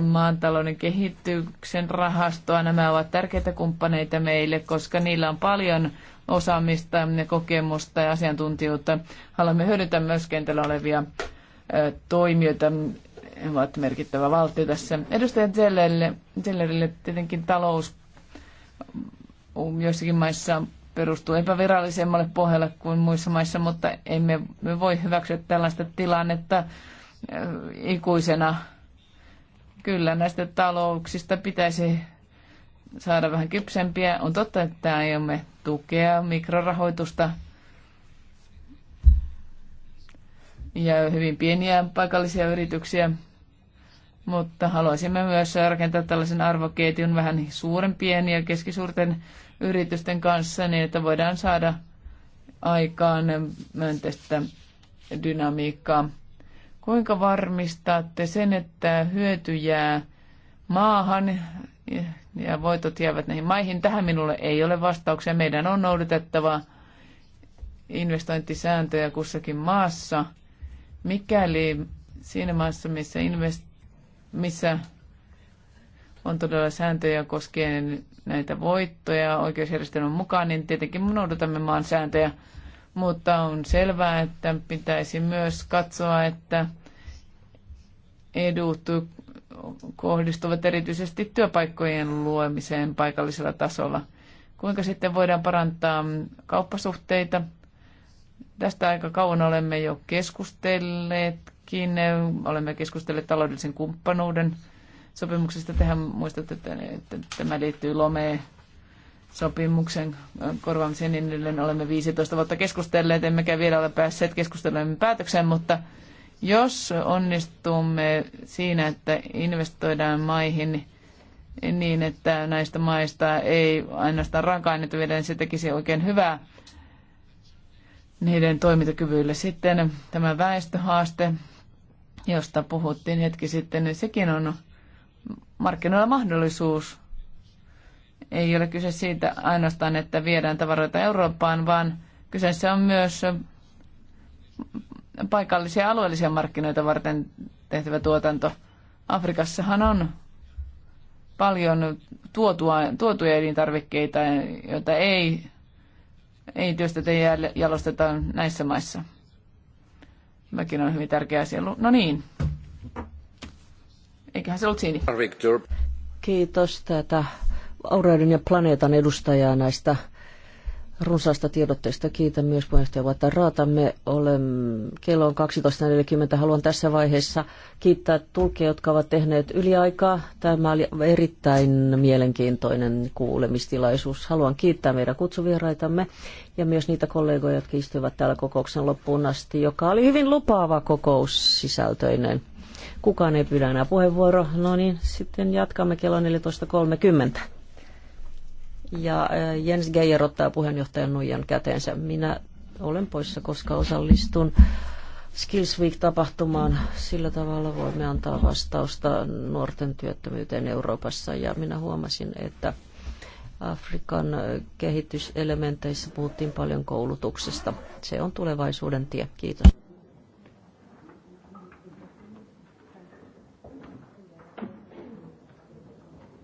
maantalouden kehityksen rahastoa. Nämä ovat tärkeitä kumppaneita meille, koska niillä on paljon osaamista ja kokemusta ja asiantuntijuutta. Haluamme hyödyntää myös kentällä olevia toimijoita. He ovat merkittävä valtio tässä. Edustaja Zellerille, Zellerille tietenkin talous joissakin maissa perustuu epävirallisemmalle pohjalle kuin muissa maissa, mutta emme me voi hyväksyä tällaista tilannetta ikuisena Kyllä näistä talouksista pitäisi saada vähän kypsempiä. On totta, että aiomme tukea mikrorahoitusta ja hyvin pieniä paikallisia yrityksiä, mutta haluaisimme myös rakentaa tällaisen arvoketjun vähän suurempien ja keskisuurten yritysten kanssa niin, että voidaan saada aikaan myönteistä dynamiikkaa Kuinka varmistatte sen, että hyöty jää maahan ja voitot jäävät näihin maihin? Tähän minulle ei ole vastauksia. Meidän on noudatettava investointisääntöjä kussakin maassa. Mikäli siinä maassa, missä, invest- missä on todella sääntöjä koskien näitä voittoja oikeusjärjestelmän mukaan, niin tietenkin noudatamme maan sääntöjä – mutta on selvää, että pitäisi myös katsoa, että edut kohdistuvat erityisesti työpaikkojen luomiseen paikallisella tasolla. Kuinka sitten voidaan parantaa kauppasuhteita? Tästä aika kauan olemme jo keskustelleetkin. Olemme keskustelleet taloudellisen kumppanuuden sopimuksesta. Tehän muistatte, että tämä liittyy Lomeen sopimuksen korvaamisen niin edelleen olemme 15 vuotta keskustelleet, emmekä vielä ole päässeet keskustelujen päätökseen, mutta jos onnistumme siinä, että investoidaan maihin niin, että näistä maista ei ainoastaan raaka-aineita viedä, niin se tekisi oikein hyvää niiden toimintakyvylle. Sitten tämä väestöhaaste, josta puhuttiin hetki sitten, niin sekin on markkinoilla mahdollisuus ei ole kyse siitä ainoastaan, että viedään tavaroita Eurooppaan, vaan kyseessä on myös paikallisia ja alueellisia markkinoita varten tehtävä tuotanto. Afrikassahan on paljon tuotua, tuotuja elintarvikkeita, joita ei, ei työstetä ja jalosteta näissä maissa. Mäkin on hyvin tärkeä asia. No niin. Eiköhän se ollut siinä. Kiitos tätä Aureiden ja planeetan edustajaa näistä runsaasta tiedotteista Kiitän myös puheenjohtaja Vata Raatamme. Olen kello on 12.40. Haluan tässä vaiheessa kiittää tulkia, jotka ovat tehneet yliaikaa. Tämä oli erittäin mielenkiintoinen kuulemistilaisuus. Haluan kiittää meidän kutsuvieraitamme ja myös niitä kollegoja, jotka istuivat täällä kokouksen loppuun asti, joka oli hyvin lupaava kokous sisältöinen. Kukaan ei pyydä enää puheenvuoro. No niin, sitten jatkamme kello 14.30. Ja äh, Jens Geijer ottaa puheenjohtajan nuijan käteensä. Minä olen poissa, koska osallistun Skills Week-tapahtumaan. Sillä tavalla voimme antaa vastausta nuorten työttömyyteen Euroopassa. Ja minä huomasin, että Afrikan kehityselementeissä puhuttiin paljon koulutuksesta. Se on tulevaisuuden tie. Kiitos.